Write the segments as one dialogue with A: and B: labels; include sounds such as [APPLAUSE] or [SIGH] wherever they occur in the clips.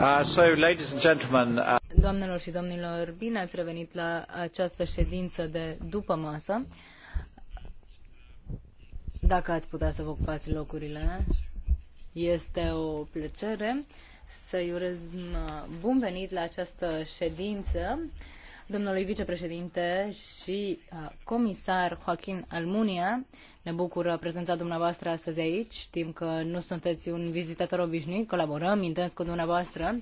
A: Uh, uh,
B: Doamnelor și domnilor, bine ați revenit la această ședință de după masă. Dacă ați putea să vă ocupați locurile, este o plăcere să-i urez uh, bun venit la această ședință domnului vicepreședinte și uh, comisar Joaquin Almunia. Ne bucură prezența dumneavoastră astăzi aici. Știm că nu sunteți un vizitator obișnuit, colaborăm intens cu dumneavoastră,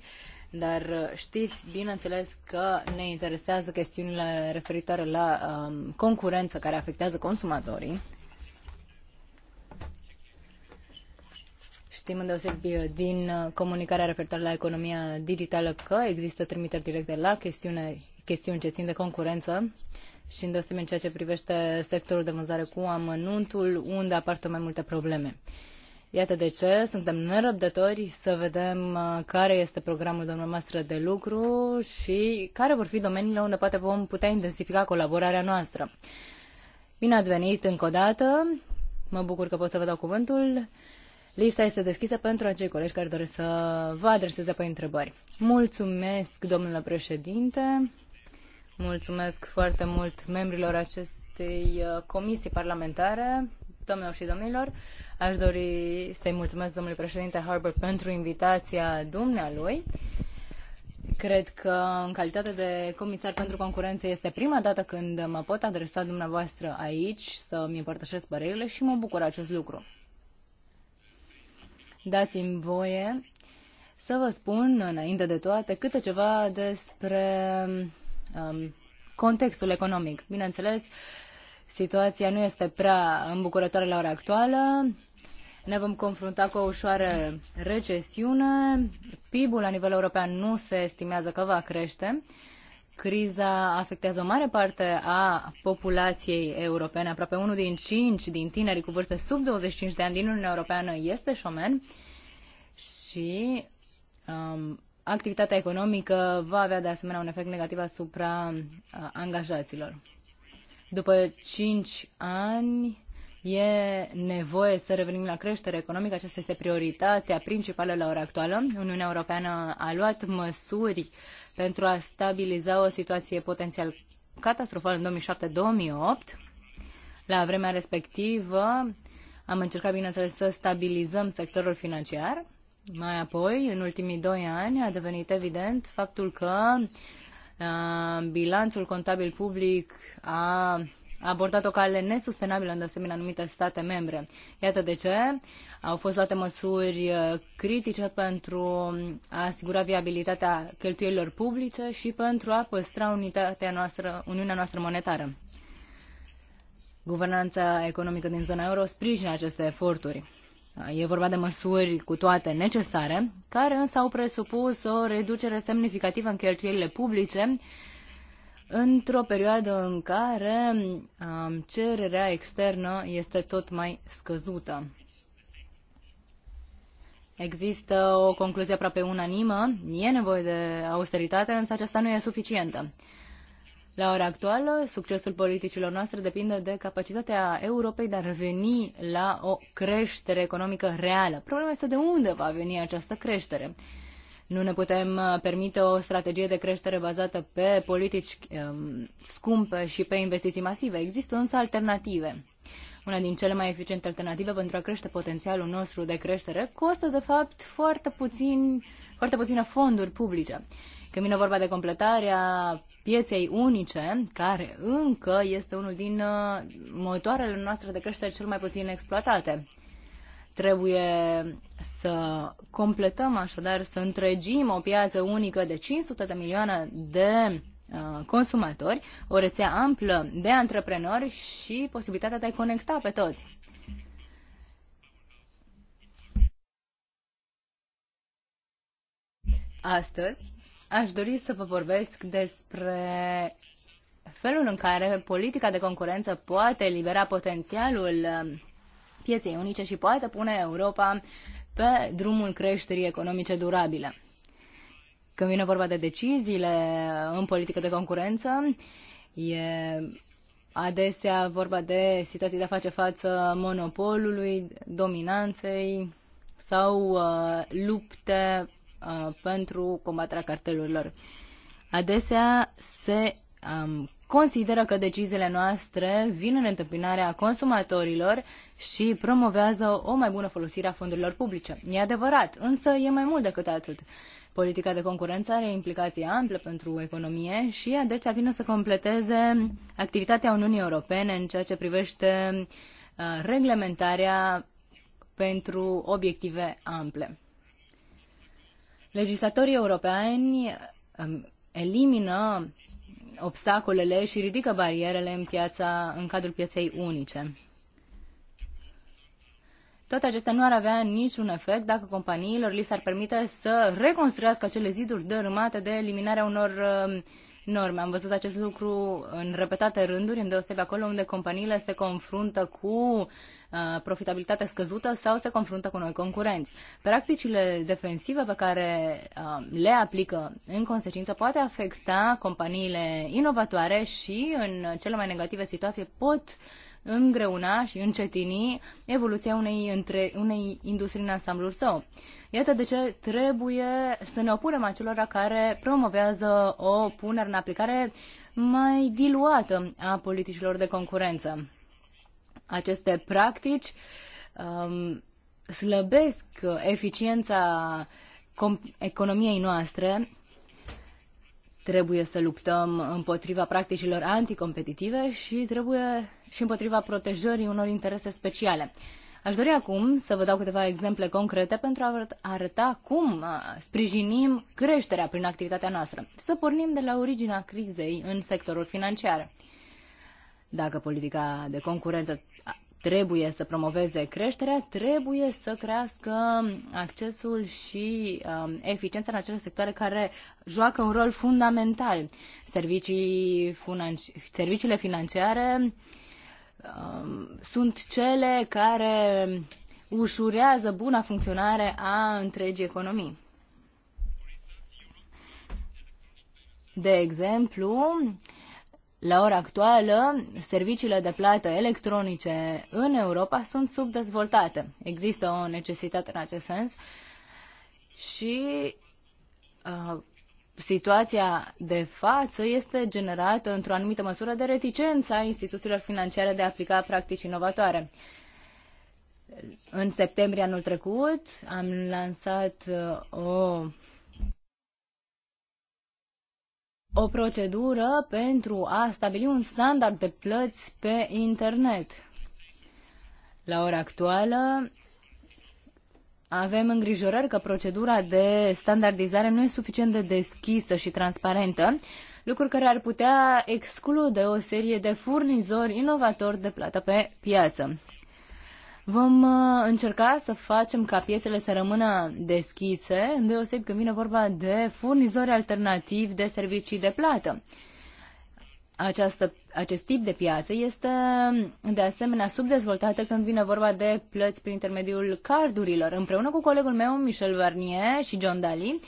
B: dar uh, știți, bineînțeles, că ne interesează chestiunile referitoare la um, concurență care afectează consumatorii Știm îndeosebi uh, din uh, comunicarea referitoare la economia digitală că există trimiteri directe la chestiune, chestiuni ce țin de concurență și îndeosebi în ceea ce privește sectorul de vânzare cu amănuntul, unde apar mai multe probleme. Iată de ce suntem nerăbdători să vedem uh, care este programul dumneavoastră de lucru și care vor fi domeniile unde poate vom putea intensifica colaborarea noastră. Bine ați venit încă o dată, mă bucur că pot să vă dau cuvântul Lista este deschisă pentru acei colegi care doresc să vă adreseze pe întrebări. Mulțumesc, domnule președinte. Mulțumesc foarte mult membrilor acestei uh, comisii parlamentare, domnilor și domnilor. Aș dori să-i mulțumesc domnului președinte Harbour pentru invitația dumnealui. Cred că, în calitate de comisar pentru concurență, este prima dată când mă pot adresa dumneavoastră aici să-mi împărtășesc părerile și mă bucur acest lucru dați-mi voie să vă spun, înainte de toate, câte ceva despre um, contextul economic. Bineînțeles, situația nu este prea îmbucurătoare la ora actuală. Ne vom confrunta cu o ușoară recesiune. PIB-ul la nivel european nu se estimează că va crește. Uh, Criza afectează o mare parte a populației europene. Aproape unul din cinci din tinerii cu vârste sub 25 de ani din Uniunea Europeană este șomen și um, activitatea economică va avea de asemenea un efect negativ asupra uh, angajaților. După 5 ani e nevoie să revenim la creștere economică. Aceasta este prioritatea principală la ora actuală. Uniunea Europeană a luat măsuri uh, pentru a stabiliza o situație potențial catastrofală în 2007-2008. La vremea respectivă am încercat, bineînțeles, să stabilizăm sectorul financiar. Mai apoi, în ultimii doi ani, a devenit evident faptul că bilanțul contabil public a abordat-o cale nesustenabilă în asemenea anumite state membre. Iată de ce au fost luate măsuri uh, critice pentru a asigura viabilitatea cheltuielilor publice și pentru a păstra unitatea noastră, uniunea noastră monetară. Guvernanța economică din zona euro sprijină aceste eforturi. Uh, e vorba de măsuri cu toate necesare, care însă au presupus o reducere semnificativă în cheltuielile publice, într-o perioadă în care um, cererea externă este tot mai scăzută. Există o concluzie aproape unanimă, e nevoie de austeritate, însă aceasta nu e suficientă. La ora actuală, succesul politicilor noastre depinde de capacitatea Europei de a reveni la o creștere economică reală. Problema este de unde va veni această creștere. Nu ne putem uh, permite o strategie de creștere bazată pe politici um, scumpe și pe investiții masive. Există însă alternative. Una din cele mai eficiente alternative pentru a crește potențialul nostru de creștere costă, de fapt, foarte, puțin, foarte puține fonduri publice. Când vine vorba de completarea pieței unice, care încă este unul din uh, motoarele noastre de creștere cel mai puțin exploatate. Trebuie să completăm așadar, să întregim o piață unică de 500 de milioane de uh, consumatori, o rețea amplă de antreprenori și posibilitatea de a-i conecta pe toți. Astăzi aș dori să vă vorbesc despre felul în care politica de concurență poate elibera potențialul um, pieței unice și poate pune Europa pe drumul creșterii economice durabile. Când vine vorba de deciziile în politică de concurență, e adesea vorba de situații de a face față monopolului, dominanței sau uh, lupte uh, pentru combaterea cartelurilor. Adesea se um, consideră că deciziile noastre vin în întâmpinarea consumatorilor și promovează o mai bună folosire a fondurilor publice. E adevărat, însă e mai mult decât atât. Politica de concurență are implicații ample pentru economie și adesea vine să completeze activitatea Uniunii Europene în ceea ce privește uh, reglementarea pentru obiective ample. Legislatorii europeni um, elimină obstacolele și ridică barierele în, piața, în cadrul pieței unice. Toate acestea nu ar avea niciun efect dacă companiilor li s-ar permite să reconstruiască acele ziduri dărâmate de eliminarea unor norme. Am văzut acest lucru în repetate rânduri, în deosebi acolo unde companiile se confruntă cu uh, profitabilitate scăzută sau se confruntă cu noi concurenți. Practicile defensive pe care uh, le aplică în consecință poate afecta companiile inovatoare și în cele mai negative situații pot uh, îngreuna și încetini evoluția unei, între, unei industrii în ansamblul său. Iată de ce trebuie să ne opunem acelora care promovează o punere în aplicare mai diluată a politicilor de concurență. Aceste practici um, slăbesc eficiența economiei noastre Trebuie să luptăm împotriva practicilor anticompetitive și trebuie și împotriva protejării unor interese speciale. Aș dori acum să vă dau câteva exemple concrete pentru a arăta cum sprijinim creșterea prin activitatea noastră. Să pornim de la originea crizei în sectorul financiar. Dacă politica de concurență trebuie să promoveze creșterea, trebuie să crească accesul și um, eficiența în acele sectoare care joacă un rol fundamental. Servicii financi- serviciile financiare um, sunt cele care ușurează buna funcționare a întregii economii. De exemplu, uh, la ora actuală, serviciile de plată electronice în Europa sunt subdezvoltate. Există o necesitate în acest sens și uh, situația de față este generată într-o anumită măsură de reticență a instituțiilor financiare de a aplica practici inovatoare. În septembrie anul trecut am lansat uh, o o procedură pentru a stabili un standard de plăți pe internet. La ora actuală avem îngrijorări că procedura de standardizare nu e suficient de deschisă și transparentă, lucru care ar putea exclude o serie de furnizori inovatori de plată pe piață. Vom uh, încerca să facem ca piețele să rămână deschise, îndeoseb când vine vorba de furnizori alternativi de servicii de plată. Această, acest tip de piață este de asemenea subdezvoltată când vine vorba de plăți prin intermediul cardurilor. Împreună cu colegul meu, Michel Varnier și John Daly,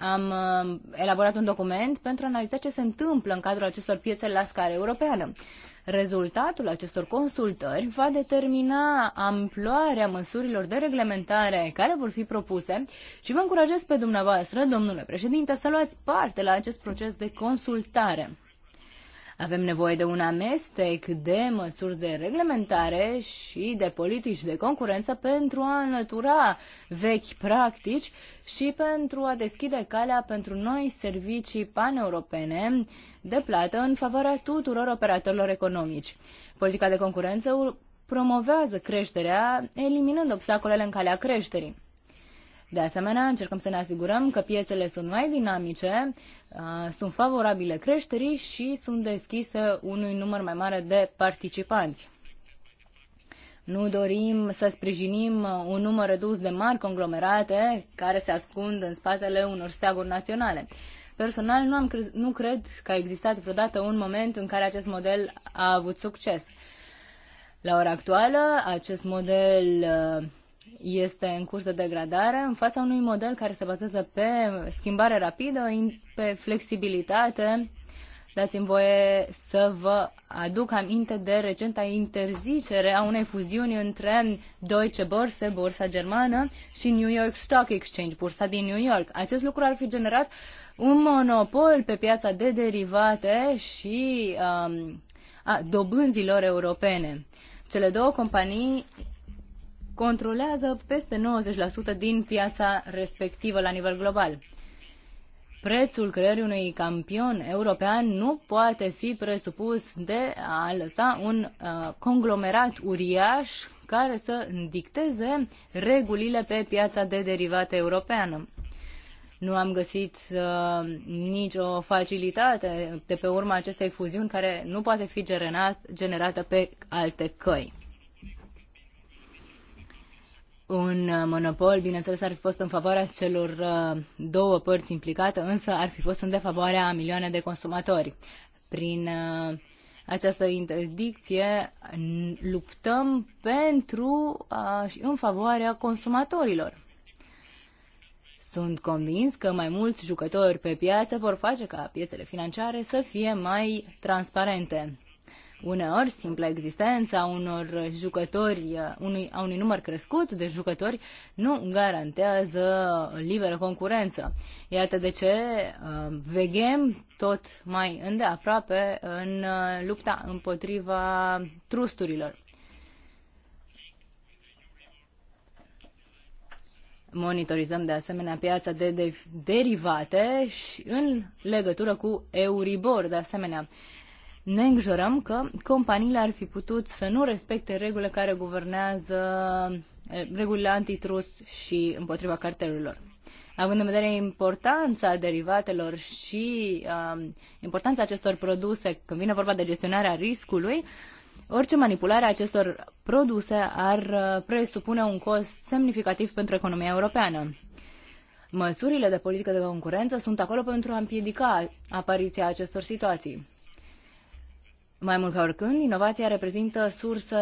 B: am uh, elaborat un document pentru a analiza ce se întâmplă în cadrul acestor piețe la scară europeană. Rezultatul acestor consultări va determina amploarea măsurilor de reglementare care vor fi propuse și vă încurajez pe dumneavoastră, domnule președinte, să luați parte la acest proces de consultare. Avem nevoie de un amestec de măsuri de reglementare și de politici de concurență pentru a înlătura vechi practici și pentru a deschide calea pentru noi servicii paneuropene de plată în favoarea tuturor operatorilor economici. Politica de concurență promovează creșterea, eliminând obstacolele în calea creșterii. De asemenea, încercăm să ne asigurăm că piețele sunt mai dinamice, uh, sunt favorabile creșterii și sunt deschise unui număr mai mare de participanți. Nu dorim să sprijinim uh, un număr redus de mari conglomerate care se ascund în spatele unor steaguri naționale. Personal, nu, am crez, nu cred că a existat vreodată un moment în care acest model a avut succes. La ora actuală, acest model uh, este în curs de degradare în fața unui model care se bazează pe schimbare rapidă, pe flexibilitate. Dați-mi voie să vă aduc aminte de recenta interzicere a unei fuziuni între Deutsche Börse, bursa germană, și New York Stock Exchange, bursa din New York. Acest lucru ar fi generat un monopol pe piața de derivate și um, a dobânzilor europene. Cele două companii controlează peste 90% din piața respectivă la nivel global. Prețul creării unui campion european nu poate fi presupus de a lăsa un uh, conglomerat uriaș care să dicteze regulile pe piața de derivate europeană. Nu am găsit uh, nicio facilitate de pe urma acestei fuziuni care nu poate fi generat, generată pe alte căi un uh, monopol, bineînțeles, ar fi fost în favoarea celor uh, două părți implicate, însă ar fi fost în defavoarea a milioane de consumatori. Prin uh, această interdicție luptăm pentru și în favoarea consumatorilor. Sunt convins că mai mulți jucători pe piață vor face ca piețele financiare să fie mai transparente uneori simpla existența unor jucători, unui, a unui număr crescut de jucători, nu garantează liberă concurență. Iată de ce uh, veghem tot mai îndeaproape în uh, lupta împotriva trusturilor. monitorizăm de asemenea piața de derivate și în legătură cu Euribor de asemenea ne îngrijorăm că companiile ar fi putut să nu respecte regulile care guvernează eh, regulile antitrust și împotriva cartelurilor. Având în vedere importanța derivatelor și um, importanța acestor produse când vine vorba de gestionarea riscului, orice manipulare a acestor produse ar uh, presupune un cost semnificativ pentru economia europeană. Măsurile de politică de concurență sunt acolo pentru a împiedica apariția acestor situații. Mai mult ca oricând, inovația reprezintă sursă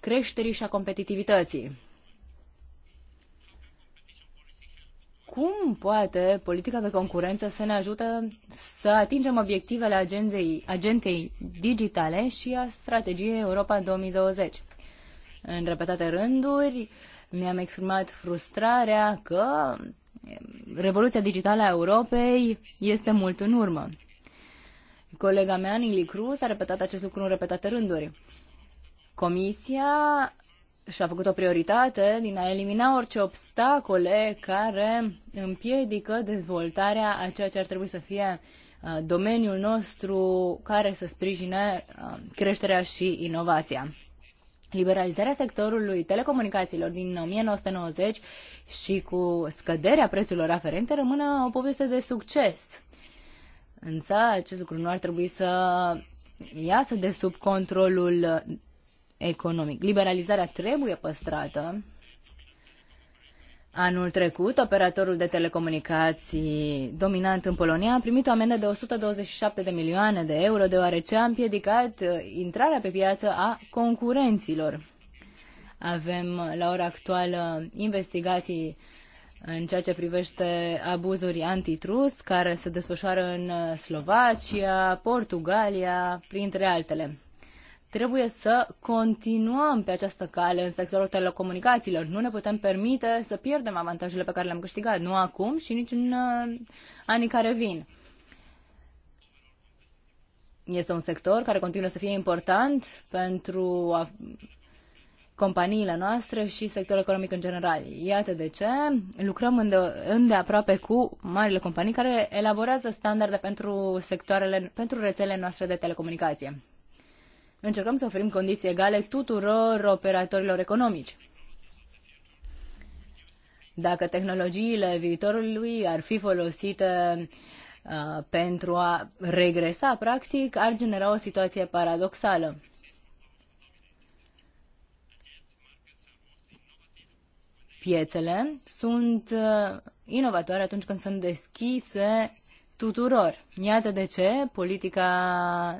B: creșterii și a competitivității. Cum poate politica de concurență să ne ajută să atingem obiectivele agenței, agentei digitale și a strategiei Europa 2020? În repetate rânduri, mi-am exprimat frustrarea că revoluția digitală a Europei este mult în urmă. Colega mea, Nili Cruz, a repetat acest lucru în repetate rânduri. Comisia și-a făcut o prioritate din a elimina orice obstacole care împiedică dezvoltarea a ceea ce ar trebui să fie uh, domeniul nostru care să sprijine uh, creșterea și inovația. Liberalizarea sectorului telecomunicațiilor din 1990 și cu scăderea prețurilor aferente rămână o poveste de succes. Însă acest lucru nu ar trebui să iasă de sub controlul economic. Liberalizarea trebuie păstrată. Anul trecut, operatorul de telecomunicații dominant în Polonia a primit o amendă de 127 de milioane de euro deoarece a împiedicat uh, intrarea pe piață a concurenților. Avem la ora actuală investigații în ceea ce privește abuzuri antitrust care se desfășoară în uh, Slovacia, Portugalia, printre altele. Trebuie să continuăm pe această cale în sectorul telecomunicațiilor. Nu ne putem permite să pierdem avantajele pe care le-am câștigat, nu acum și nici în uh, anii care vin. Este un sector care continuă să fie important pentru a companiile noastre și sectorul economic în general. Iată de ce lucrăm îndeaproape cu marile companii care elaborează standarde pentru sectoarele, pentru rețelele noastre de telecomunicație. Încercăm să oferim condiții egale tuturor operatorilor economici. Dacă tehnologiile viitorului ar fi folosite uh, pentru a regresa, practic, ar genera o situație paradoxală piețele sunt uh, inovatoare atunci când sunt deschise tuturor. Iată de ce politica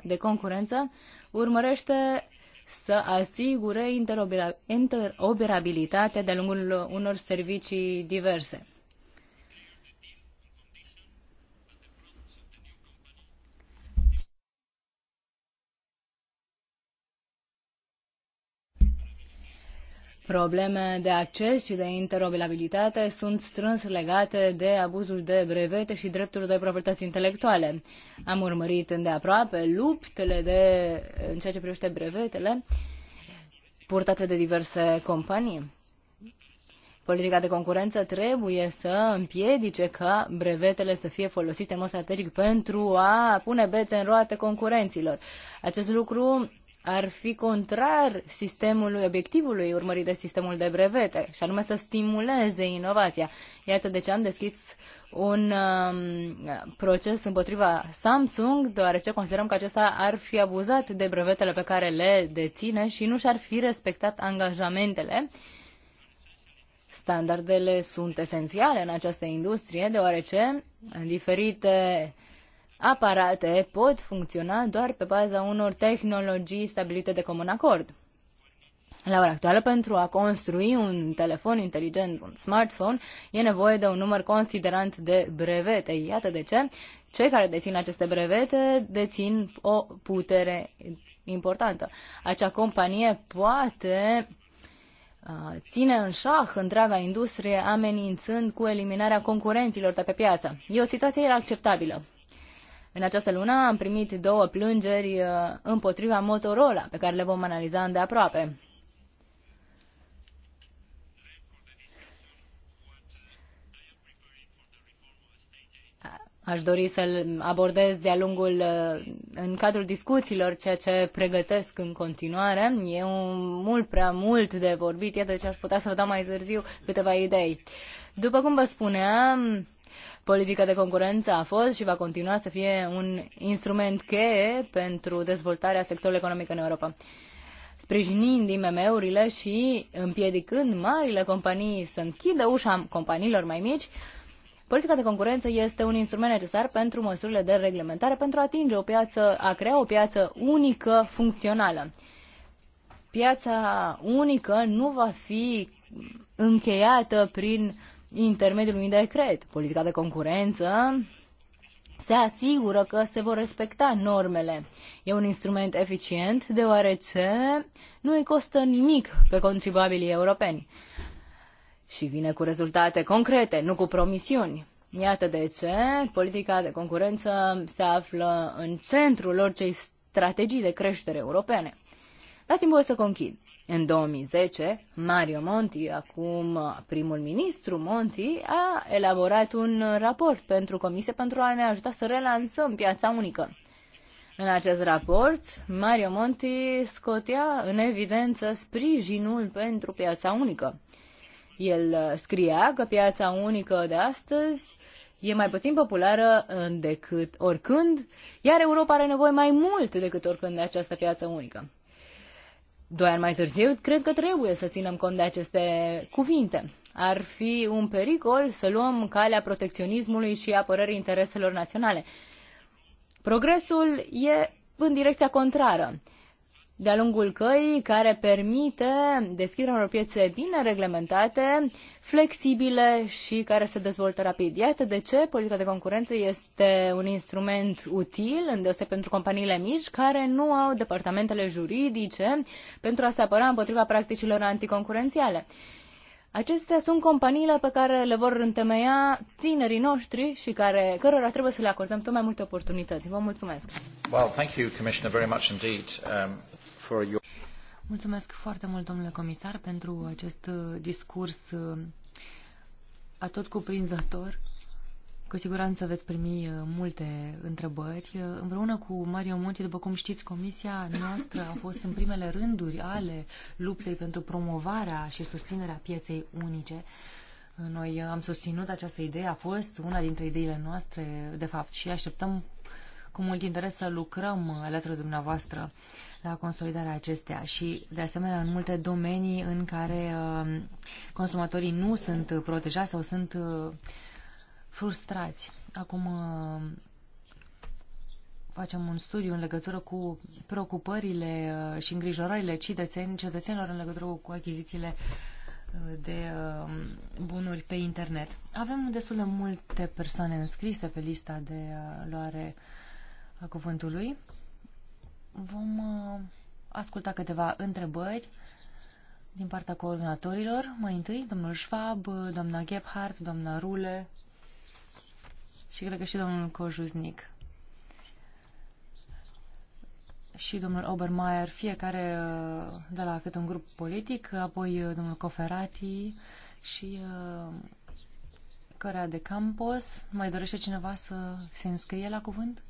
B: de concurență urmărește să asigure interoperabilitate de-a lungul unor servicii diverse. Probleme de acces și de interoperabilitate sunt strâns legate de abuzul de brevete și dreptul de proprietăți intelectuale. Am urmărit îndeaproape luptele de, în ceea ce privește brevetele purtate de diverse companii. Politica de concurență trebuie să împiedice ca brevetele să fie folosite în mod strategic pentru a pune bețe în roate concurenților. Acest lucru ar fi contrar sistemului, obiectivului urmărit de sistemul de brevete, și anume să stimuleze inovația. Iată de ce am deschis un um, proces împotriva Samsung, deoarece considerăm că acesta ar fi abuzat de brevetele pe care le deține și nu și-ar fi respectat angajamentele. Standardele sunt esențiale în această industrie, deoarece în diferite aparate pot funcționa doar pe baza unor tehnologii stabilite de comun acord. La ora actuală, pentru a construi un telefon inteligent, un smartphone, e nevoie de un număr considerant de brevete. Iată de ce cei care dețin aceste brevete dețin o putere importantă. Acea companie poate ține în șah întreaga industrie, amenințând cu eliminarea concurenților de pe piață. E o situație inacceptabilă. În această lună am primit două plângeri uh, împotriva Motorola, pe care le vom analiza îndeaproape. Aș dori să-l abordez de-a lungul uh, în cadrul discuțiilor, ceea ce pregătesc în continuare. E un, mult prea mult de vorbit, iată ce aș putea să vă dau mai târziu câteva idei. După cum vă spuneam, Politica de concurență a fost și va continua să fie un instrument cheie pentru dezvoltarea sectorului economic în Europa. Sprijinind IMM-urile și împiedicând marile companii să închidă ușa companiilor mai mici, Politica de concurență este un instrument necesar pentru măsurile de reglementare pentru a atinge o piață, a crea o piață unică funcțională. Piața unică nu va fi încheiată prin intermediul unui decret. Politica de concurență se asigură că se vor respecta normele. E un instrument eficient deoarece nu îi costă nimic pe contribuabilii europeni și vine cu rezultate concrete, nu cu promisiuni. Iată de ce politica de concurență se află în centrul oricei strategii de creștere europene. Dați-mi voie să conchid. În 2010, Mario Monti, acum primul ministru Monti, a elaborat un raport pentru comisie pentru a ne ajuta să relansăm piața unică. În acest raport, Mario Monti scotea în evidență sprijinul pentru piața unică. El scria că piața unică de astăzi e mai puțin populară uh, decât oricând, iar Europa are nevoie mai mult decât oricând de această piață unică doi ani mai târziu, cred că trebuie să ținem cont de aceste cuvinte. Ar fi un pericol să luăm calea protecționismului și apărării intereselor naționale. Progresul e în direcția contrară de-a lungul căii care permite deschiderea unor piețe bine reglementate, flexibile și care se dezvoltă rapid. Iată de ce politica de concurență este un instrument util, îndeoseb pentru companiile mici care nu au departamentele juridice pentru a se apăra împotriva practicilor anticoncurențiale. Acestea sunt companiile pe care le vor întemeia tinerii noștri și care, cărora trebuie să le acordăm tot mai multe oportunități. Vă mulțumesc!
A: Well, thank you, Commissioner, very much indeed. Um for your...
B: Mulțumesc foarte mult, domnule comisar,
C: pentru acest uh, discurs uh, atot cuprinzător. Cu siguranță veți primi uh, multe întrebări. Împreună cu Mario Monti, după cum știți, comisia noastră a fost în primele rânduri ale luptei pentru promovarea și susținerea pieței unice. Noi am susținut această idee, a fost una dintre ideile noastre, de fapt, și așteptăm cu mult interes să lucrăm alături de dumneavoastră la consolidarea acestea și, de asemenea, în multe domenii în care uh, consumatorii nu sunt protejați sau sunt uh, frustrați. Acum uh, facem un studiu în legătură cu preocupările și îngrijorările cetățen cetățenilor în legătură cu achizițiile de bunuri pe internet. Avem destul de multe persoane înscrise pe lista de luare a cuvântului. Vom uh, asculta câteva întrebări din partea coordonatorilor. Mai întâi, domnul Schwab, doamna Gebhardt, doamna Rule și cred că și domnul Cojuznic. Și domnul Obermeier, fiecare uh, de la câte un grup politic, apoi uh, domnul Coferati și Cărea de Campos. Mai dorește cineva să se înscrie la cuvânt?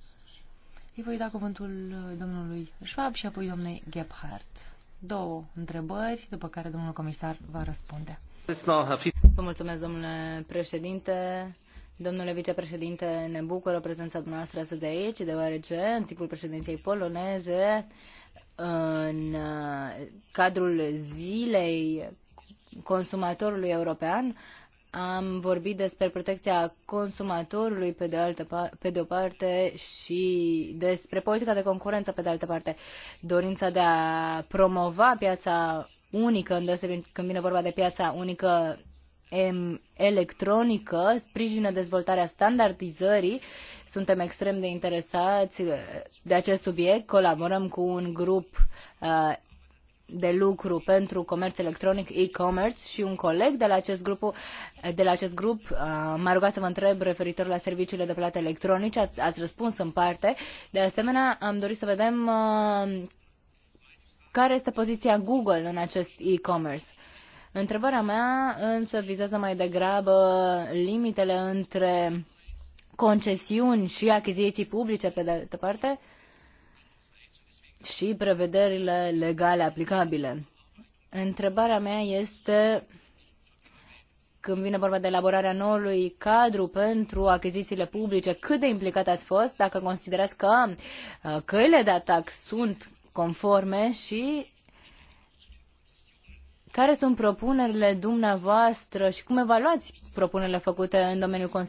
C: Îi voi da cuvântul uh, domnului Schwab și apoi domnului Gebhardt. Două întrebări, după care domnul
B: comisar va răspunde. Vă mulțumesc, domnule președinte. Domnule vicepreședinte, ne bucură prezența dumneavoastră astăzi de aici, deoarece în timpul președinției poloneze, în uh, cadrul zilei consumatorului european, am vorbit despre protecția consumatorului pe de, altă, pe de o parte și despre politica de concurență pe de altă parte. Dorința de a promova piața unică, îndeosebit când vine vorba de piața unică electronică, sprijină dezvoltarea standardizării. Suntem extrem de interesați de acest subiect. Colaborăm cu un grup uh, de lucru pentru comerț electronic, e-commerce și un coleg de la acest grup, de la acest grup uh, m-a rugat să vă întreb referitor la serviciile de plată electronice, ați, ați răspuns în parte. De asemenea, am dorit să vedem uh, care este poziția Google în acest e-commerce. Întrebarea mea însă vizează mai degrabă limitele între concesiuni și achiziții publice, pe de altă parte, uh, și prevederile legale aplicabile. Întrebarea mea este când vine vorba de elaborarea noului cadru pentru achizițiile publice, cât de implicat ați fost, dacă considerați că uh, căile de atac sunt conforme și care sunt propunerile dumneavoastră și cum evaluați propunerile făcute în domeniul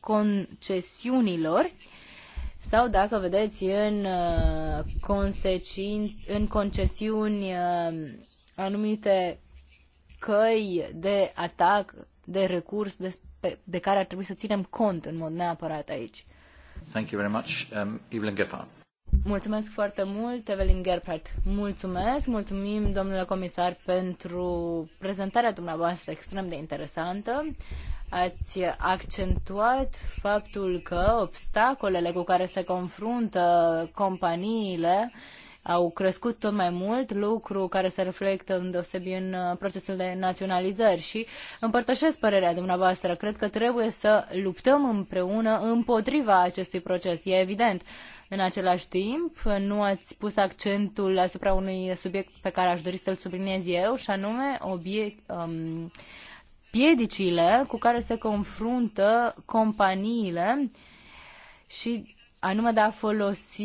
B: concesiunilor sau dacă vedeți în, uh, consecin, în concesiuni uh, anumite căi de atac, de recurs, de, de care ar trebui să ținem cont în mod neapărat aici.
A: Thank you very much, um, Evelyn Gephardt.
B: Mulțumesc foarte mult, Evelyn Gerpert. Mulțumesc, mulțumim, domnule comisar, pentru prezentarea dumneavoastră extrem de interesantă ați accentuat faptul că obstacolele cu care se confruntă companiile au crescut tot mai mult, lucru care se reflectă în în uh, procesul de naționalizări și împărtășesc părerea dumneavoastră. Cred că trebuie să luptăm împreună împotriva acestui proces, e evident. În același timp, nu ați pus accentul asupra unui subiect pe care aș dori să-l subliniez eu, și anume obiect, um, piedicile cu care se confruntă companiile și anume de a folosi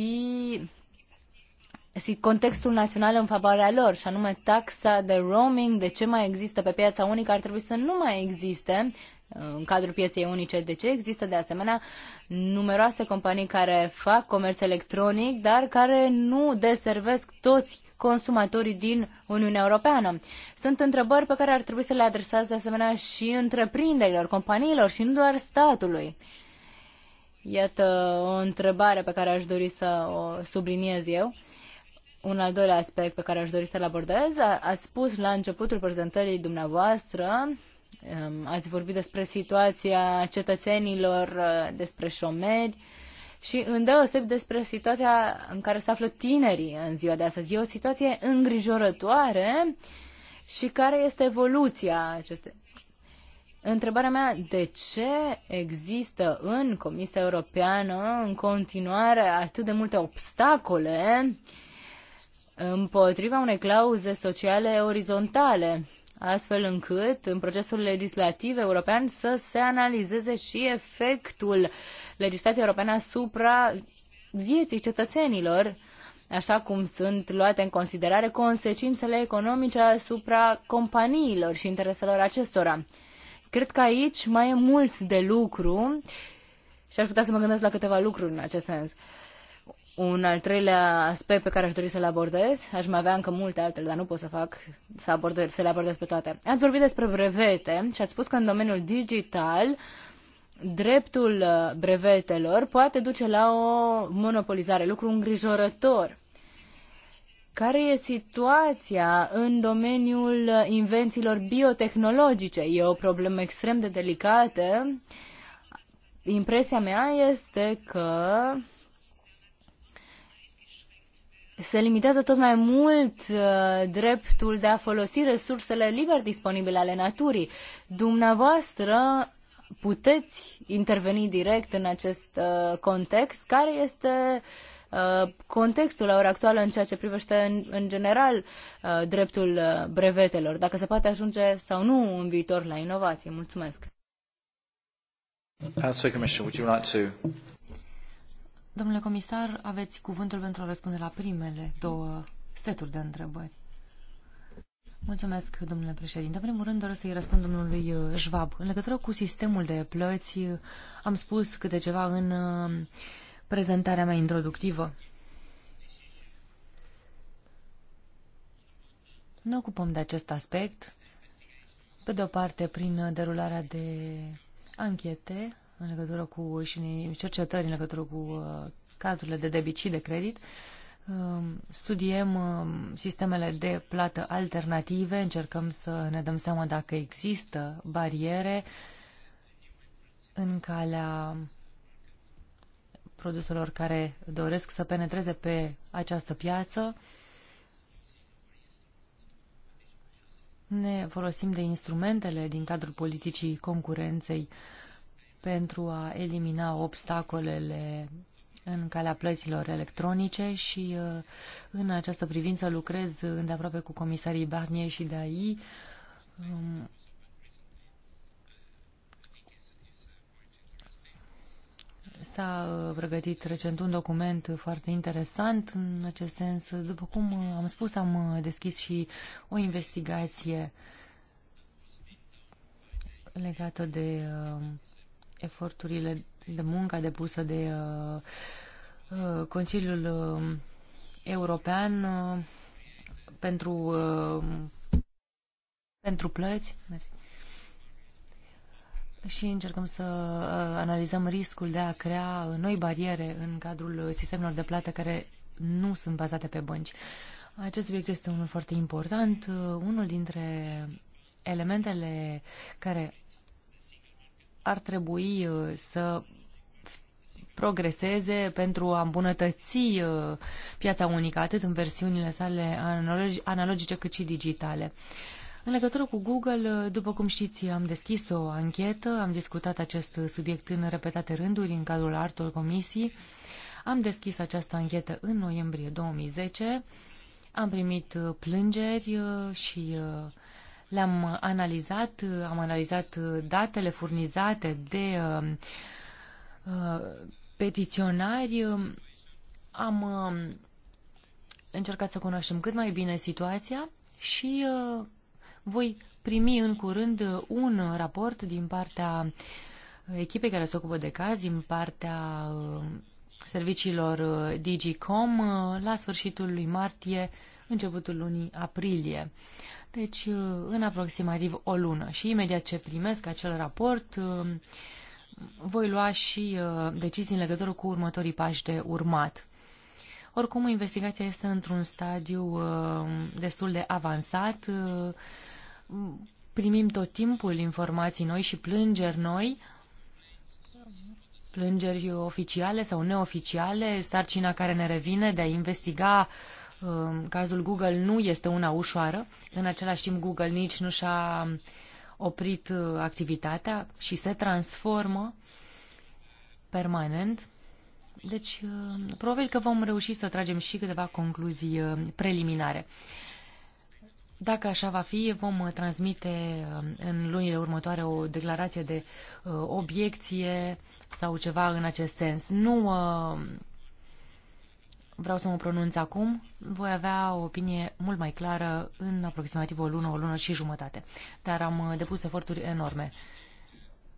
B: contextul național în favoarea lor, și anume taxa de roaming, de ce mai există pe piața unică, ar trebui să nu mai existe uh, în cadrul pieței unice. De ce există de asemenea numeroase companii care fac comerț electronic, dar care nu deservesc toți consumatorii din Uniunea Europeană. Sunt întrebări pe care ar trebui să le adresați de asemenea și întreprinderilor, companiilor și nu doar statului. Iată o întrebare pe care aș dori să o subliniez eu. Un al doilea aspect pe care aș dori să-l abordez, ați spus la începutul prezentării dumneavoastră um, Ați vorbit despre situația cetățenilor, uh, despre șomeri, și îndeoseb despre situația în care se află tinerii în ziua de astăzi. E o situație îngrijorătoare și care este evoluția acestei. Întrebarea mea, de ce există în Comisia Europeană în continuare atât de multe obstacole împotriva unei clauze sociale orizontale? astfel încât în procesul legislativ european să se analizeze și efectul legislației europene asupra vieții cetățenilor, așa cum sunt luate în considerare consecințele economice asupra companiilor și intereselor acestora. Cred că aici mai e mult de lucru și aș putea să mă gândesc la câteva lucruri în acest sens. Un al treilea aspect pe care aș dori să-l abordez, aș mai avea încă multe altele, dar nu pot să fac să, abordez, să le abordez pe toate. Ați vorbit despre brevete și ați spus că în domeniul digital dreptul uh, brevetelor poate duce la o monopolizare, lucru îngrijorător. Care e situația în domeniul uh, invențiilor biotehnologice? E o problemă extrem de delicată. Impresia mea este că se limitează tot mai mult uh, dreptul de a folosi resursele liber disponibile ale naturii. Dumneavoastră puteți interveni direct în acest uh, context, care este uh, contextul la ora actuală în ceea ce privește în, în general uh, dreptul uh, brevetelor, dacă se poate ajunge sau nu în viitor la inovație. Mulțumesc.
C: Uh, so, Commissioner, would you like to
B: Domnule comisar, aveți cuvântul pentru a răspunde
C: la primele două seturi de întrebări. Mulțumesc, domnule președinte. În primul rând doresc să-i răspund domnului uh, Schwab. În legătură cu sistemul de plăți, uh, am spus câte ceva în uh, prezentarea mea introductivă. Ne ocupăm de acest aspect, pe de o parte prin derularea de anchete în legătură cu și cercetări în legătură cu uh, cardurile de debit și de credit. Um, studiem um, sistemele de plată alternative, încercăm să ne dăm seama dacă există bariere în calea produselor care doresc să penetreze pe această piață. Ne folosim de instrumentele din cadrul politicii concurenței uh, pentru a elimina obstacolele în calea plăților electronice și uh, în această privință lucrez îndeaproape cu comisarii Barnier și DAI. Um, S-a uh, pregătit recent un document foarte interesant în acest sens. După cum uh, am spus, am deschis și o investigație legată de eforturile de munca depusă de uh, uh, Consiliul uh, European pentru, pentru plăți. Mersi și încercăm să analizăm riscul de a crea noi bariere în cadrul sistemelor de plată care nu sunt bazate pe bănci. Acest subiect este unul foarte important, unul dintre elementele care ar trebui uh, să progreseze pentru a îmbunătăți uh, piața unică, atât în versiunile sale analogice cât și digitale. În legătură cu Google, uh, după cum știți, am deschis o anchetă, am discutat acest subiect în repetate rânduri în cadrul altor comisii. Am deschis această anchetă în noiembrie 2010, am primit plângeri și uh, le-am analizat, am analizat datele furnizate de uh, uh, petiționari, am uh, încercat să cunoaștem cât mai bine situația și voi primi în curând un raport din partea echipei care se ocupă de caz, din partea serviciilor DigiCom la sfârșitul lui martie, începutul lunii aprilie deci uh, în aproximativ o lună. Și imediat ce primesc acel raport, uh, voi lua și uh, decizii în legătură cu următorii pași de urmat. Oricum, investigația este într-un stadiu destul de avansat. Primim tot timpul informații noi și plângeri noi, plângeri oficiale sau neoficiale, sarcina care ne revine de a investiga uh, Um, cazul Google nu este una ușoară. În același timp, Google nici nu și-a oprit uh, activitatea și se transformă permanent. Deci, uh, probabil că vom reuși să tragem și câteva concluzii uh, preliminare. Dacă așa va fi, vom transmite în lunile următoare o declarație de obiecție sau ceva în acest sens. Nu vreau să mă pronunț acum, voi avea o opinie mult mai clară în aproximativ o lună, o lună și jumătate. Dar am uh, depus eforturi enorme.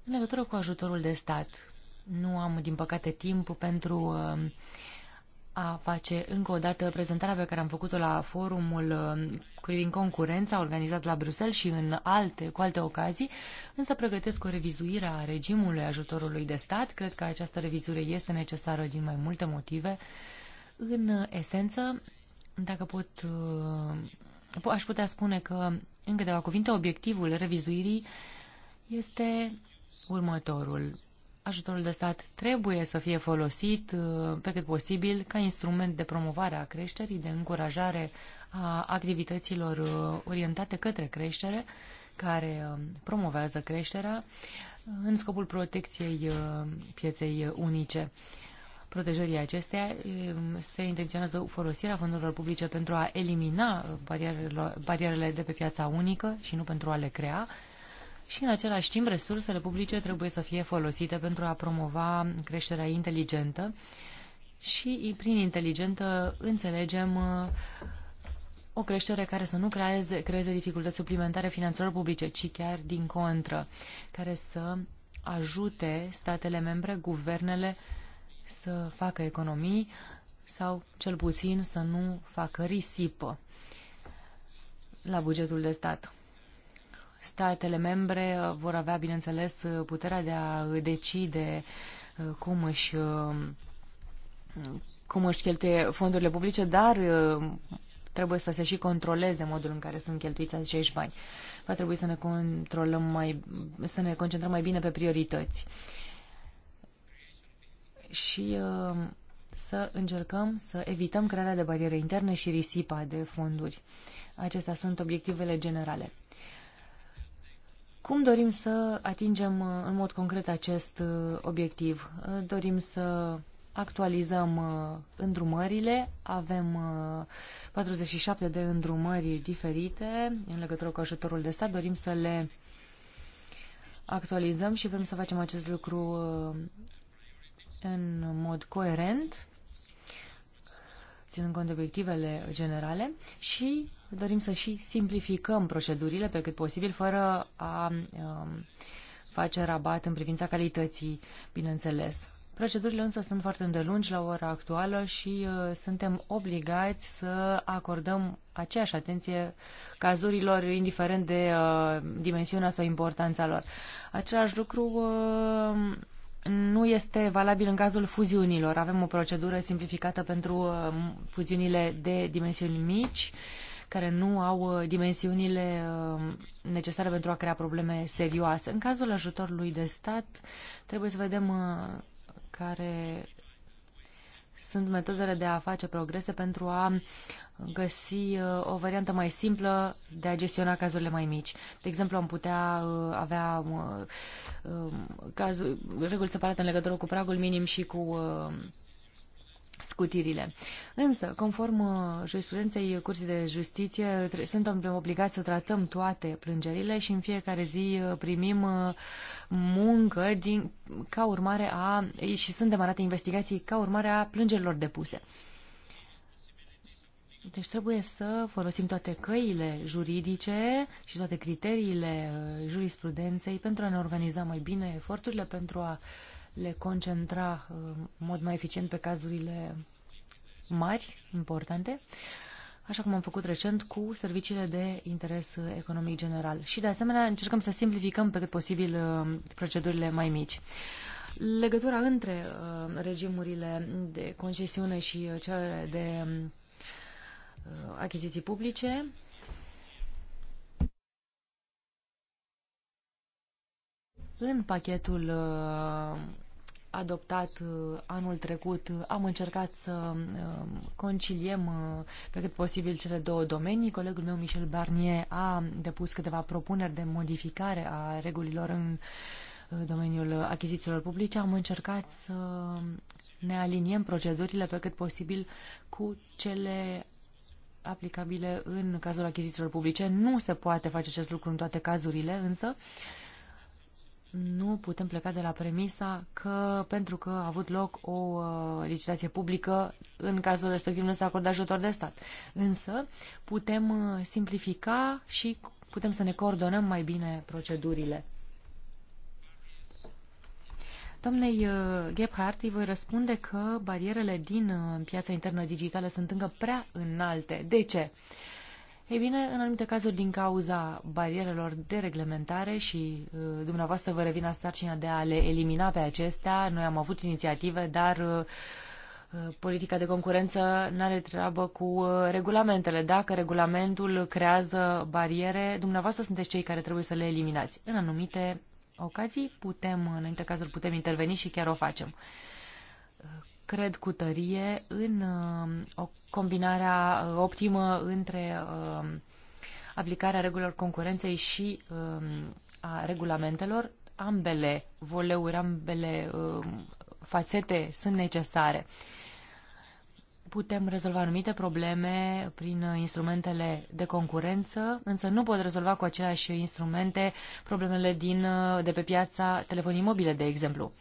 C: În legătură cu ajutorul de stat, nu am, din păcate, timp pentru uh, a face încă o dată prezentarea pe care am făcut-o la forumul uh, privind concurența organizat la Bruxelles și în alte, cu alte ocazii, însă pregătesc o revizuire a regimului ajutorului de stat. Cred că această revizuire este necesară din mai multe motive. În esență, dacă pot, uh, aș putea spune că, în câteva cuvinte, obiectivul revizuirii este următorul. Ajutorul de stat trebuie să fie folosit uh, pe cât posibil ca instrument de promovare a creșterii, de încurajare a activităților uh, orientate către creștere, care promovează creșterea în scopul protecției pieței unice protejării acesteia um, se intenționează folosirea fondurilor publice pentru a elimina uh, barierele de pe piața unică și nu pentru a le crea. Și în același timp, resursele publice trebuie să fie folosite pentru a promova creșterea inteligentă și prin inteligentă înțelegem uh, o creștere care să nu creeze, creeze dificultăți suplimentare finanțelor publice, ci chiar din contră, care să ajute statele membre, guvernele să facă economii sau cel puțin să nu facă risipă la bugetul de stat. Statele membre uh, vor avea, bineînțeles, uh, puterea de a uh, decide cum își, cum își cheltuie fondurile publice, dar trebuie să se și controleze modul în care sunt cheltuiți acești bani. Va trebui să ne controlăm mai, să ne concentrăm mai bine pe priorități. Uh, și uh, să încercăm să evităm crearea de bariere interne și risipa de fonduri. Acestea sunt obiectivele generale. Cum dorim să atingem uh, în mod concret acest uh, obiectiv? Dorim să actualizăm îndrumările, avem 47 de îndrumări diferite în legătură cu ajutorul de stat, dorim să le actualizăm și vrem să facem acest lucru în mod coerent, ținând cont de obiectivele generale și dorim să și simplificăm procedurile pe cât posibil, fără a um, face rabat în privința calității, bineînțeles. Procedurile însă sunt foarte îndelungi la ora actuală și uh, suntem obligați să acordăm aceeași atenție cazurilor, indiferent de uh, dimensiunea sau importanța lor. Același lucru uh, nu este valabil în cazul fuziunilor. Avem o procedură simplificată pentru uh, fuziunile de dimensiuni mici, care nu au uh, dimensiunile uh, necesare pentru a crea probleme serioase. În cazul ajutorului de stat, trebuie să vedem care sunt metodele de a face progrese pentru a găsi uh, o variantă mai simplă de a gestiona cazurile mai mici. De exemplu, am putea uh, avea uh, um, cazuri, reguli separate în legătură cu pragul minim și cu scutirile. Însă, conform uh, jurisprudenței Curții de Justiție, suntem obligați să tratăm toate plângerile și în fiecare zi uh, primim uh, muncă din, ca urmare a, și sunt demarate investigații ca urmare a plângerilor depuse. Deci trebuie să folosim toate căile juridice și toate criteriile jurisprudenței pentru a ne organiza mai bine eforturile, pentru a le concentra uh, în mod mai eficient pe cazurile mari, importante, așa cum am făcut recent cu serviciile de interes uh, economic general. Și, de asemenea, încercăm să simplificăm pe cât posibil uh, procedurile mai mici. Legătura între regimurile de concesiune și cele de achiziții publice În pachetul uh, adoptat uh, anul trecut, am încercat să um, conciliem uh, pe cât posibil cele două domenii. Colegul meu, Michel Barnier, a depus câteva propuneri de modificare a regulilor în domeniul achizițiilor publice. Am încercat să ne aliniem procedurile pe cât posibil cu cele aplicabile în cazul achizițiilor publice. Nu se poate face acest lucru în toate cazurile, însă uh, nu putem pleca de la premisa că pentru că a avut loc o uh, licitație publică, în cazul respectiv nu s-a acordat ajutor de stat. Însă putem uh, simplifica și putem să ne coordonăm mai bine procedurile. Domnei uh, Gebhardt îi voi răspunde că barierele din uh, piața internă digitală sunt încă prea înalte. De ce? Uh, ei bine, în anumite cazuri, din cauza barierelor de reglementare și uh, dumneavoastră vă revine sarcina de a le elimina pe acestea, noi am avut inițiative, dar uh, uh, politica de concurență nu are treabă cu regulamentele. Dacă regulamentul creează bariere, dumneavoastră sunteți cei care trebuie să le eliminați. În anumite ocazii putem, în anumite cazuri putem interveni și chiar o facem cred cu tărie în uh, o combinarea uh, optimă între uh, aplicarea regulilor concurenței și um, a regulamentelor. Ambele voleuri, ambele um, fațete sunt necesare. Putem rezolva anumite probleme prin instrumentele de concurență, însă nu pot rezolva cu aceleași instrumente problemele din, de pe piața telefonii mobile, de exemplu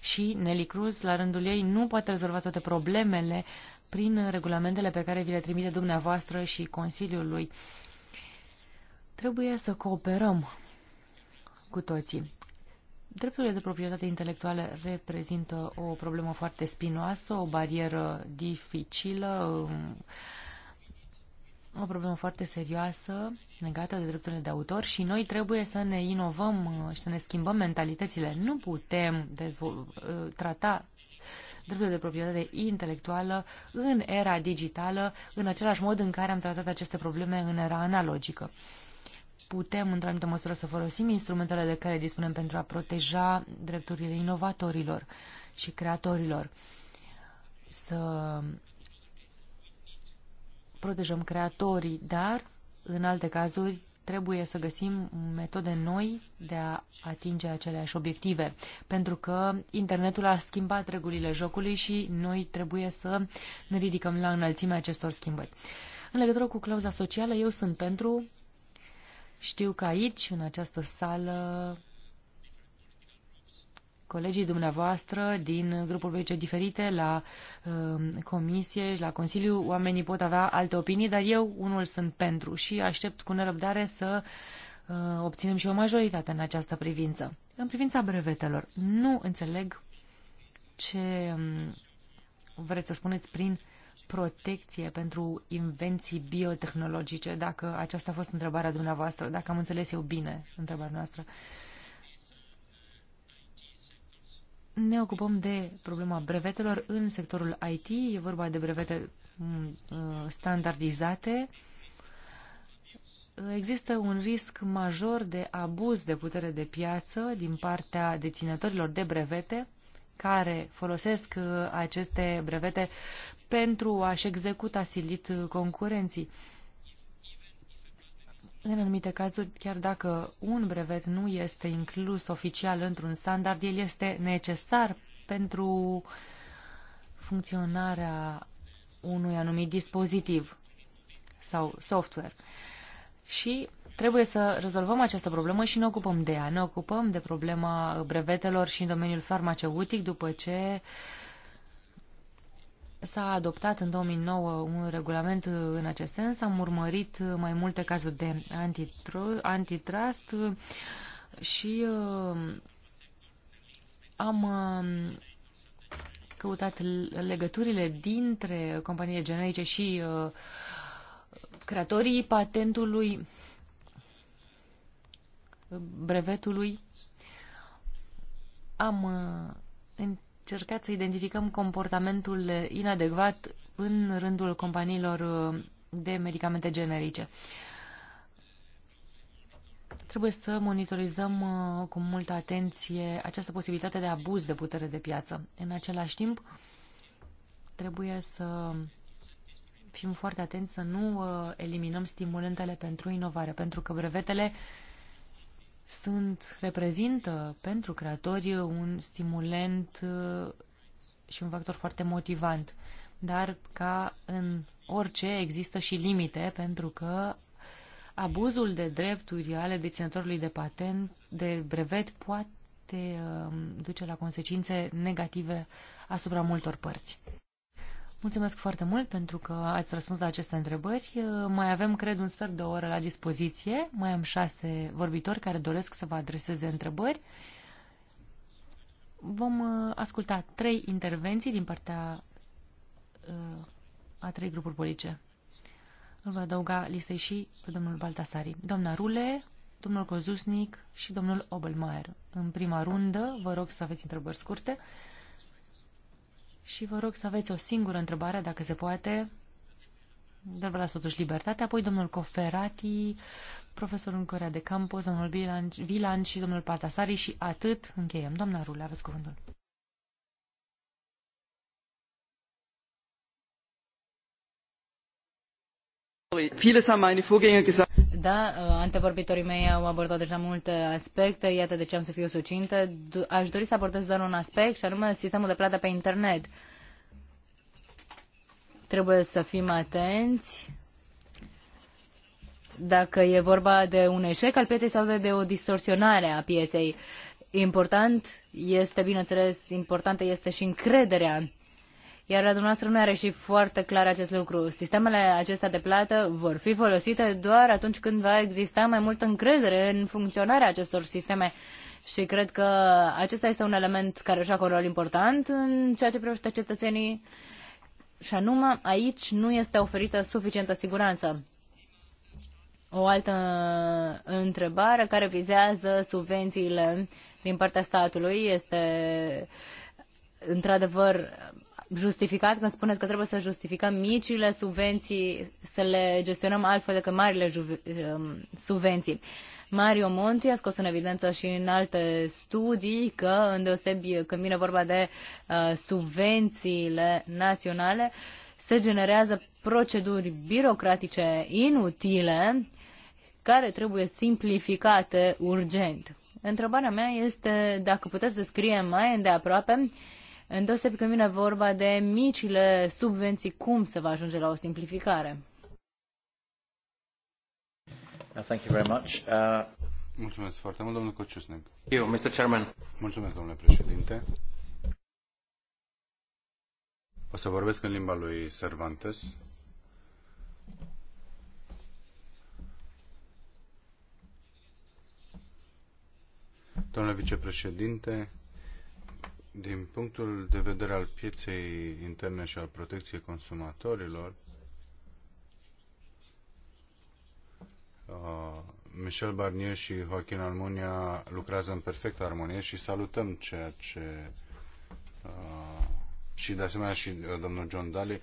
C: și Nelly Cruz, la rândul ei, nu poate rezolva toate problemele prin regulamentele pe care vi le trimite dumneavoastră și Consiliului. Trebuie să cooperăm cu toții. Drepturile de proprietate intelectuală reprezintă o problemă foarte spinoasă, o barieră dificilă, o problemă foarte serioasă legată de drepturile de autor și noi trebuie să ne inovăm uh, și să ne schimbăm mentalitățile. Nu putem uh, trata drepturile de proprietate intelectuală în era digitală în același mod în care am tratat aceste probleme în era analogică. Putem, într-o anumită măsură, să folosim instrumentele de care dispunem pentru a proteja drepturile inovatorilor și creatorilor. Să protejăm creatorii, dar în alte cazuri trebuie să găsim metode noi de a atinge aceleași obiective, pentru că internetul a schimbat regulile jocului și noi trebuie să ne ridicăm la înălțimea acestor schimbări. În legătură cu clauza socială, eu sunt pentru. Știu că aici, în această sală, colegii dumneavoastră din grupuri politice diferite la uh, comisie și la Consiliu, oamenii pot avea alte opinii, dar eu unul sunt pentru și aștept cu nerăbdare să uh, obținem și o majoritate în această privință. În privința brevetelor, nu înțeleg ce um, vreți să spuneți prin protecție pentru invenții biotehnologice, dacă aceasta a fost întrebarea dumneavoastră, dacă am înțeles eu bine întrebarea noastră. Uh, ne ocupăm de problema brevetelor în sectorul IT. E vorba de brevete mm, uh, standardizate. Există un risc major de abuz de putere de piață din partea deținătorilor de brevete care folosesc uh, aceste brevete pentru a-și executa silit uh, concurenții. În anumite cazuri, chiar dacă un brevet nu este inclus oficial într-un standard, el este necesar pentru funcționarea unui anumit dispozitiv sau software. Și trebuie să rezolvăm această problemă și ne ocupăm de ea. Ne ocupăm de problema brevetelor și în domeniul farmaceutic după ce uh, S-a adoptat în 2009 un regulament în acest sens, am urmărit mai multe cazuri de antitrust și uh, am uh, căutat legăturile dintre companiile generice și uh, creatorii patentului, brevetului. Am încercat să identificăm comportamentul inadecvat în rândul companiilor uh, de medicamente generice. Trebuie să monitorizăm uh, cu multă atenție această posibilitate de abuz de putere de piață. În același timp, trebuie să fim foarte atenți să nu uh, eliminăm stimulentele pentru inovare, pentru că brevetele sunt, reprezintă pentru creatori un stimulent uh, și un factor foarte motivant. Dar ca în orice există și limite, pentru că abuzul de drepturi ale deținătorului de patent, de brevet, poate uh, duce la consecințe negative asupra multor părți. Mulțumesc foarte mult pentru că ați răspuns la aceste întrebări. Uh, mai avem, cred, un sfert de oră la dispoziție. Mai am șase vorbitori care doresc să vă adreseze întrebări. Vom uh, asculta trei intervenții din partea uh, a trei grupuri politice. Îl voi adăuga listei și pe domnul Baltasari. Doamna Rule, domnul Cozusnic și domnul Obelmaier. În prima rundă, vă rog să aveți întrebări scurte. Și vă rog să aveți o singură întrebare, dacă se poate. Dar vă las totuși libertate. Apoi domnul Coferati, profesorul în Corea de Campos, domnul Vilan și domnul Patasari și atât încheiem. Doamna Rule, aveți cuvântul.
B: Viele haben meine Vorgänger gesagt. Da, uh, antevorbitorii mei au abordat deja multe aspecte, iată de ce am să fiu sucintă. Aș dori să abordez doar un aspect și anume sistemul de plată pe internet. Trebuie să fim atenți dacă e vorba de un eșec al pieței sau de, de o distorsionare a pieței. Important este, bineînțeles, importantă este și încrederea iar dumneavoastră nu are și foarte clar acest lucru. Sistemele acestea de plată vor fi folosite doar atunci când va exista mai multă încredere în funcționarea acestor sisteme. Și cred că acesta este un element care joacă un rol important în ceea ce privește cetățenii. Și anume, aici nu este oferită suficientă siguranță. O altă întrebare care vizează subvențiile din partea statului este, într-adevăr, justificat când spuneți că trebuie să justificăm micile subvenții, să le gestionăm altfel decât marile um, subvenții. Mario Monti a scos în evidență și în alte studii că, îndeosebi când vine vorba de uh, subvențiile naționale, se generează proceduri birocratice inutile care trebuie simplificate urgent. Întrebarea mea este dacă puteți descrie mai îndeaproape Îndoseb când vine vorba de micile subvenții, cum se va ajunge la o simplificare?
A: Uh, thank you very much. Uh... Mulțumesc foarte mult, domnul Cociusneg. Eu, Mr. Chairman. Mulțumesc, domnule președinte. O să vorbesc în limba lui Cervantes. Domnule vicepreședinte, din punctul de vedere al pieței interne și al protecției consumatorilor, uh, Michel Barnier și Joaquin Almunia lucrează în perfectă armonie și salutăm ceea ce uh, și de asemenea și uh, domnul John Daly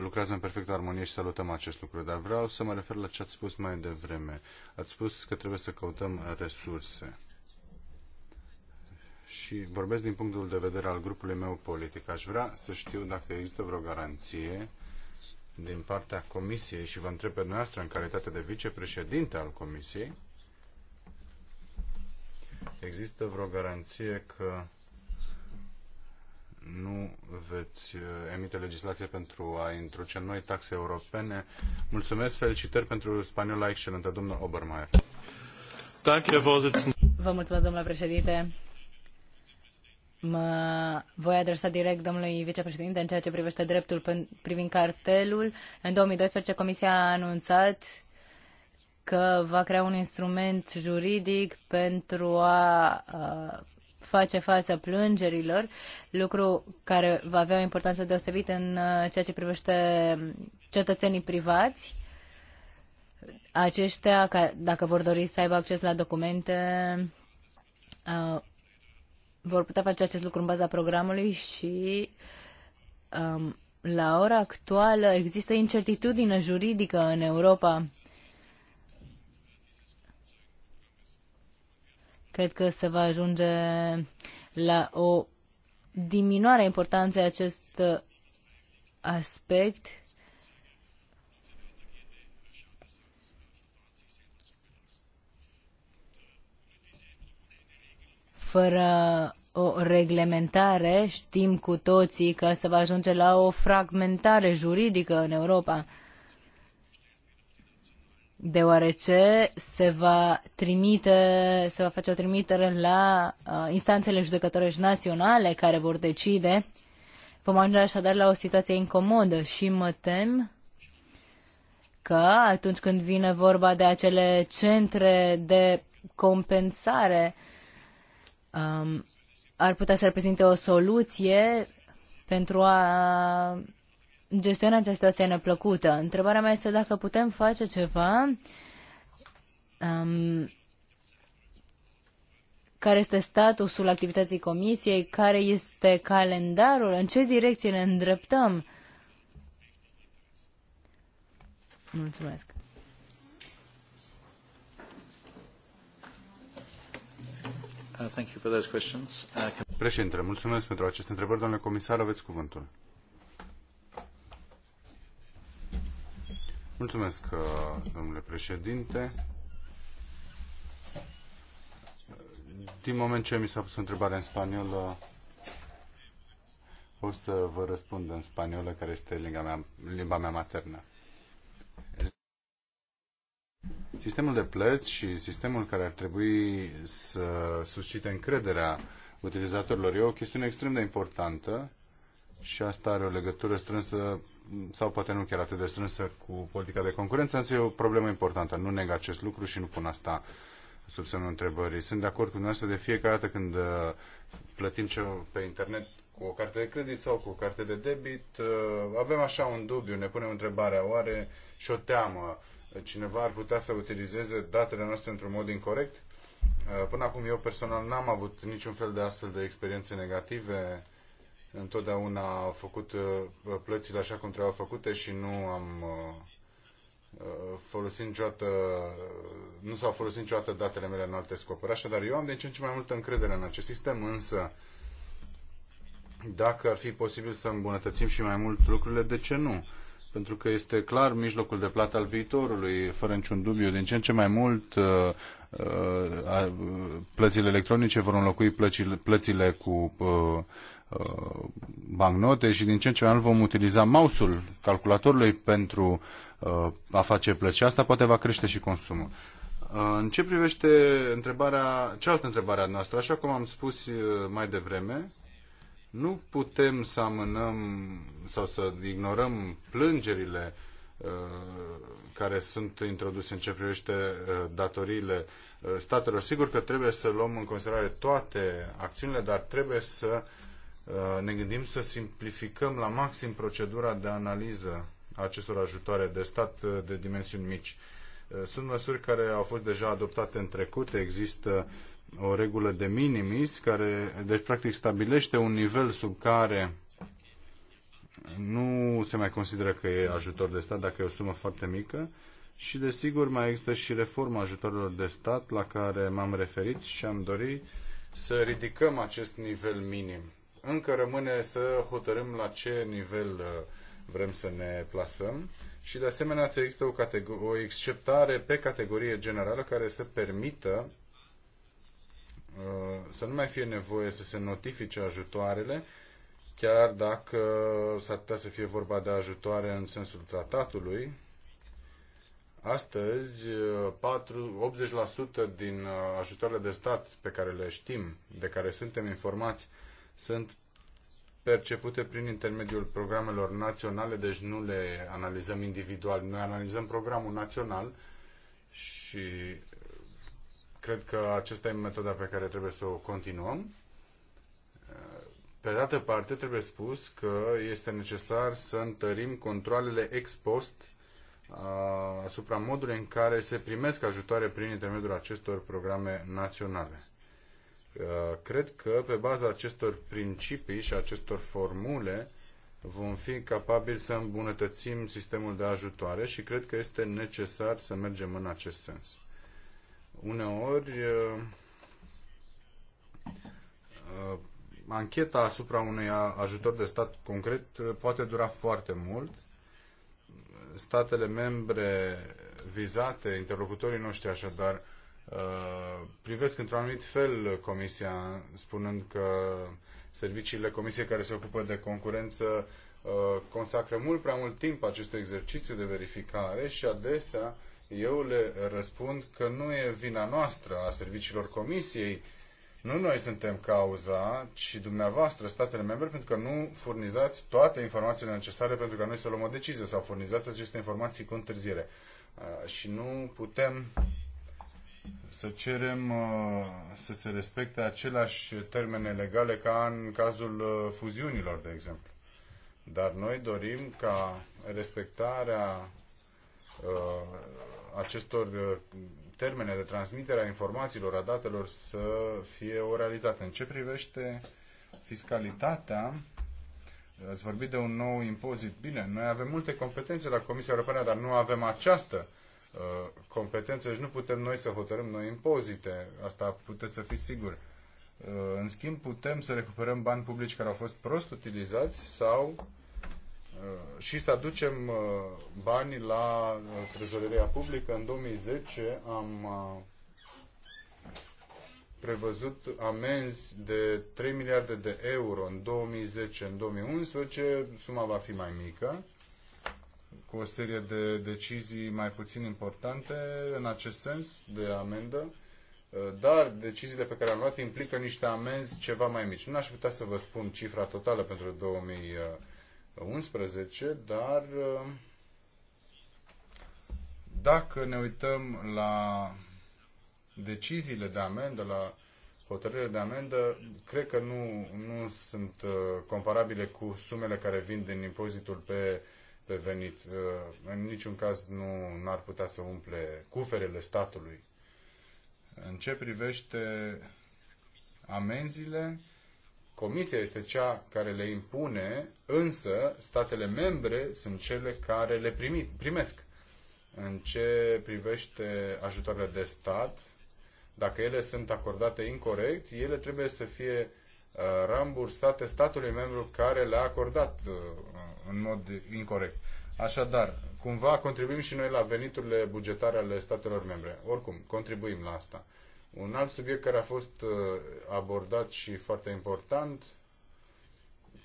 A: lucrează în perfectă armonie și salutăm acest lucru. Dar vreau să mă refer la ce ați spus mai devreme. Ați spus că trebuie să căutăm resurse și vorbesc din punctul de vedere al grupului meu politic. Aș vrea să știu dacă există vreo garanție din partea Comisiei și vă întreb pe dumneavoastră în calitate de vicepreședinte al Comisiei, există vreo garanție că nu veți uh, emite legislație pentru a introduce noi taxe europene. Mulțumesc, felicitări pentru spaniola excelentă, domnul Obermeier. Vă
B: mulțumesc, domnule președinte. Mă voi adresa direct domnului vicepreședinte în ceea ce privește dreptul privind cartelul. În 2012 Comisia a anunțat că va crea un instrument juridic pentru a face față plângerilor, lucru care va avea o importanță deosebită în ceea ce privește cetățenii privați. Aceștia, dacă vor dori să aibă acces la documente, vor putea face acest lucru în baza programului și um, la ora actuală există incertitudine juridică în Europa. Cred că se va ajunge la o diminuare a importanței acest uh, aspect Fără o reglementare, știm cu toții că se va ajunge la o fragmentare juridică în Europa, deoarece se va trimite, se va face o trimitere la uh, instanțele judecătorești naționale care vor decide. Vom ajunge așadar la o situație incomodă și mă tem că atunci când vine vorba de acele centre de compensare uh, um, ar putea să reprezinte o soluție pentru a gestiona această situație neplăcută. Întrebarea mea este dacă putem face ceva um, care este statusul activității comisiei, care este calendarul, în ce direcție ne îndreptăm. Mulțumesc.
A: Uh, uh, președinte, mulțumesc pentru aceste întrebări. Domnule comisar, aveți cuvântul. Mulțumesc, uh, domnule președinte. Din moment ce mi s-a pus o întrebare în spaniolă, o să vă răspund în spaniolă, care este limba mea, limba mea maternă. Sistemul de plăți și sistemul care ar trebui să suscite încrederea utilizatorilor e o chestiune extrem de importantă și asta are o legătură strânsă sau poate nu chiar atât de strânsă cu politica de concurență, însă e o problemă importantă. Nu neg acest lucru și nu pun asta sub semnul întrebării. Sunt de acord cu dumneavoastră de fiecare dată când uh, plătim ce pe internet cu o carte de credit sau cu o carte de debit, uh, avem așa un dubiu, ne punem întrebarea, oare și o teamă, cineva ar putea să utilizeze datele noastre într-un mod incorrect. Uh, până acum eu personal n-am avut niciun fel de astfel de experiențe negative. Întotdeauna au făcut uh, plățile așa cum trebuiau făcute și nu am uh, folosit niciodată, nu s-au folosit niciodată datele mele în alte scopuri. Așadar, eu am din ce în ce mai multă încredere în acest sistem, însă dacă ar fi posibil să îmbunătățim și mai mult lucrurile, de ce nu? pentru că este clar mijlocul de plată al viitorului, fără niciun dubiu. Din ce în ce mai mult uh, uh, plățile electronice vor înlocui plățile, plățile cu uh, bancnote și din ce în ce mai mult vom utiliza mouse-ul calculatorului pentru a face plăți și asta poate va crește și consumul. În ce privește întrebarea, cealaltă întrebare a noastră, așa cum am spus mai devreme, nu putem să amânăm sau să ignorăm plângerile uh, care sunt introduse în ce privește uh, datoriile uh, statelor. Sigur că trebuie să luăm în considerare toate acțiunile, dar trebuie să ne gândim să simplificăm la maxim procedura de analiză a acestor ajutoare de stat de dimensiuni mici. Sunt măsuri care au fost deja adoptate în trecut, există uh, o regulă de minimis, care deci practic stabilește un nivel sub care nu se mai consideră că e ajutor de stat dacă e o sumă foarte mică și desigur mai există și reforma ajutorilor de stat la care m-am referit și am dorit să ridicăm acest nivel minim. Încă rămâne să hotărâm la ce nivel uh, vrem să ne plasăm și de asemenea să există o, o exceptare pe categorie generală care să permită Uh, să nu mai fie nevoie să se notifice ajutoarele, chiar dacă s-ar putea să fie vorba de ajutoare în sensul tratatului. Astăzi, 4, 80% din uh, ajutoarele de stat pe care le știm, de care suntem informați, sunt percepute prin intermediul programelor naționale, deci nu le analizăm individual. Noi analizăm programul național și Cred că acesta e metoda pe care trebuie să o continuăm. Pe de altă parte, trebuie spus că este necesar să întărim controlele ex post asupra modului în care se primesc ajutoare prin intermediul acestor programe naționale. Cred că pe baza acestor principii și acestor formule vom fi capabili să îmbunătățim sistemul de ajutoare și cred că este necesar să mergem în acest sens uneori uh, uh, ancheta asupra unui ajutor de stat concret uh, poate dura foarte mult. Statele membre vizate, interlocutorii noștri așadar, privesc într-un anumit fel Comisia, spunând că serviciile Comisiei care se ocupă de concurență consacră mult prea mult timp acestui exercițiu de verificare și adesea eu le răspund că nu e vina noastră a serviciilor comisiei. Nu noi suntem cauza, ci dumneavoastră, statele membre, pentru că nu furnizați toate informațiile necesare pentru ca noi să luăm o decizie sau furnizați aceste informații cu întârziere. Uh, și nu putem să cerem uh, să se respecte aceleași termene legale ca în cazul uh, fuziunilor, de exemplu. Dar noi dorim ca respectarea acestor uh, termene de transmitere a informațiilor, a datelor să fie o realitate. În ce privește fiscalitatea, ați vorbit de un nou impozit. Bine, noi avem multe competențe la Comisia Europeană, dar nu avem această uh, competență și deci nu putem noi să hotărâm noi impozite. Asta puteți să fiți siguri. Uh, în schimb, putem să recuperăm bani publici care au fost prost utilizați sau Uh, și să aducem uh, bani la uh, trezoreria publică. În 2010 am prevăzut amenzi de 3 miliarde de euro în 2010, în 2011, suma va fi mai mică, cu o serie de decizii mai puțin importante în acest sens de amendă, dar deciziile pe care le-am luat implică niște amenzi ceva mai mici. Nu aș putea să vă spun cifra totală pentru 2010, 11, dar uh, dacă ne uităm la deciziile de amendă, la hotărârile de amendă, cred că nu, nu sunt uh, comparabile cu sumele care vin din impozitul pe, pe venit. Uh, în niciun caz nu ar putea să umple cuferele statului. În ce privește amenzile, Comisia este cea care le impune, însă statele membre sunt cele care le primi, primesc. În ce privește ajutoarele de stat, dacă ele sunt acordate incorrect, ele trebuie să fie uh, rambursate statului membru care le-a acordat uh, în mod incorrect. Așadar, cumva contribuim și noi la veniturile bugetare ale statelor membre. Oricum, contribuim la asta. Un alt subiect care a fost uh, abordat și foarte important,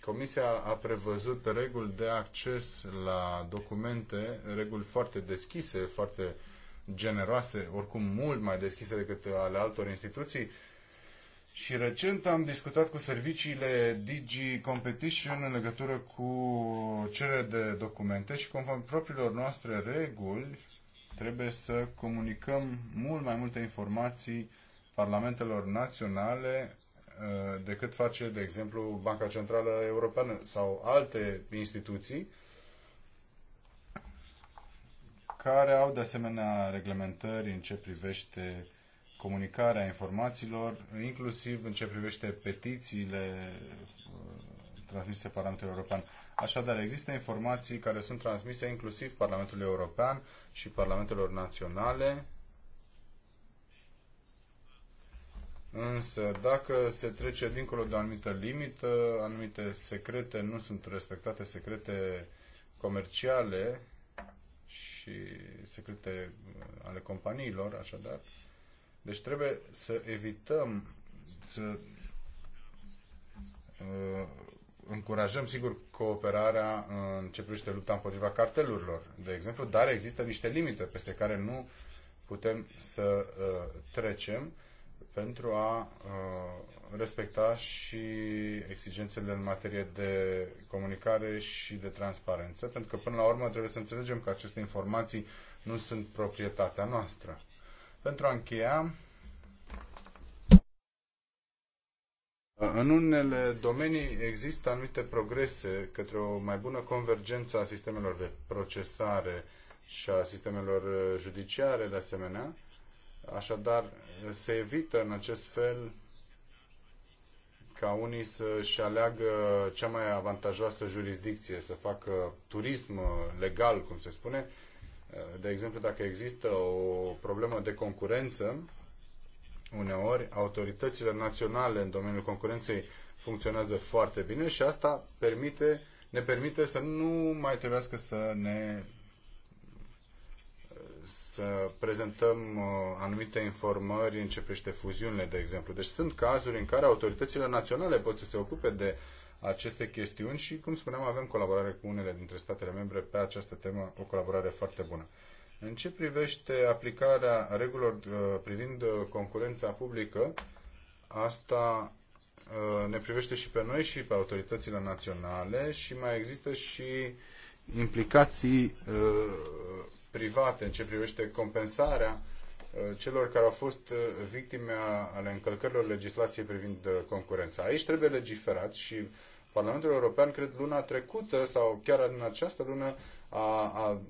A: Comisia a prevăzut reguli de acces la documente, reguli foarte deschise, foarte generoase, oricum mult mai deschise decât ale altor instituții, și recent am discutat cu serviciile Digi Competition în legătură cu cerere de documente și conform propriilor noastre reguli, Trebuie să comunicăm mult mai multe informații parlamentelor naționale uh, decât face, de exemplu, Banca Centrală Europeană sau alte instituții care au de asemenea reglementări în ce privește comunicarea informațiilor, inclusiv în ce privește petițiile uh, transmise Parlamentului European. Așadar, există informații care sunt transmise inclusiv Parlamentului European și Parlamentelor Naționale. Însă, dacă se trece dincolo de o anumită limită, anumite secrete nu sunt respectate, secrete comerciale și secrete uh, ale companiilor, așadar. Deci trebuie să evităm să uh, încurajăm, sigur, cooperarea uh, în ce privește lupta împotriva cartelurilor, de exemplu, dar există niște limite peste care nu putem să uh, trecem pentru a uh, respecta și exigențele în materie de comunicare și de transparență, pentru că până la urmă trebuie să înțelegem că aceste informații nu sunt proprietatea noastră. Pentru a încheia, în unele domenii există anumite progrese către o mai bună convergență a sistemelor de procesare și a sistemelor uh, judiciare, de asemenea. Așadar, uh, se evită în acest fel ca unii să-și aleagă cea mai avantajoasă jurisdicție, să facă turism uh, legal, cum se spune. De exemplu, dacă există o problemă de concurență, Uneori, autoritățile naționale în domeniul concurenței funcționează foarte bine și asta permite, ne permite să nu mai trebuiască să ne să prezentăm uh, anumite informări în ce privește fuziunile, de exemplu. Deci sunt cazuri în care autoritățile naționale pot să se ocupe de aceste chestiuni și, cum spuneam, avem colaborare cu unele dintre statele membre pe această temă, o colaborare foarte bună. În ce privește aplicarea regulilor uh, privind uh, concurența publică, asta uh, ne privește și pe noi și pe autoritățile naționale și mai există și implicații private în ce privește compensarea celor care au fost victime ale încălcărilor legislației privind concurența. Aici trebuie legiferat și Parlamentul European, cred, luna trecută sau chiar în această lună, a, a,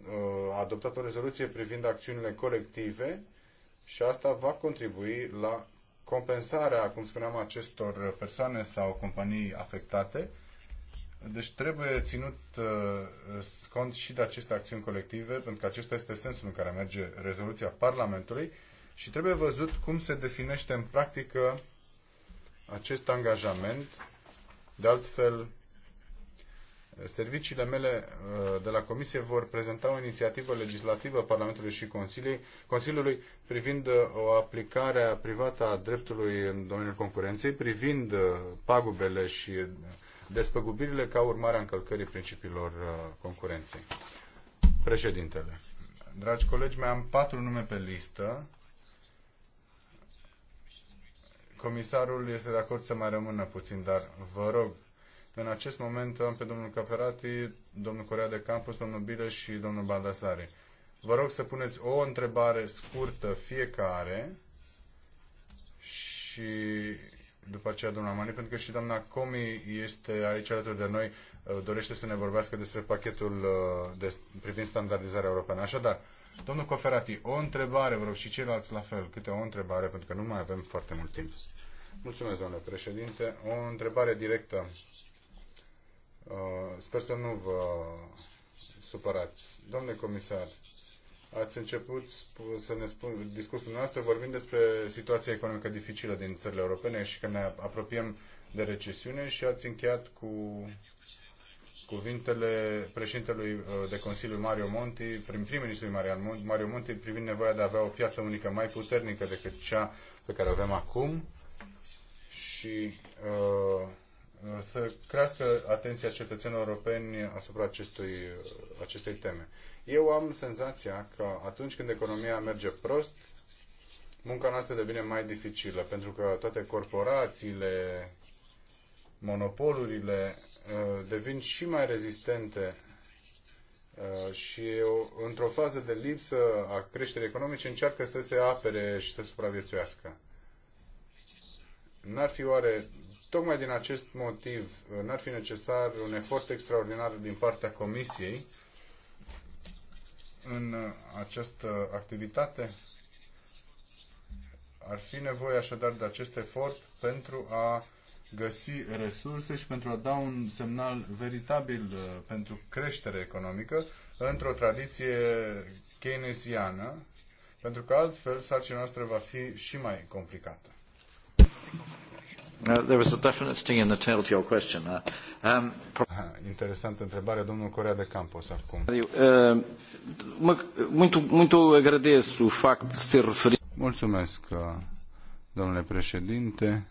A: a adoptat o rezoluție privind acțiunile colective și asta va contribui la compensarea, cum spuneam, acestor persoane sau companii afectate. Deci trebuie ținut uh, cont și de aceste acțiuni colective, pentru că acesta este sensul în care merge rezoluția Parlamentului și trebuie văzut cum se definește în practică acest angajament. De altfel, Serviciile mele uh, de la Comisie vor prezenta o inițiativă legislativă Parlamentului și Consiliului, Consiliului privind uh, o aplicare privată a dreptului în domeniul concurenței, privind uh, pagubele și despăgubirile ca urmare a încălcării principiilor concurenței. Președintele, dragi colegi, mai am patru nume pe listă. Comisarul este de acord să mai rămână puțin, dar vă rog în acest moment am pe domnul Caferati, domnul Corea de Campus, domnul Bile și domnul Baldasare. Vă rog să puneți o întrebare scurtă fiecare și după aceea domnul Amani, pentru că și doamna Comi este aici alături de noi, uh, dorește să ne vorbească despre pachetul uh, de, privind standardizarea europeană. Așadar, domnul Coferati, o întrebare, vă rog, și ceilalți la fel, câte o întrebare, pentru că nu mai avem foarte mult timp. Mulțumesc, domnule președinte. O întrebare directă Uh, sper să nu vă supărați. Domnule comisar, ați început să ne spun discursul noastră vorbind despre situația economică dificilă din țările europene și că ne apropiem de recesiune și ați încheiat cu cuvintele președintelui uh, de Consiliu Mario Monti, prim-ministrului Mario Monti, privind nevoia de a avea o piață unică mai puternică decât cea pe care o avem acum și uh, să crească atenția cetățenilor europeni asupra acestui, acestei teme. Eu am senzația că atunci când economia merge prost, munca noastră devine mai dificilă, pentru că toate corporațiile, monopolurile uh, devin și mai rezistente uh, și într-o fază de lipsă a creșterii economice încearcă să se apere și să supraviețuiască. N-ar fi oare Tocmai din acest motiv n-ar fi necesar un efort extraordinar din partea Comisiei în această activitate? Ar fi nevoie așadar de acest efort pentru a găsi resurse și pentru a da un semnal veritabil uh, pentru creștere economică într-o tradiție keynesiană, pentru că altfel sarcina noastră va fi și mai complicată there was a definite sting in the tail to your question. Uh, um, Interesantă întrebare, domnul Corea de Campos, acum. Uh, mă, muito, muito agradeço o facto de ter referido... Mulțumesc, uh, domnule președinte.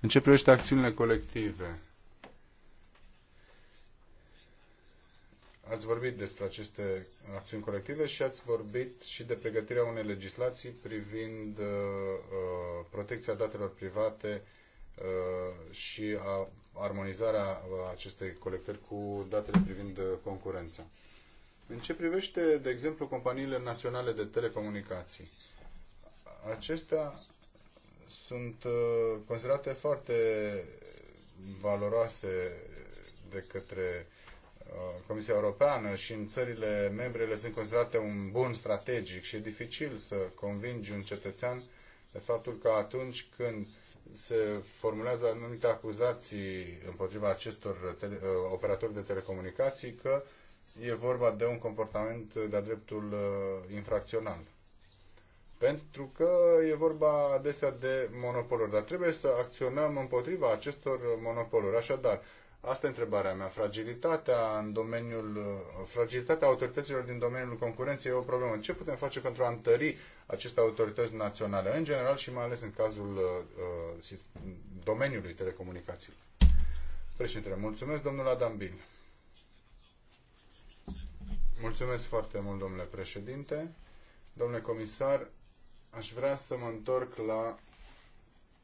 A: În ce privește acțiunile colective, ați vorbit despre aceste acțiuni colective și ați vorbit și de pregătirea unei legislații privind uh, uh protecția datelor private uh, Uh, și a, armonizarea uh, acestei colectări cu datele privind uh, concurența. În ce privește, de exemplu, companiile naționale de telecomunicații, acestea sunt considerate foarte valoroase de către Comisia Europeană și în țările membrele sunt considerate un bun strategic și e dificil să convingi un cetățean de faptul că atunci când uh, se formulează anumite acuzații împotriva acestor tele, uh, operatori de telecomunicații că e vorba de un comportament de-a dreptul uh, infracțional. Pentru că e vorba adesea de monopoluri, dar trebuie să acționăm împotriva acestor monopoluri. Așadar, Asta e întrebarea mea. Fragilitatea în domeniul, fragilitatea autorităților din domeniul concurenței e o problemă. Ce putem face pentru a întări aceste autorități naționale, în general și mai ales în cazul uh, domeniului telecomunicațiilor? Președinte, mulțumesc, domnul Adam Bill. Mulțumesc foarte mult, domnule președinte. Domnule comisar, aș vrea să mă întorc la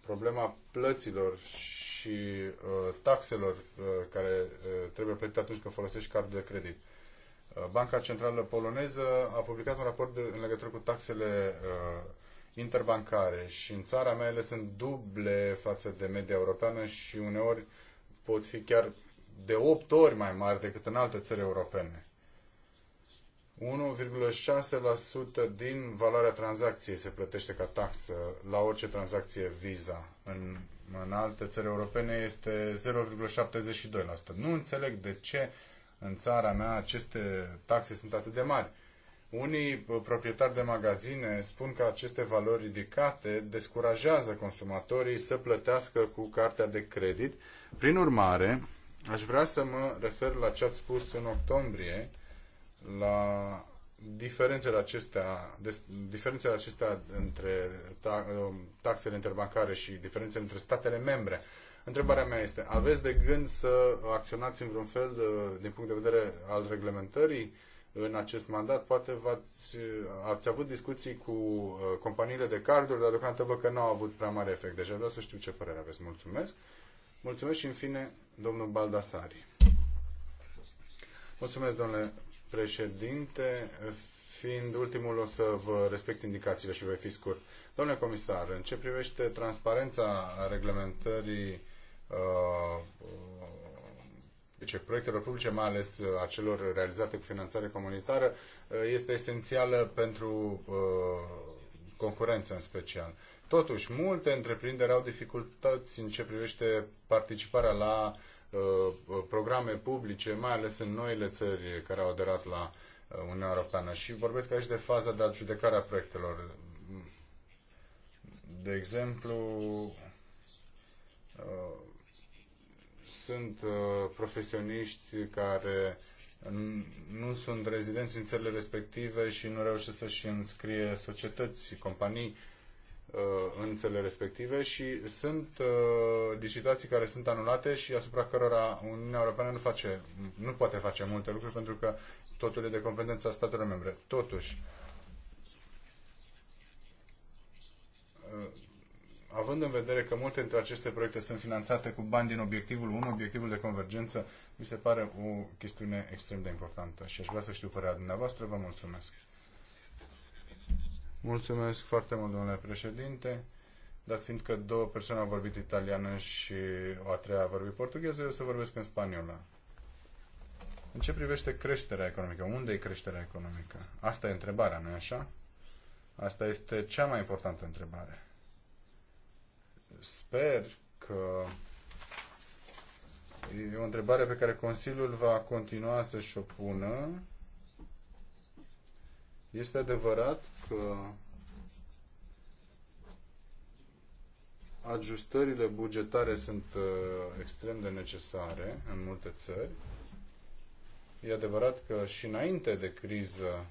A: problema plăților și uh, taxelor uh, care uh, trebuie plătite atunci când folosești cardul de credit. Uh, Banca Centrală Poloneză a publicat un raport de, în legătură cu taxele uh, interbancare și în țara mea ele sunt duble față de media europeană și uneori pot fi chiar de 8 ori mai mari decât în alte țări europene. 1,6% din valoarea tranzacției se plătește ca taxă la orice tranzacție Visa. În, în alte țări europene este 0,72%. Nu înțeleg de ce în țara mea aceste taxe sunt atât de mari. Unii uh, proprietari de magazine spun că aceste valori ridicate descurajează consumatorii să plătească cu cartea de credit. Prin urmare, aș vrea să mă refer la ce ați spus în octombrie, la diferențele acestea, de, diferențele acestea între ta, um, taxele interbancare și diferențele între statele membre. Întrebarea mea este, aveți de gând să acționați în vreun fel uh, din punct de vedere al reglementării în acest mandat? Poate v-ați, uh, ați avut discuții cu uh, companiile de carduri, dar deocamdată văd că nu au avut prea mare efect. Deci vreau să știu ce părere aveți. Mulțumesc. Mulțumesc și în fine, domnul Baldasari. Mulțumesc, domnule președinte, fiind ultimul, o să vă respect indicațiile și voi fi scurt. Domnule comisar, în ce privește transparența reglementării uh, deci proiectelor publice, mai ales uh, a celor realizate cu finanțare comunitară, uh, este esențială pentru concurență în special. Totuși, multe întreprinderi au dificultăți în ce privește participarea la Uh, programe publice, mai ales în noile țări care au aderat la uh, Uniunea Europeană. Și vorbesc aici de faza de adjudecare a proiectelor. De exemplu, uh, sunt profesioniști care nu sunt rezidenți în țările respective și nu reușesc să-și înscrie societăți, companii Uh, în țările respective și sunt uh, licitații care sunt anulate și asupra cărora Uniunea Europeană nu, face, nu poate face multe lucruri pentru că totul e de competența statelor membre. Totuși, uh, având în vedere că multe dintre aceste proiecte sunt finanțate cu bani din obiectivul 1, obiectivul de convergență, mi se pare o chestiune extrem de importantă și aș vrea să știu părerea dumneavoastră. Vă mulțumesc. Mulțumesc foarte mult, domnule președinte. Dar fiindcă două persoane au vorbit italiană și o a treia a vorbit portugheză, eu să vorbesc în spaniolă. În ce privește creșterea economică? Unde e creșterea economică? Asta e întrebarea, nu-i așa? Asta este cea mai importantă întrebare. Sper că e o întrebare pe care Consiliul va continua să-și o pună este adevărat că ajustările bugetare sunt uh, extrem de necesare în multe țări. E adevărat că și înainte de criză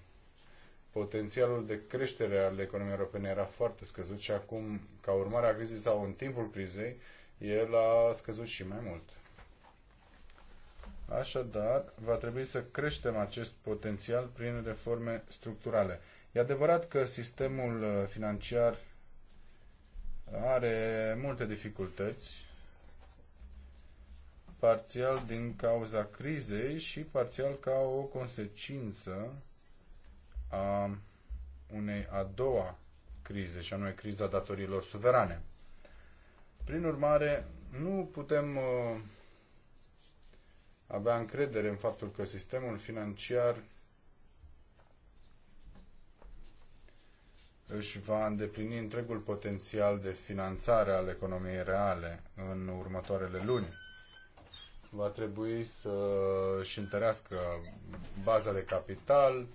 A: potențialul de creștere al economiei europene era foarte scăzut și acum, ca urmare a crizei sau în timpul crizei, el a scăzut și mai mult. Așadar, va trebui să creștem acest potențial prin reforme structurale. E adevărat că sistemul uh, financiar are multe dificultăți, parțial din cauza crizei și parțial ca o consecință a unei a doua crize, și anume criza datorilor suverane. Prin urmare, nu putem uh, avea încredere în faptul că sistemul financiar își va îndeplini întregul potențial de finanțare al economiei reale în următoarele luni. Va trebui să își întărească baza de capital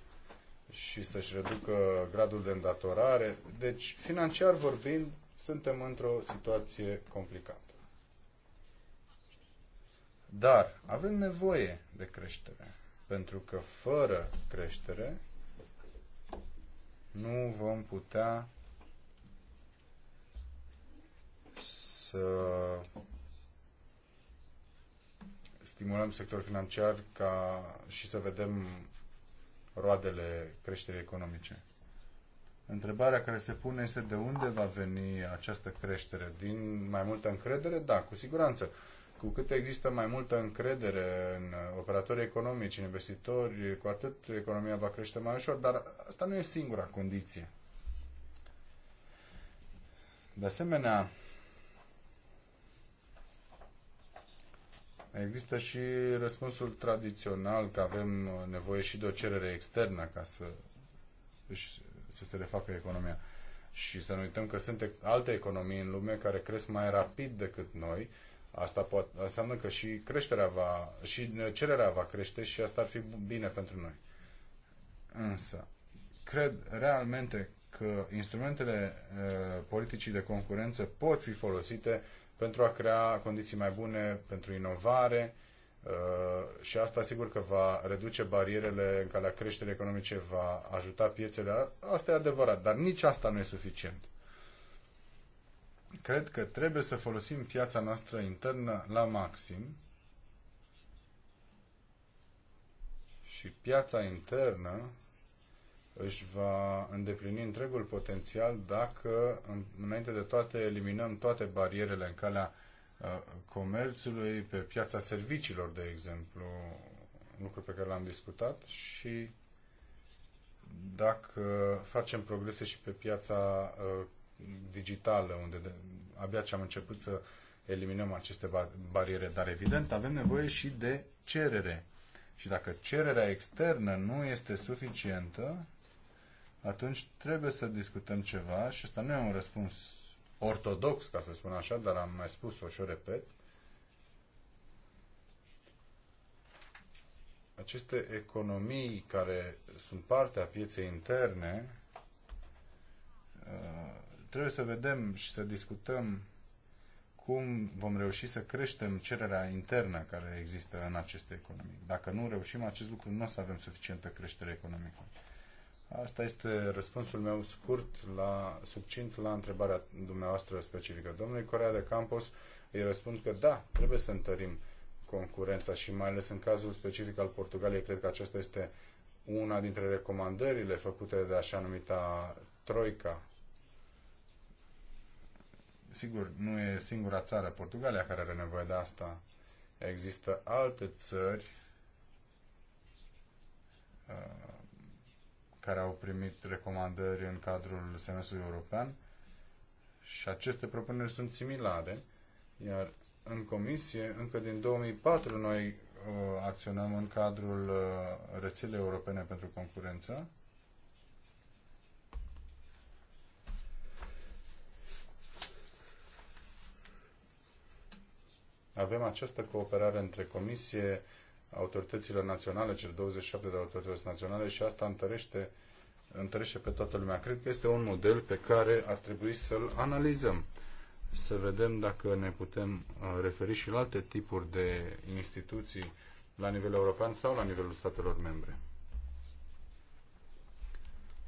A: și să-și reducă gradul de îndatorare. Deci, financiar vorbind, suntem într-o situație complicată. Dar avem nevoie de creștere, pentru că fără creștere nu vom putea să stimulăm sectorul financiar ca și să vedem roadele creșterii economice. Întrebarea care se pune este de unde va veni această creștere? Din mai multă încredere? Da, cu siguranță. Cu cât există mai multă încredere în operatori economici, în investitori, cu atât economia va crește mai ușor, dar asta nu e singura condiție. De asemenea, Există și răspunsul tradițional că avem nevoie și de o cerere externă ca să, să se refacă economia. Și să nu uităm că sunt alte economii în lume care cresc mai rapid decât noi Asta poate, înseamnă că și creșterea va, și cererea va crește și asta ar fi bine pentru noi. Însă, cred realmente că instrumentele uh, politicii de concurență pot fi folosite pentru a crea condiții mai bune pentru inovare uh, și asta sigur că va reduce barierele în calea creșterii economice, va ajuta piețele. Asta e adevărat, dar nici asta nu e suficient cred că trebuie să folosim piața noastră internă la maxim și piața internă își va îndeplini întregul potențial dacă, înainte de toate, eliminăm toate barierele în calea uh, comerțului, pe piața serviciilor, de exemplu, lucru pe care l-am discutat și dacă facem progrese și pe piața uh, digitală, unde de, abia ce am început să eliminăm aceste bariere, dar evident avem nevoie și de cerere. Și dacă cererea externă nu este suficientă, atunci trebuie să discutăm ceva și ăsta nu e un răspuns ortodox, ca să spun așa, dar am mai spus-o și o repet. Aceste economii care sunt parte a pieței interne uh, Trebuie să vedem și să discutăm cum vom reuși să creștem cererea internă care există în aceste economii. Dacă nu reușim acest lucru, nu o să avem suficientă creștere economică. Asta este răspunsul meu scurt, la, succint, la întrebarea dumneavoastră specifică. Domnului Corea de Campos îi răspund că da, trebuie să întărim concurența și mai ales în cazul specific al Portugaliei, cred că aceasta este una dintre recomandările făcute de așa numita Troica, Sigur, nu e singura țară, Portugalia, care are nevoie de asta. Există alte țări uh, care au primit recomandări în cadrul semestrului european și aceste propuneri sunt similare, iar în comisie, încă din 2004 noi uh, acționăm în cadrul uh, rețelei europene pentru concurență avem această cooperare între Comisie, autoritățile naționale, cele 27 de autorități naționale și asta întărește, întărește pe toată lumea. Cred că este un model pe care ar trebui să-l analizăm, să vedem dacă ne putem uh, referi și la alte tipuri de instituții la nivel european sau la nivelul statelor membre.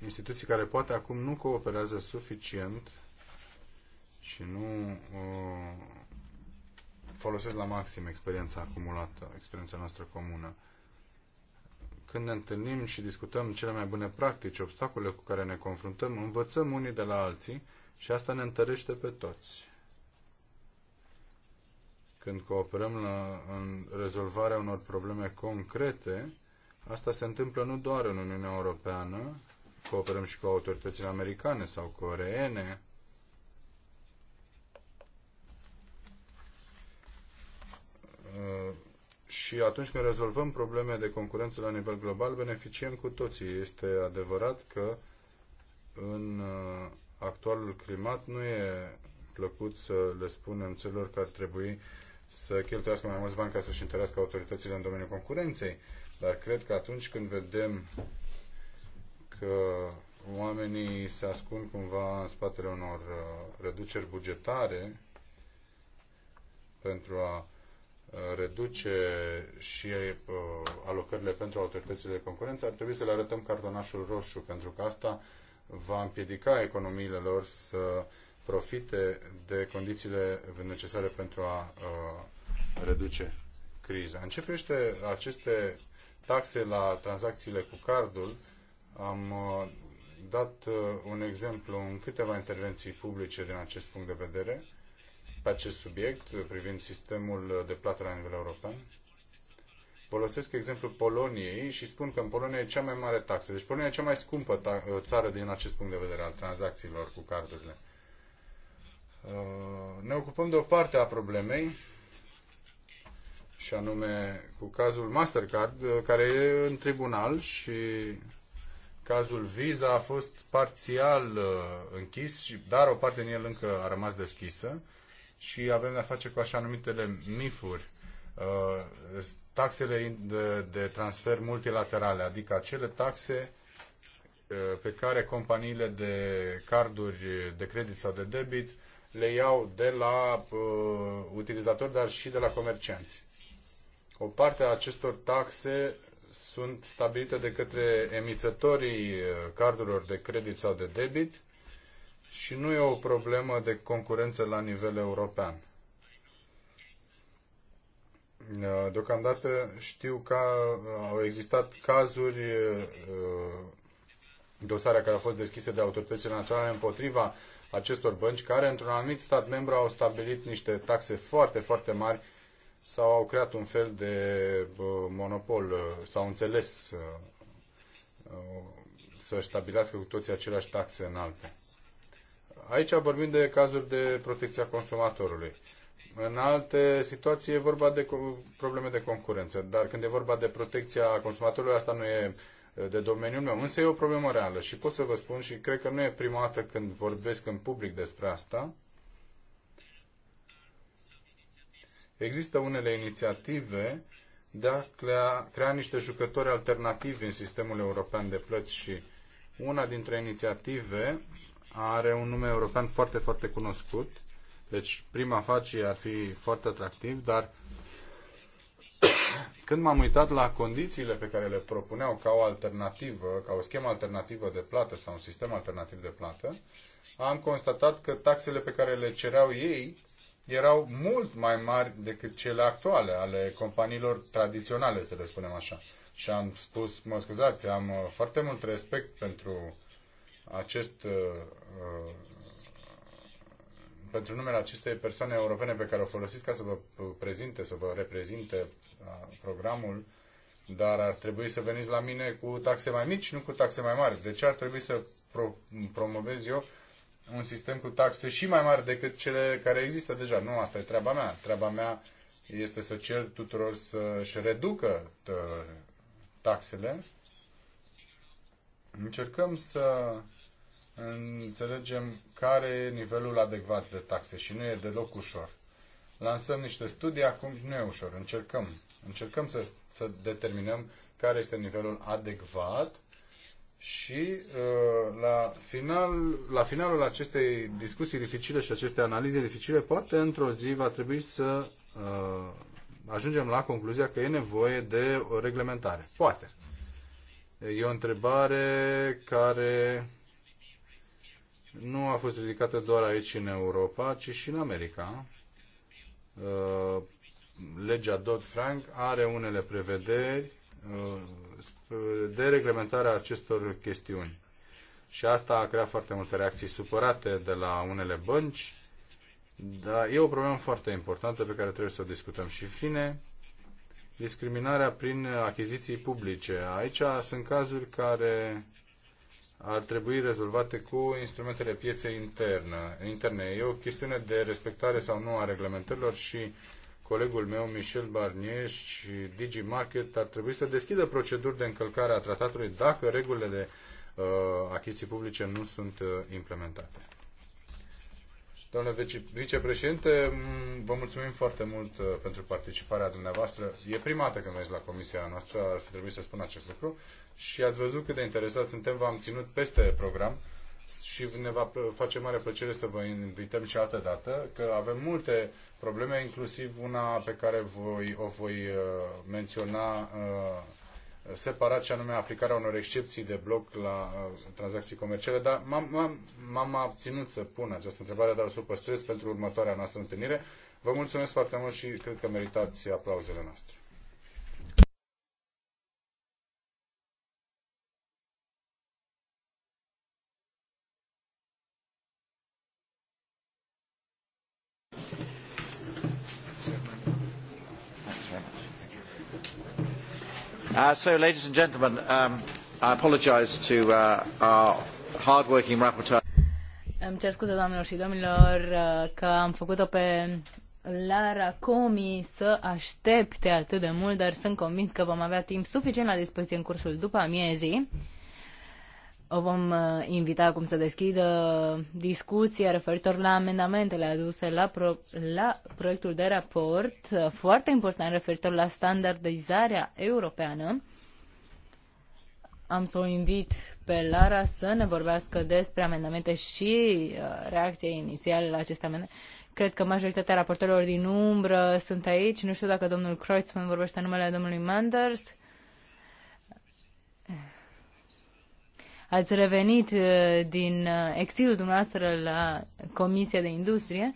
A: Instituții care poate acum nu cooperează suficient și nu uh, folosesc la maxim experiența acumulată, experiența noastră comună. Când ne întâlnim și discutăm cele mai bune practici, obstacole cu care ne confruntăm, învățăm unii de la alții și asta ne întărește pe toți. Când cooperăm la, în rezolvarea unor probleme concrete, asta se întâmplă nu doar în Uniunea Europeană, cooperăm și cu autoritățile americane sau coreene, și atunci când rezolvăm probleme de concurență la nivel global, beneficiem cu toții. Este adevărat că în uh, actualul climat nu e plăcut să le spunem celor care ar trebui să cheltuiască mai mulți bani ca să-și întărească autoritățile în domeniul concurenței. Dar cred că atunci când vedem că oamenii se ascund cumva în spatele unor uh, reduceri bugetare pentru a reduce și uh, alocările pentru autoritățile de concurență, ar trebui să le arătăm cartonașul roșu, pentru că asta va împiedica economiile lor să profite de condițiile necesare pentru a uh, reduce criza. În ce privește aceste taxe la tranzacțiile cu cardul, am uh, dat un exemplu în câteva intervenții publice din acest punct de vedere pe acest subiect privind sistemul de plată la nivel european. Folosesc exemplul Poloniei și spun că în Polonia e cea mai mare taxă. Deci Polonia e cea mai scumpă uh, țară din acest punct de vedere al tranzacțiilor cu cardurile. Uh, ne ocupăm de o parte a problemei și anume cu cazul Mastercard, uh, care e în tribunal și cazul Visa a fost parțial închis, dar o parte din el încă a rămas deschisă și avem de-a face cu așa numitele MIF-uri, uh, taxele de, de transfer multilaterale, adică acele taxe uh, pe care companiile de carduri de credit sau de debit le iau de la uh, utilizatori, dar și de la comercianți. O parte a acestor taxe sunt stabilite de către emițătorii uh, cardurilor de credit sau de debit și nu e o problemă de concurență la nivel european. Uh, deocamdată știu că uh, au existat cazuri, uh, dosarea care a fost deschisă de autoritățile naționale împotriva acestor bănci, care într-un anumit stat membru au stabilit niște taxe foarte, foarte mari sau au creat un fel de monopol, sau au înțeles să stabilească cu toții aceleași taxe înalte. Aici vorbim de cazuri de protecția consumatorului. În alte situații e vorba de probleme de concurență, dar când e vorba de protecția consumatorului, asta nu e de domeniul meu, însă e o problemă reală și pot să vă spun și cred că nu e prima dată când vorbesc în public despre asta. Există unele inițiative de a crea, crea niște jucători alternativi în sistemul european de plăți și una dintre inițiative are un nume european foarte, foarte cunoscut. Deci, prima afacere ar fi foarte atractiv, dar când m-am uitat la condițiile pe care le propuneau ca o alternativă, ca o schemă alternativă de plată sau un sistem alternativ de plată, am constatat că taxele pe care le cereau ei erau mult mai mari decât cele actuale ale companiilor tradiționale, să le spunem așa. Și am spus, mă scuzați, am uh, foarte mult respect pentru acest, uh, uh, pentru numele acestei persoane europene pe care o folosiți ca să vă prezinte, să vă reprezinte uh, programul, dar ar trebui să veniți la mine cu taxe mai mici, nu cu taxe mai mari. De ce ar trebui să pro- promovez eu un sistem cu taxe și mai mari decât cele care există deja. Nu, asta e treaba mea. Treaba mea este să cer tuturor să-și reducă taxele. Încercăm să înțelegem care e nivelul adecvat de taxe și nu e deloc ușor. Lansăm niște studii, acum nu e ușor, încercăm. Încercăm să, să determinăm care este nivelul adecvat și uh, la, final, la finalul acestei discuții dificile și aceste analize dificile, poate într-o zi va trebui să uh, ajungem la concluzia că e nevoie de o reglementare. Poate. E o întrebare care nu a fost ridicată doar aici în Europa, ci și în America. Uh, legea Dodd-Frank are unele prevederi uh, de reglementarea acestor chestiuni. Și asta a creat foarte multe reacții supărate de la unele bănci, dar e o problemă foarte importantă pe care trebuie să o discutăm. Și fine, discriminarea prin achiziții publice. Aici sunt cazuri care ar trebui rezolvate cu instrumentele pieței interne. interne. E o chestiune de respectare sau nu a reglementărilor și colegul meu, Michel Barnier și Digi Market ar trebui să deschidă proceduri de încălcare a tratatului dacă regulile de uh, achiziții publice nu sunt uh, implementate. Domnule vicepreședinte, vă mulțumim foarte mult uh, pentru participarea dumneavoastră. E prima dată când mergi la comisia noastră, ar fi trebuit să spun acest lucru. Și ați văzut cât de interesat suntem, v-am ținut peste program și ne va face mare plăcere să vă invităm și altă dată, că avem multe probleme, inclusiv una pe care voi, o voi uh, menționa uh, separat și anume aplicarea unor excepții de bloc la uh, tranzacții comerciale, dar m-am abținut să pun această întrebare, dar o să o păstrez pentru următoarea noastră întâlnire. Vă mulțumesc foarte mult și cred că meritați aplauzele noastre. Uh, so, ladies and gentlemen, um, I apologize to uh, our hard-working rapporteur.
B: Îmi cer scuze, doamnelor și domnilor, uh, că am făcut-o pe Lara Comi să aștepte atât de mult, dar sunt convins că vom avea timp suficient la dispoziție în cursul după amiezii o vom uh, invita acum să deschidă discuția referitor la amendamentele aduse la, pro, la proiectul de raport, uh, foarte important referitor la standardizarea europeană. Am să o invit pe Lara să ne vorbească despre amendamente și uh, reacția inițială la aceste amendamente. Cred că majoritatea raportorilor din umbră sunt aici. Nu știu dacă domnul Kreutzmann vorbește numele domnului Manders. Uh, ați revenit uh, din uh, exilul dumneavoastră la Comisia de Industrie.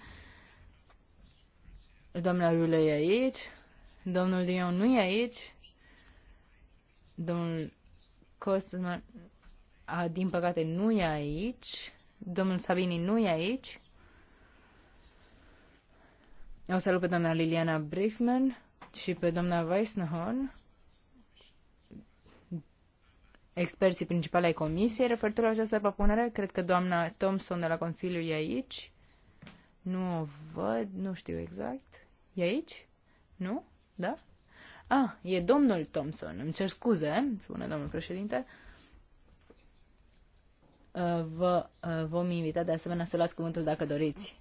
B: Doamna Rulă e aici, domnul Dion nu e aici, domnul Cosman, a, din păcate, nu e aici, domnul Sabini nu e aici. O salut pe doamna Liliana Briefman și pe doamna Weissenhorn experții principali ai comisiei referitor la această propunere. Cred că doamna Thompson de la Consiliu e aici. Nu o văd, nu știu exact. E aici? Nu? Da? Ah, e domnul Thompson. Îmi cer scuze, spune domnul președinte. Uh, vă uh, vom invita de asemenea să luați cuvântul dacă doriți.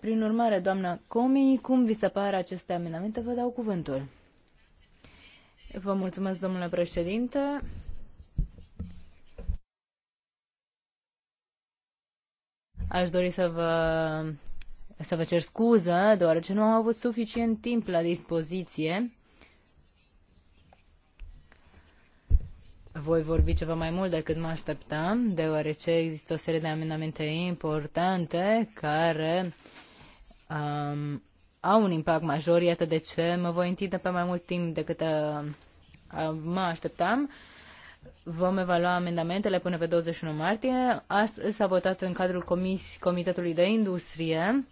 B: Prin urmare, doamna Comi, cum vi se pare aceste amendamente? Vă dau cuvântul. Vă mulțumesc, domnule președinte. Aș dori să vă, să vă cer scuză, deoarece nu am avut suficient timp la dispoziție. voi vorbi ceva mai mult decât mă așteptam, deoarece există o serie de amendamente importante care um, au un impact major, iată de ce mă voi întinde pe mai mult timp decât uh, uh, mă așteptam. Vom evalua amendamentele până pe 21 martie. Astăzi s-a votat în cadrul comis- Comitetului de Industrie.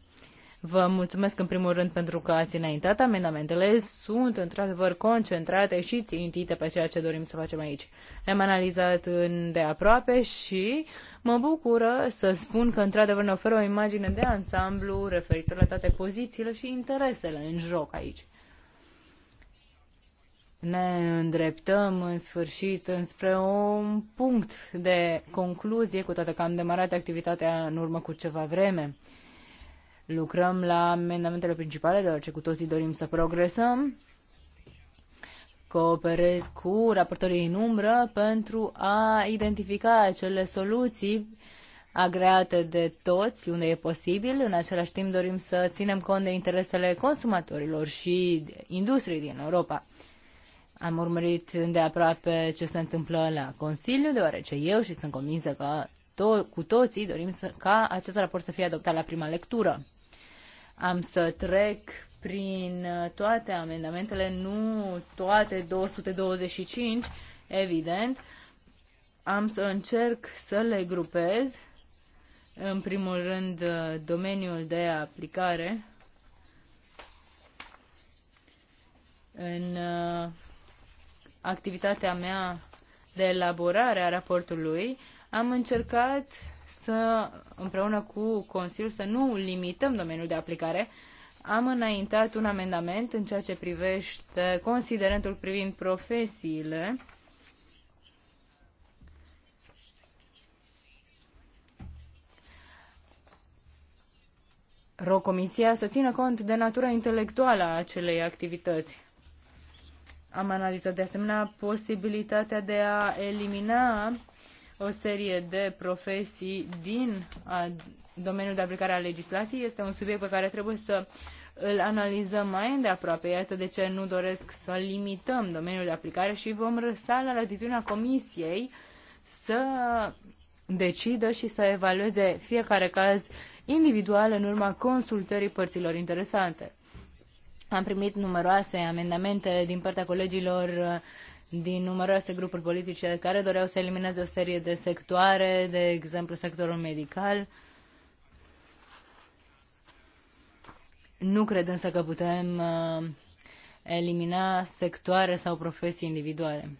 B: Vă mulțumesc în primul rând pentru că ați înaintat amendamentele. Sunt într-adevăr concentrate și țintite pe ceea ce dorim să facem aici. Le-am analizat în de aproape și mă bucură să spun că într-adevăr ne oferă o imagine de ansamblu referitor la toate pozițiile și interesele în joc aici ne îndreptăm în sfârșit înspre un punct de concluzie, cu toate că am demarat activitatea în urmă cu ceva vreme. Lucrăm la amendamentele principale, deoarece cu toții dorim să progresăm. Cooperez cu raportorii în umbră pentru a identifica acele soluții agreate de toți, unde e posibil. În același timp dorim să ținem cont de interesele consumatorilor și industriei din Europa. Am urmărit îndeaproape ce se întâmplă la Consiliu, deoarece eu și sunt convinsă că to- cu toții dorim să, ca acest raport să fie adoptat la prima lectură. Am să trec prin uh, toate amendamentele, nu toate 225, evident. Am să încerc să le grupez. În primul rând, uh, domeniul de aplicare. În uh, activitatea mea de elaborare a raportului, am încercat să, împreună cu Consiliul, să nu limităm domeniul de aplicare. Am înaintat un amendament în ceea ce privește considerentul privind profesiile. Rog Comisia să țină cont de natura intelectuală a acelei activități. Am analizat de asemenea posibilitatea de a elimina o serie de profesii din domeniul de aplicare a legislației. Este un subiect pe care trebuie să îl analizăm mai îndeaproape. Iată de ce nu doresc să limităm domeniul de aplicare și vom răsa la latitudinea Comisiei să decidă și să evalueze fiecare caz individual în urma consultării părților interesante. Am primit numeroase amendamente din partea colegilor uh, din numeroase grupuri politice care doreau să elimineze o serie de sectoare, de exemplu sectorul medical. Nu cred însă că putem uh, elimina sectoare sau profesii individuale.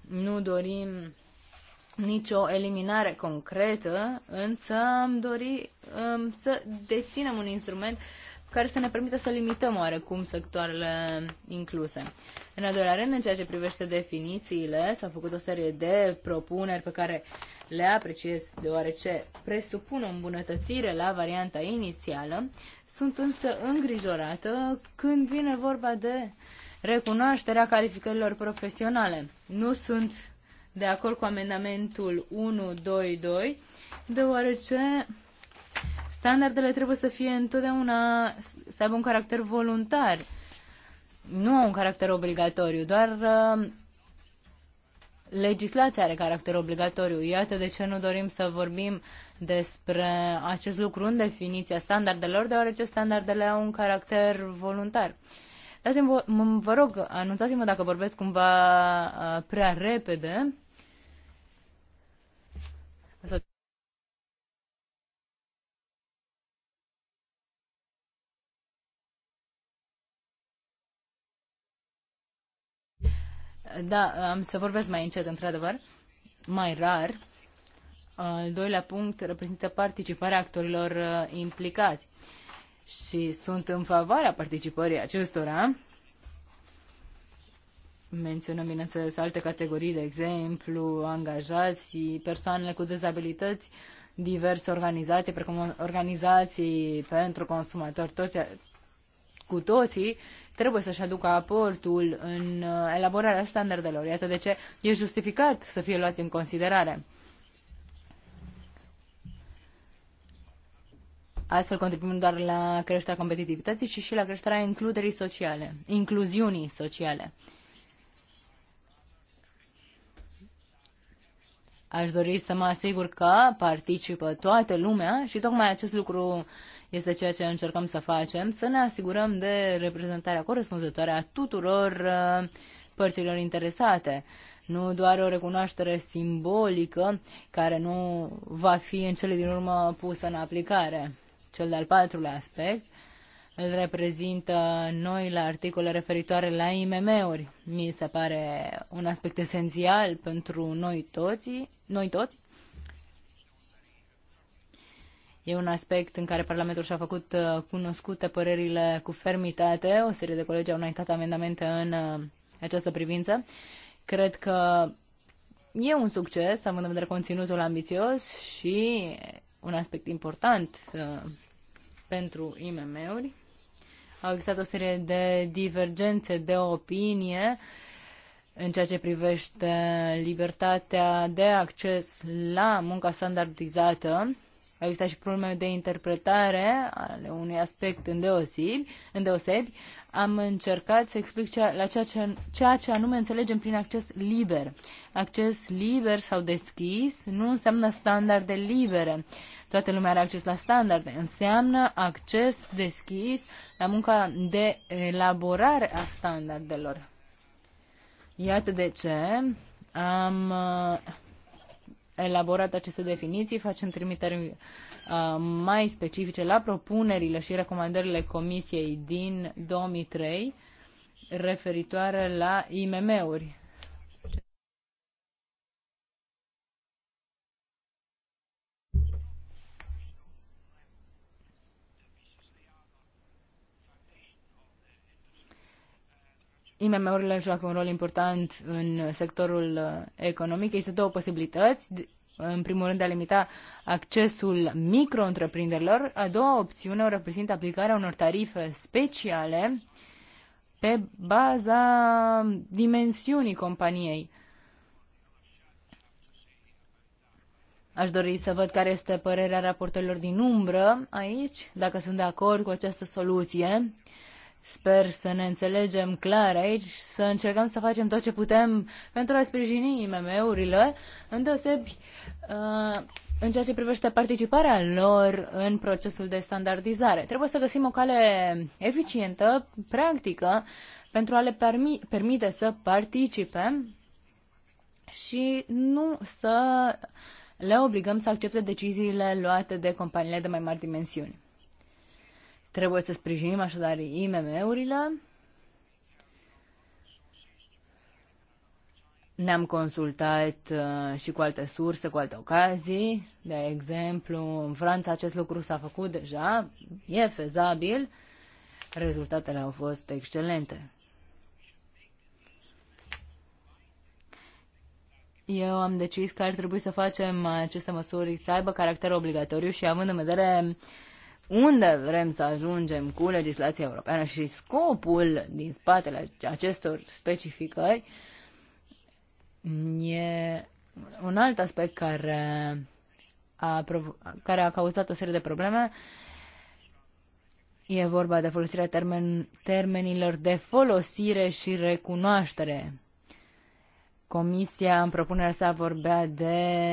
B: Nu dorim nicio eliminare concretă, însă am dori um, să deținem un instrument care să ne permită să limităm oarecum sectoarele incluse. În al doilea rând, în ceea ce privește definițiile, s-au făcut o serie de propuneri pe care le apreciez, deoarece presupun o îmbunătățire la varianta inițială. Sunt însă îngrijorată când vine vorba de recunoașterea calificărilor profesionale. Nu sunt de acord cu amendamentul 122, deoarece standardele trebuie să fie întotdeauna, să aibă un caracter voluntar, nu au un caracter obligatoriu, doar uh, legislația are caracter obligatoriu. Iată de ce nu dorim să vorbim despre acest lucru în definiția standardelor, deoarece standardele au un caracter voluntar. Dați-mi, vă, vă rog, anunțați-mă dacă vorbesc cumva uh, prea repede. Da, am să vorbesc mai încet, într-adevăr, mai rar. Al doilea punct reprezintă participarea actorilor uh, implicați. Și sunt în favoarea participării acestora, menționăm, bineînțeles, alte categorii, de exemplu, angajați, persoanele cu dezabilități, diverse organizații, precum organizații pentru consumatori, toți, cu toții trebuie să-și aducă aportul în uh, elaborarea standardelor. Iată de ce e justificat să fie luați în considerare. Astfel contribuim doar la creșterea competitivității, ci și la creșterea includerii sociale, incluziunii sociale. Aș dori să mă asigur că participă toată lumea și tocmai acest lucru este ceea ce încercăm să facem, să ne asigurăm de reprezentarea corespunzătoare a tuturor uh, părților interesate. Nu doar o recunoaștere simbolică care nu va fi în cele din urmă pusă în aplicare. Cel de-al patrulea aspect îl reprezintă noi la articole referitoare la IMM-uri. Mi se pare un aspect esențial pentru noi toți, noi toți. E un aspect în care Parlamentul și-a făcut uh, cunoscute părerile cu fermitate. O serie de colegi au înaintat amendamente în uh, această privință. Cred că e un succes, având în vedere conținutul ambițios și un aspect important uh, pentru IMM-uri. Au existat o serie de divergențe de opinie în ceea ce privește libertatea de acces la munca standardizată. Au existat și probleme de interpretare ale unui aspect îndeosebi. îndeosebi. Am încercat să explic ceea, la ceea ce, ceea ce anume înțelegem prin acces liber. Acces liber sau deschis nu înseamnă standarde libere toată lumea are acces la standarde. Înseamnă acces deschis la munca de elaborare a standardelor. Iată de ce am uh, elaborat aceste definiții, facem trimiteri uh, mai specifice la propunerile și recomandările Comisiei din 2003 referitoare la IMM-uri IMM-urile joacă un rol important în sectorul uh, economic. Există două posibilități. În primul rând, de a limita accesul micro-întreprinderilor. A doua opțiune o reprezintă aplicarea unor tarife speciale pe baza dimensiunii companiei. Aș dori să văd care este părerea raportelor din umbră aici, dacă sunt de acord cu această soluție. Sper să ne înțelegem clar aici, să încercăm să facem tot ce putem pentru a sprijini IMM-urile, îndeosebi uh, în ceea ce privește participarea lor în procesul de standardizare. Trebuie să găsim o cale eficientă, practică, pentru a le permite să participe și nu să le obligăm să accepte deciziile luate de companiile de mai mari dimensiuni. Trebuie să sprijinim așadar IMM-urile. Ne-am consultat uh, și cu alte surse, cu alte ocazii. De exemplu, în Franța acest lucru s-a făcut deja, e fezabil, rezultatele au fost excelente. Eu am decis că ar trebui să facem aceste măsuri să aibă caracter obligatoriu și având în vedere unde vrem să ajungem cu legislația europeană și scopul din spatele acestor specificări e un alt aspect care a, care a cauzat o serie de probleme. E vorba de folosirea termen- termenilor de folosire și recunoaștere. Comisia, în propunerea sa, vorbea de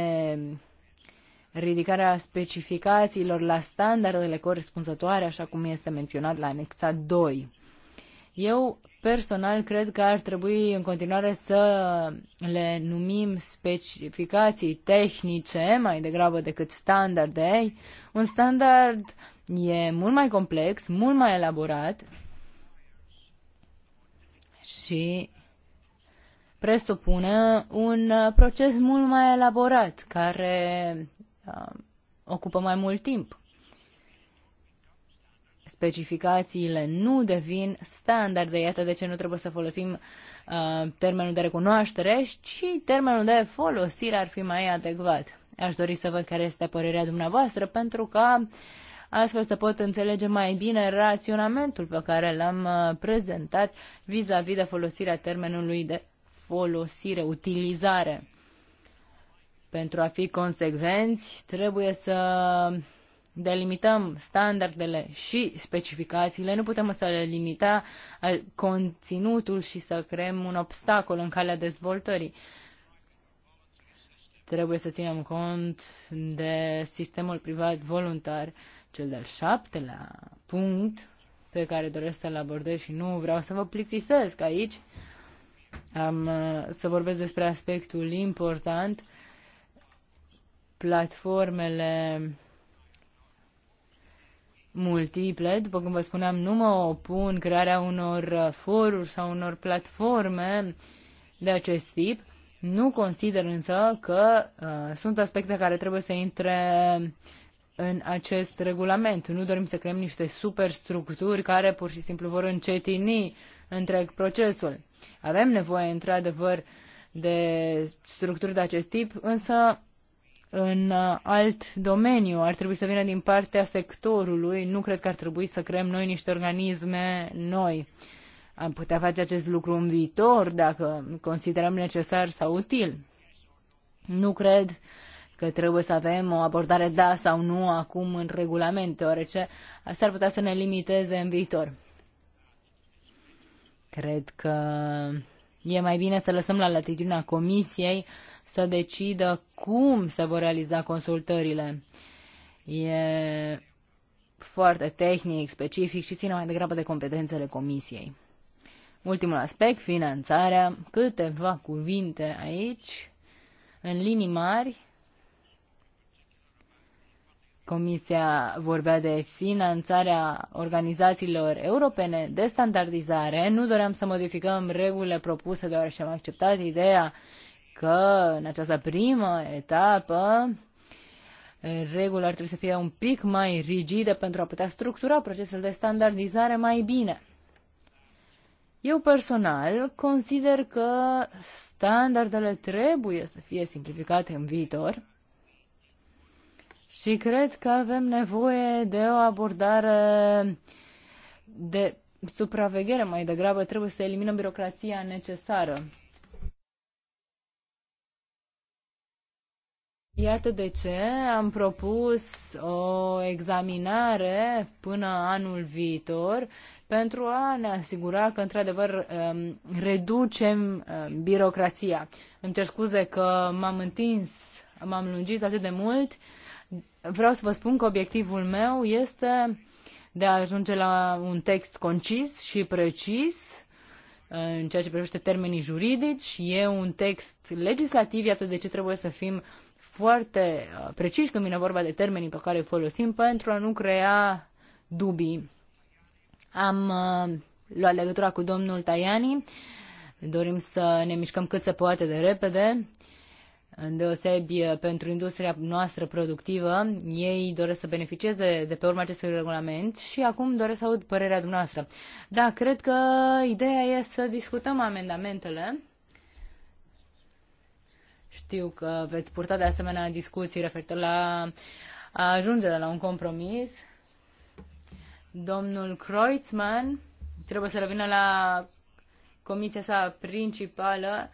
B: ridicarea specificațiilor la standardele corespunzătoare, așa cum este menționat la anexa 2. Eu personal cred că ar trebui în continuare să le numim specificații tehnice mai degrabă decât standarde. Un standard e mult mai complex, mult mai elaborat și presupune un proces mult mai elaborat care Uh, ocupă mai mult timp. Specificațiile nu devin standarde, iată de ce nu trebuie să folosim uh, termenul de recunoaștere, ci termenul de folosire ar fi mai adecvat. Aș dori să văd care este părerea dumneavoastră, pentru că astfel să pot înțelege mai bine raționamentul pe care l-am uh, prezentat vis-a-vis -vis de folosirea termenului de folosire, utilizare. Pentru a fi consecvenți, trebuie să delimităm standardele și specificațiile, nu putem să le limita conținutul și să creăm un obstacol în calea dezvoltării. Trebuie să ținem cont de sistemul privat voluntar, cel de-al șaptelea punct pe care doresc să-l abordez și nu vreau să vă plictisesc aici. Am uh, să vorbesc despre aspectul important uh, platformele multiple. După cum vă spuneam, nu mă opun crearea unor foruri sau unor platforme de acest tip. Nu consider însă că uh, sunt aspecte care trebuie să intre în acest regulament. Nu dorim să creăm niște superstructuri care pur și simplu vor încetini întreg procesul. Avem nevoie, într-adevăr, de structuri de acest tip, însă în uh, alt domeniu, ar trebui să vină din partea sectorului, nu cred că ar trebui să creăm noi niște organisme noi. Am putea face acest lucru în viitor dacă considerăm necesar sau util. Nu cred că trebuie să avem o abordare da sau nu acum în regulament, deoarece asta ar putea să ne limiteze în viitor. Cred că e mai bine să lăsăm la latitudinea comisiei uh, să decidă cum se vor realiza consultările. E foarte tehnic, specific și ține mai degrabă de competențele comisiei. Ultimul aspect, finanțarea. Câteva cuvinte aici. În linii mari, Comisia vorbea de finanțarea organizațiilor europene de standardizare. Nu doream să modificăm regulile propuse, deoarece am acceptat ideea că în această primă etapă regulile ar trebui să fie un pic mai rigide pentru a putea structura procesul de standardizare mai bine. Eu personal consider că standardele trebuie să fie simplificate în viitor și cred că avem nevoie de o abordare de supraveghere mai degrabă. Trebuie să eliminăm birocrația necesară. Iată de ce am propus o examinare până anul viitor pentru a ne asigura că, într-adevăr, um, reducem um, birocrația. Îmi cer scuze că m-am întins, m-am lungit atât de mult. Vreau să vă spun că obiectivul meu este de a ajunge la un text concis și precis în ceea ce privește termenii juridici. E un text legislativ, iată de ce trebuie să fim foarte uh, preciși când vine vorba de termenii pe care îi folosim pentru a nu crea dubii. Am uh, luat legătura cu domnul Tajani, dorim să ne mișcăm cât se poate de repede, îndeosebi uh, pentru industria noastră productivă. Ei doresc să beneficieze de pe urma acestui regulament și acum doresc să aud părerea dumneavoastră. Da, cred că ideea e să discutăm amendamentele știu că veți purta de asemenea discuții referitor la ajungerea la un compromis. Domnul Kreutzmann trebuie să revină la comisia sa principală.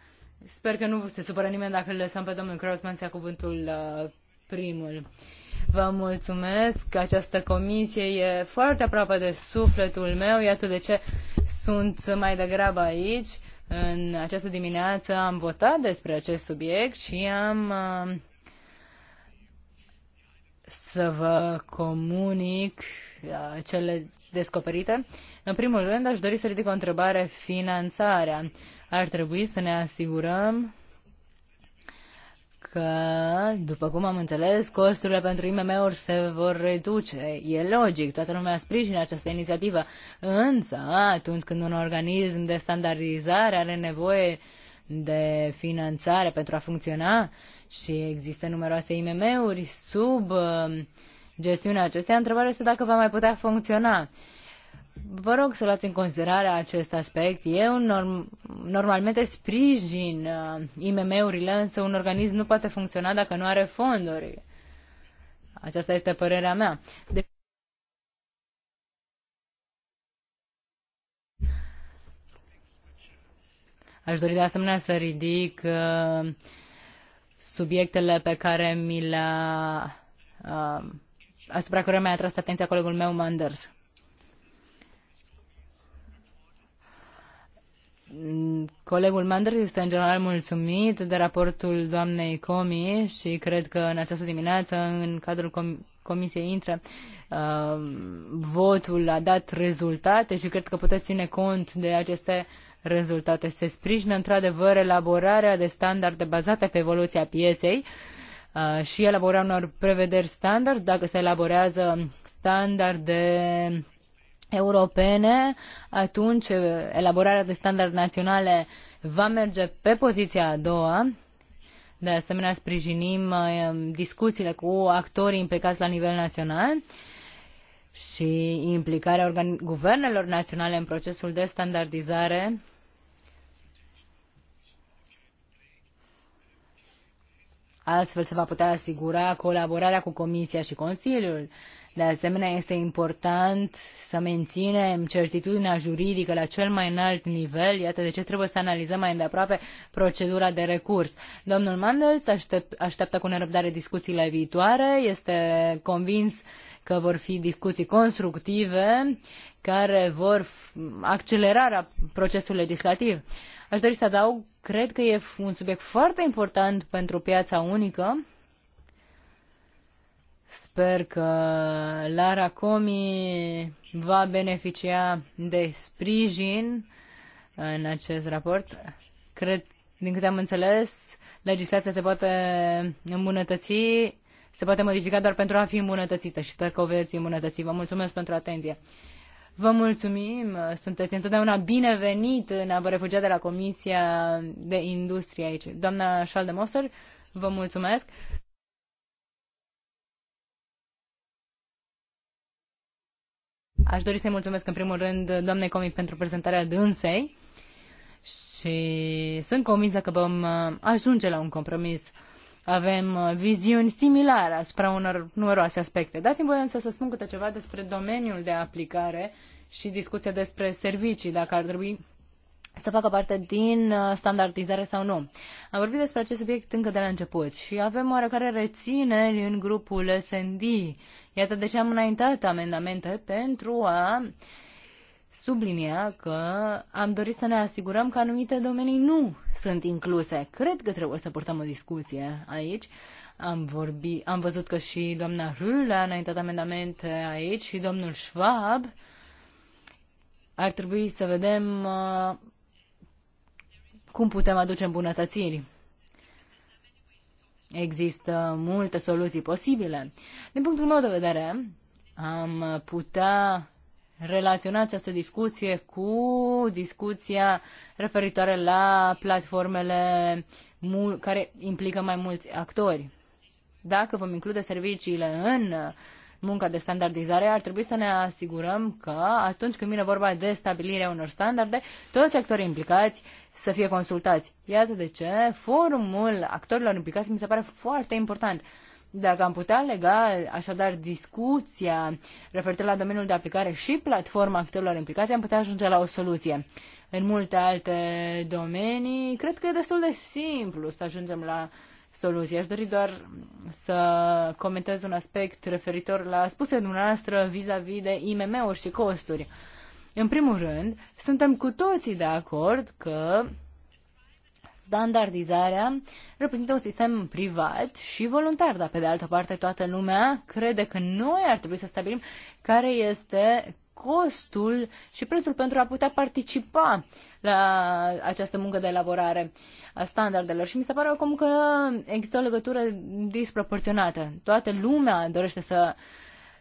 B: Sper că nu se supără nimeni dacă îl lăsăm pe domnul Kreutzmann să ia cuvântul uh, primul. Vă mulțumesc. că Această comisie e foarte aproape de sufletul meu, iată de ce sunt mai degrabă aici. În această dimineață am votat despre acest subiect și am uh, să vă comunic uh, cele descoperite. În primul rând, aș dori să ridic o întrebare, finanțarea. Ar trebui să ne asigurăm că, după cum am înțeles, costurile pentru IMM-uri se vor reduce. E logic, toată lumea sprijină această inițiativă. Însă, atunci când un organism de standardizare are nevoie de finanțare pentru a funcționa și există numeroase IMM-uri sub uh, gestiunea acesteia, întrebarea este dacă va mai putea funcționa. Vă rog să luați în considerare acest aspect. Eu norm, normalmente sprijin uh, IMM-urile, însă un organism nu poate funcționa dacă nu are fonduri. Aceasta este părerea mea. De- Aș dori de asemenea să ridic uh, subiectele pe care mi le-a. Uh, asupra căruia mi-a atras atenția colegul meu Manders. Colegul Manders este în general mulțumit de raportul doamnei Comi și cred că în această dimineață, în cadrul com- Comisiei Intră, uh, votul a dat rezultate și cred că puteți ține cont de aceste rezultate. Se sprijină într-adevăr elaborarea de standarde bazate pe evoluția pieței uh, și elaborarea unor prevederi standard, dacă se elaborează standarde europene, atunci uh, elaborarea de standarde naționale va merge pe poziția a doua. De asemenea, sprijinim uh, discuțiile cu actorii implicați la nivel național și implicarea guvernelor naționale în procesul de standardizare Astfel se va putea asigura colaborarea cu Comisia și Consiliul. De asemenea, este important să menținem certitudinea juridică la cel mai înalt nivel. Iată de ce trebuie să analizăm mai îndeaproape procedura de recurs. Domnul se aștept, așteaptă cu nerăbdare discuțiile viitoare. Este convins că vor fi discuții constructive care vor accelera procesul legislativ. Aș dori să adaug, cred că e un subiect foarte important pentru piața unică, Sper că Lara Comi va beneficia de sprijin în acest raport. Cred, din câte am înțeles, legislația se poate îmbunătăți, se poate modifica doar pentru a fi îmbunătățită și sper că o vedeți îmbunătăți. Vă mulțumesc pentru atenție. Vă mulțumim, sunteți întotdeauna binevenit în a vă refugia de la Comisia de Industrie aici. Doamna Schaldemoser, vă mulțumesc. Aș dori să-i mulțumesc în primul rând doamnei Comi pentru prezentarea dânsei și sunt convinsă că vom uh, ajunge la un compromis. Avem uh, viziuni similare asupra unor numeroase aspecte. Dați-mi voie însă să spun câte ceva despre domeniul de aplicare și discuția despre servicii, dacă ar trebui să facă parte din uh, standardizare sau nu. Am vorbit despre acest subiect încă de la început și avem oarecare rețineri în grupul S&D. Iată de ce am înaintat amendamente pentru a sublinia că am dorit să ne asigurăm că anumite domenii nu sunt incluse. Cred că trebuie să purtăm o discuție aici. Am, vorbi, am văzut că și doamna Rul a înaintat amendamente aici și domnul Schwab. Ar trebui să vedem uh, cum putem aduce îmbunătățiri. Există multe soluții posibile. Din punctul meu de vedere, am putea relaționa această discuție cu discuția referitoare la platformele care implică mai mulți actori. Dacă vom include serviciile în munca de standardizare, ar trebui să ne asigurăm că atunci când vine vorba de stabilirea unor standarde, toți actorii implicați să fie consultați. Iată de ce forumul actorilor implicați mi se pare foarte important. Dacă am putea lega așadar discuția referitor la domeniul de aplicare și platforma actorilor implicați, am putea ajunge la o soluție. În multe alte domenii, cred că e destul de simplu să ajungem la soluție. Aș dori doar să comentez un aspect referitor la spuse dumneavoastră vis-a-vis -vis de IMM-uri și costuri. Uh, în primul rând, suntem cu toții de acord că standardizarea reprezintă un sistem privat și voluntar, dar pe de altă parte toată lumea crede că noi ar trebui să stabilim care este costul și prețul pentru a putea participa la această muncă de elaborare a standardelor. Și mi se pare acum că există o legătură disproporționată. Toată lumea dorește să uh,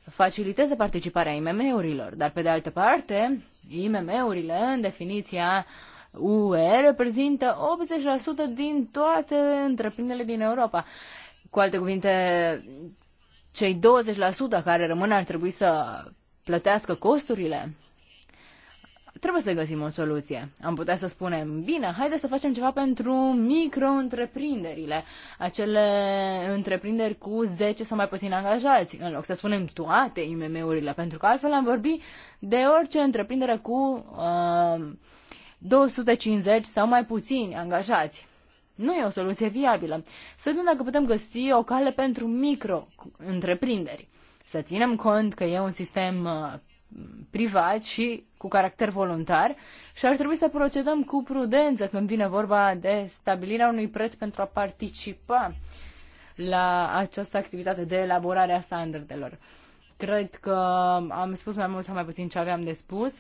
B: faciliteze participarea IMM-urilor, dar pe de altă parte, IMM-urile, în definiția UE, reprezintă 80% din toate întreprinderile din Europa. Cu alte cuvinte, cei 20% care rămân ar trebui să plătească costurile trebuie să găsim o soluție. Am putea să spunem, bine, haide să facem ceva pentru micro-întreprinderile, acele întreprinderi cu 10 sau mai puțin angajați, în loc să spunem toate IMM-urile, pentru că altfel am vorbit de orice întreprindere cu uh, 250 sau mai puțini angajați. Nu e o soluție viabilă. Să vedem dacă putem găsi o cale pentru micro-întreprinderi. Să ținem cont că e un sistem uh, privat și cu caracter voluntar și ar trebui să procedăm cu prudență când vine vorba de stabilirea unui preț pentru a participa la această activitate de elaborare a standardelor. Cred că am spus mai mult sau mai puțin ce aveam de spus.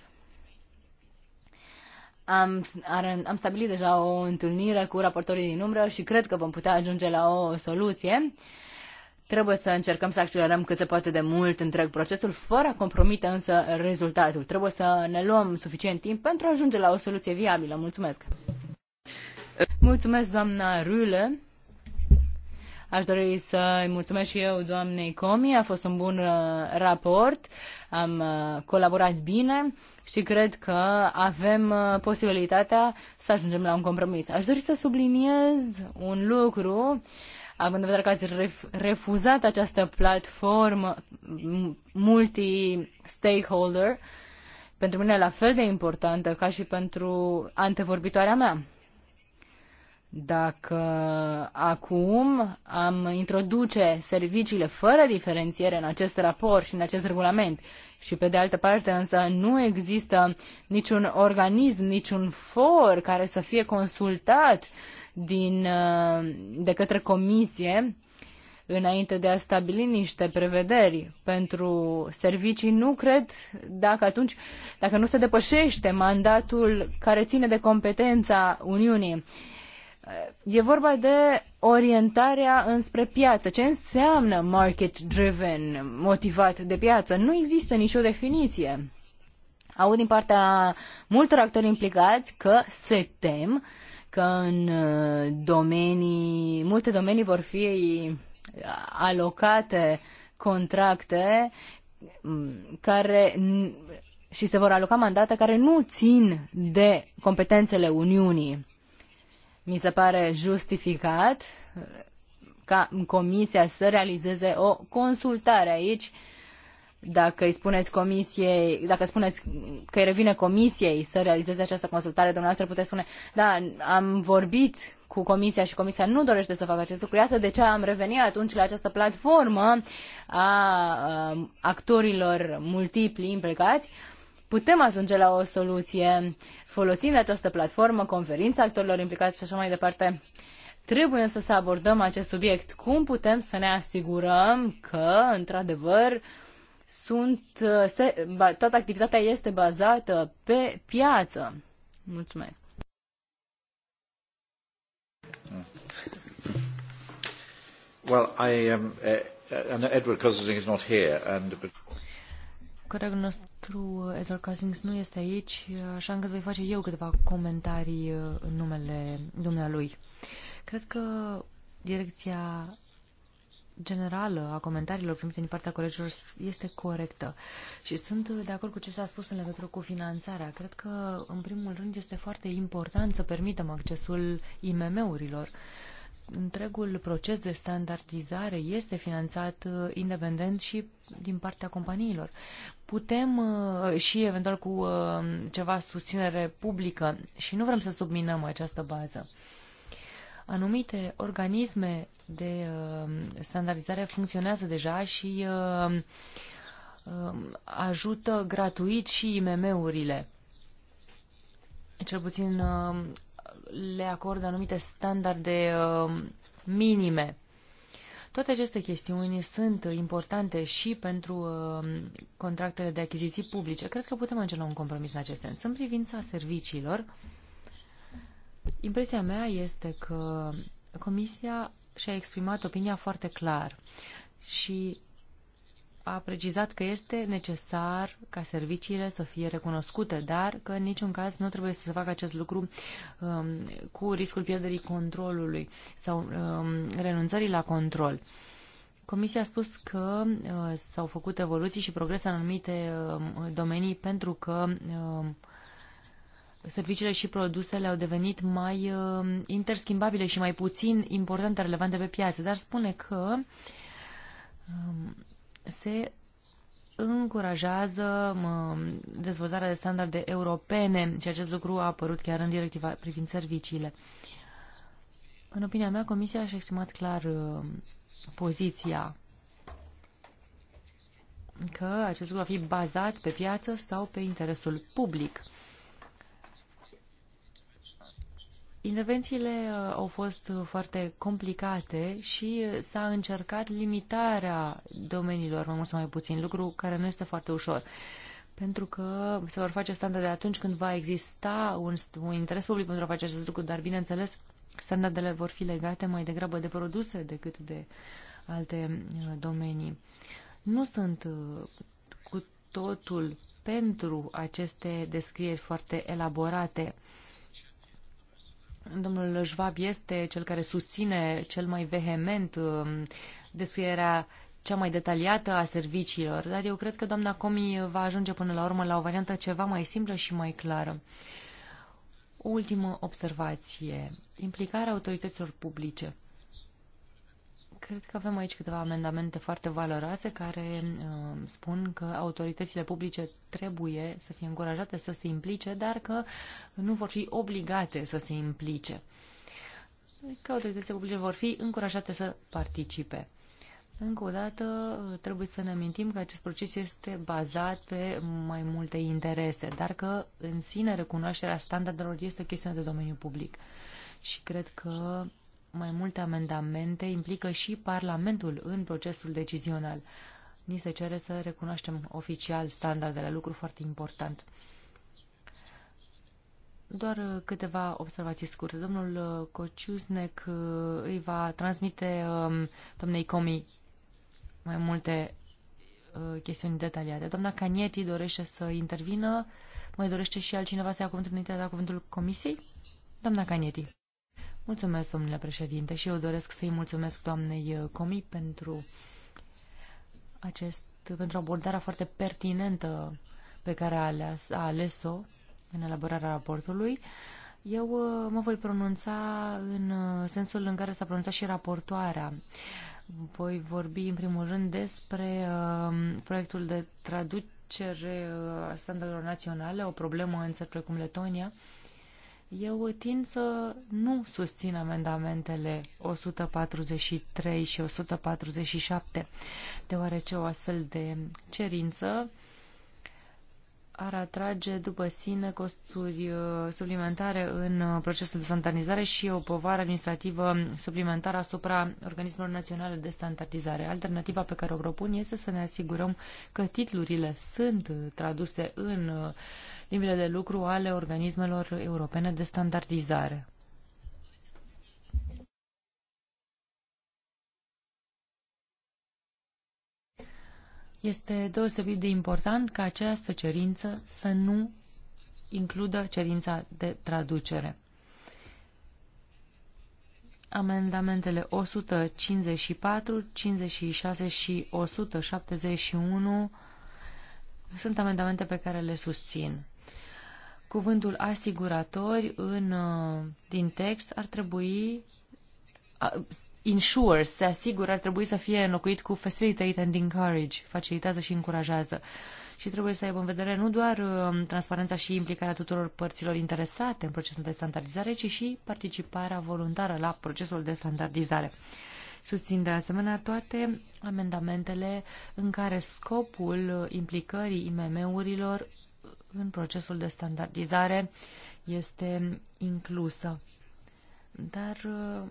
B: Am, ar, am stabilit deja o întâlnire cu raportorii din umbră și cred că vom putea ajunge la o soluție. Uh, Trebuie să încercăm să accelerăm cât se poate de mult întreg procesul, fără a compromite însă rezultatul. Trebuie să ne luăm suficient timp pentru a ajunge la o soluție viabilă. Mulțumesc! Mulțumesc, doamna Rule. Aș dori să-i mulțumesc și eu doamnei Comi, a fost un bun uh, raport, am uh, colaborat bine și cred că avem uh, posibilitatea să ajungem la un compromis. Aș dori să subliniez un lucru având în vedere că ați refuzat această platformă multi-stakeholder, pentru mine la fel de importantă ca și pentru antevorbitoarea mea. Dacă acum am introduce serviciile fără diferențiere în acest raport și în acest regulament și pe de altă parte însă nu există niciun organism, niciun for care să fie consultat din, uh, de către comisie înainte de a stabili niște prevederi pentru servicii, nu cred dacă atunci, dacă nu se depășește mandatul care ține de competența Uniunii. E vorba de orientarea înspre piață. Ce înseamnă market-driven, motivat de piață? Nu există nicio definiție. Aud din partea multor actori implicați că se tem uh, că în uh, domenii, multe domenii vor fi uh, alocate contracte mm, care și se vor aloca mandate care nu țin de competențele Uniunii. Mi se pare justificat uh, ca Comisia să realizeze o consultare aici dacă îi spuneți comisiei, dacă spuneți că îi revine comisiei să realizeze această consultare, dumneavoastră puteți spune, da, am vorbit cu comisia și comisia nu dorește să facă acest lucru. Iată de ce am revenit atunci la această platformă a actorilor multipli implicați. Putem ajunge la o soluție folosind această platformă, conferința actorilor implicați și așa mai departe. Trebuie să abordăm acest subiect. Cum putem să ne asigurăm că, într-adevăr, sunt, uh, se, toată activitatea este bazată pe piață. Mulțumesc.
A: Well, I am, um, uh, Edward Cousins is not here, and but...
C: Colegul nostru, Edward Cousins, nu este aici, așa încât voi face eu câteva comentarii uh, în numele dumnealui. Cred că direcția generală a comentariilor primite din partea colegilor este corectă și sunt de acord cu ce s-a spus în legătură cu finanțarea. Cred că, în primul rând, este foarte important să permitem accesul IMM-urilor. Întregul proces de standardizare este finanțat uh, independent și din partea companiilor. Putem uh, și eventual cu uh, ceva susținere publică și nu vrem să subminăm această bază. Anumite organisme de uh, standardizare funcționează deja și uh, uh, ajută gratuit și IMM-urile. Cel puțin le acordă anumite standarde minime. Toate aceste chestiuni sunt importante și pentru contractele de achiziții publice. Cred că putem ajunge la un compromis în acest sens. În privința serviciilor, Impresia mea este că Comisia și-a exprimat opinia foarte clar și a precizat că este necesar ca serviciile să fie recunoscute, dar că în niciun caz nu trebuie să se facă acest lucru um, cu riscul pierderii controlului sau um, renunțării la control. Comisia a spus că uh, s-au făcut evoluții și progrese în anumite uh, domenii pentru că uh, serviciile și produsele au devenit mai uh, interschimbabile și mai puțin importante, relevante pe piață, dar spune că um, se încurajează um, dezvoltarea de standarde europene și acest lucru a apărut chiar în directiva privind serviciile. În opinia mea, Comisia și-a exprimat clar uh, poziția că acest lucru va fi bazat pe piață sau pe interesul public. Intervențiile uh, au fost foarte complicate și uh, s-a încercat limitarea domeniilor, mai mult sau mai puțin, lucru care nu este foarte ușor. Pentru că se vor face standarde atunci când va exista un, un interes public pentru a face acest lucru, dar, bineînțeles, standardele vor fi legate mai degrabă de produse decât de alte uh, domenii. Nu sunt cu totul pentru aceste descrieri foarte elaborate Domnul Schwab este cel care susține cel mai vehement um, descrierea cea mai detaliată a serviciilor, dar eu cred că doamna Comi va ajunge până la urmă la o variantă ceva mai simplă și mai clară. O ultimă observație. Implicarea autorităților publice. Cred că avem aici câteva amendamente foarte valoroase care uh, spun că autoritățile publice trebuie să fie încurajate să se implice, dar că nu vor fi obligate să se implice. Că autoritățile publice vor fi încurajate să participe. Încă o dată, trebuie să ne amintim că acest proces este bazat pe mai multe interese, dar că în sine recunoașterea standardelor este o chestiune de domeniu public. Și cred că mai multe amendamente implică și Parlamentul în procesul decizional. Ni se cere să recunoaștem oficial standardele, lucru foarte important. Doar câteva observații scurte. Domnul uh, Cociusnec uh, îi va transmite um, domnei Comi mai multe uh, chestiuni detaliate. Doamna Canieti dorește să intervină. Mai dorește și altcineva să ia cuvântul înainte de da cuvântul comisiei? Doamna Canieti. Mulțumesc, domnule președinte, și eu doresc să-i mulțumesc doamnei uh, Comi pentru acest, pentru abordarea foarte pertinentă pe care a, ales, a ales-o în elaborarea raportului. Eu uh, mă voi pronunța în uh, sensul în care s-a pronunțat și raportoarea. Voi vorbi în primul rând despre uh, proiectul de traducere a standardelor naționale, o problemă în țări precum Letonia, uh, eu tind să nu susțin amendamentele 143 și 147, deoarece o astfel de cerință ar atrage după sine costuri uh, suplimentare în uh, procesul de standardizare și o povară administrativă suplimentară asupra organismelor naționale de standardizare. Alternativa pe care o propun este să ne asigurăm că titlurile sunt uh, traduse în limbile de lucru ale organismelor europene de standardizare. Este deosebit de important ca această cerință să nu includă cerința de traducere. Amendamentele 154, 56 și 171 sunt amendamente pe care le susțin. Cuvântul asiguratori în, uh, din text ar trebui ensure, se asigură, ar trebui să fie înlocuit cu facilitate and encourage, facilitează și încurajează. Și trebuie să aibă în vedere nu doar um, transparența și implicarea tuturor părților interesate în procesul de standardizare, ci și participarea voluntară la procesul de standardizare. Susțin de asemenea toate amendamentele în care scopul implicării IMM-urilor în procesul de standardizare este inclusă. Dar uh,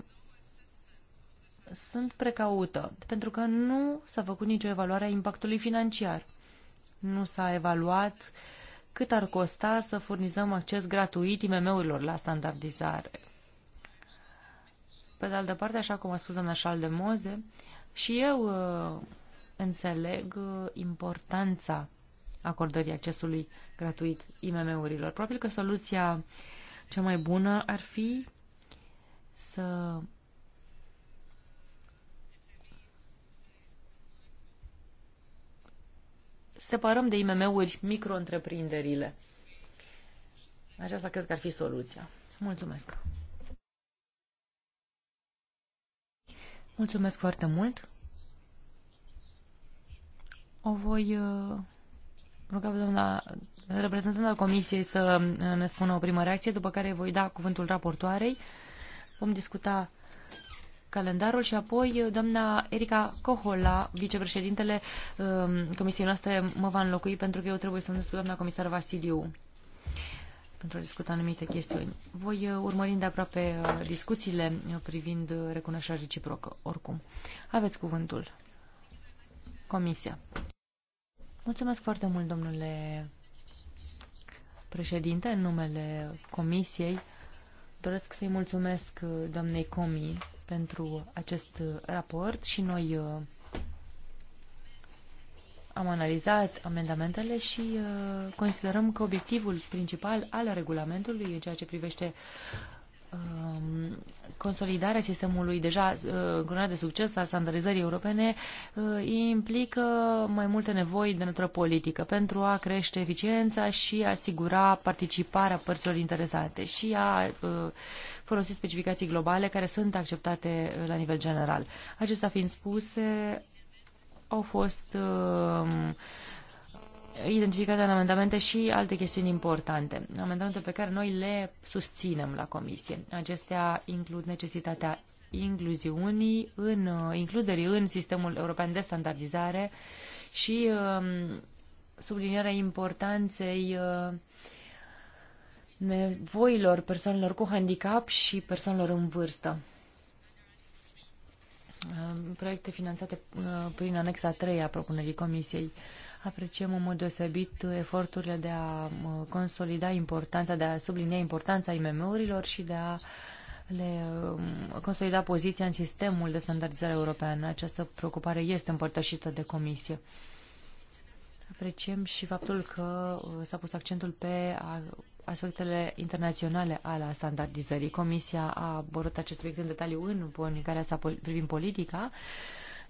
C: sunt precaută, pentru că nu s-a făcut nicio evaluare a impactului financiar. Nu s-a evaluat cât ar costa să furnizăm acces gratuit IMM-urilor la standardizare. Pe de altă parte, așa cum a spus doamna de Moze, și eu uh, înțeleg uh, importanța acordării accesului gratuit IMM-urilor. Probabil că soluția cea mai bună ar fi să separăm de IMM-uri micro-întreprinderile. Aceasta cred că ar fi soluția. Mulțumesc! Mulțumesc foarte mult! O voi uh, ruga pe doamna al Comisiei să uh, ne spună o primă reacție, după care voi da cuvântul raportoarei. Vom discuta calendarul și apoi uh, doamna Erika Cohola, vicepreședintele um, comisiei noastre, mă va înlocui pentru că eu trebuie să îmi doamna comisar Vasiliu pentru a discuta anumite chestiuni. Voi uh, urmări de aproape uh, discuțiile privind recunoașterea reciprocă, oricum. Aveți cuvântul. Comisia. Mulțumesc foarte mult, domnule președinte, în numele Comisiei. Doresc să-i mulțumesc doamnei Comi pentru acest raport și noi uh, am analizat amendamentele și uh, considerăm că obiectivul principal al regulamentului în ceea ce privește Um, consolidarea sistemului deja uh, încununat de succes a standardizării europene uh, implică mai multe nevoi de natură politică pentru a crește eficiența și a asigura participarea părților interesate și a uh, folosi specificații globale care sunt acceptate la nivel general. Acestea fiind spuse, au fost um, identificate în amendamente și alte chestiuni importante, amendamente pe care noi le susținem la comisie. Acestea includ necesitatea incluziunii, în, uh, includerii în sistemul european de standardizare și um, sublinierea importanței uh, nevoilor persoanelor cu handicap și persoanelor în vârstă. Um, proiecte finanțate uh, prin anexa 3 a propunerii Comisiei. Apreciem în mod deosebit eforturile de a consolida importanța, de a sublinia importanța IMM-urilor și de a le consolida poziția în sistemul de standardizare european. Această preocupare este împărtășită de Comisie. Apreciem și faptul că uh, s-a pus accentul pe aspectele internaționale ale standardizării. Comisia a abordat acest subiect în detaliu în comunicarea sa privind politica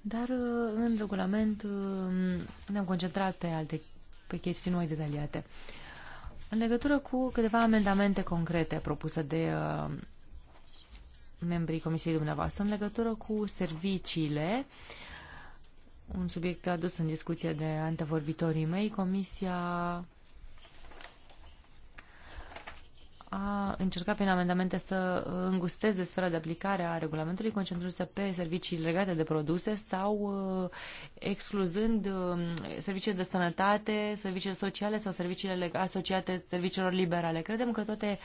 C: dar uh, în regulament uh, ne-am concentrat pe alte pe chestiuni mai detaliate. În legătură cu câteva amendamente concrete propuse de uh, membrii Comisiei dumneavoastră, în legătură cu serviciile, un subiect adus în discuție de antevorbitorii mei, Comisia a încercat prin amendamente să îngusteze sfera de aplicare a regulamentului, concentrându-se pe servicii legate de produse sau uh, excluzând uh, serviciile de sănătate, serviciile sociale sau serviciile asociate serviciilor liberale. Credem că toate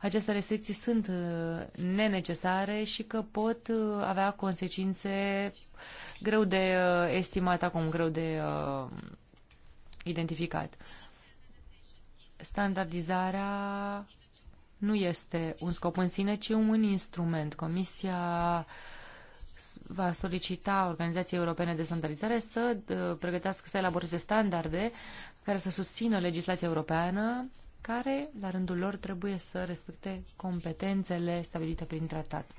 C: aceste restricții sunt uh, nenecesare și că pot avea consecințe greu de estimat acum, greu de identificat standardizarea nu este un scop în sine, ci un instrument. Comisia va solicita Organizației Europene de Standardizare să uh, pregătească, să elaboreze standarde care să susțină legislația europeană, care, la rândul lor, trebuie să respecte competențele stabilite prin tratat.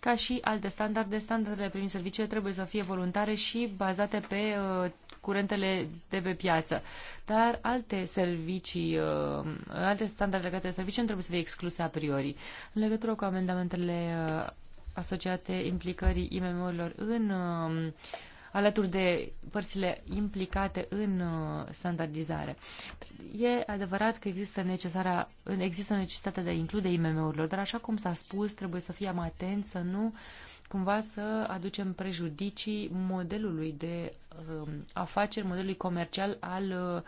C: ca și alte standarde, standardele privind serviciile trebuie să fie voluntare și bazate pe uh, curentele de pe piață. Dar alte servicii, uh, alte standarde legate de servicii nu trebuie să fie excluse a priori. În legătură cu amendamentele uh, asociate implicării IMM-urilor în uh, alături de părțile implicate în standardizare. E adevărat că există, necesarea, există necesitatea de a include IMM-urilor, dar așa cum s-a spus, trebuie să fim atenți să nu uh, cumva să aducem prejudicii modelului de uh, afaceri, modelului comercial al uh,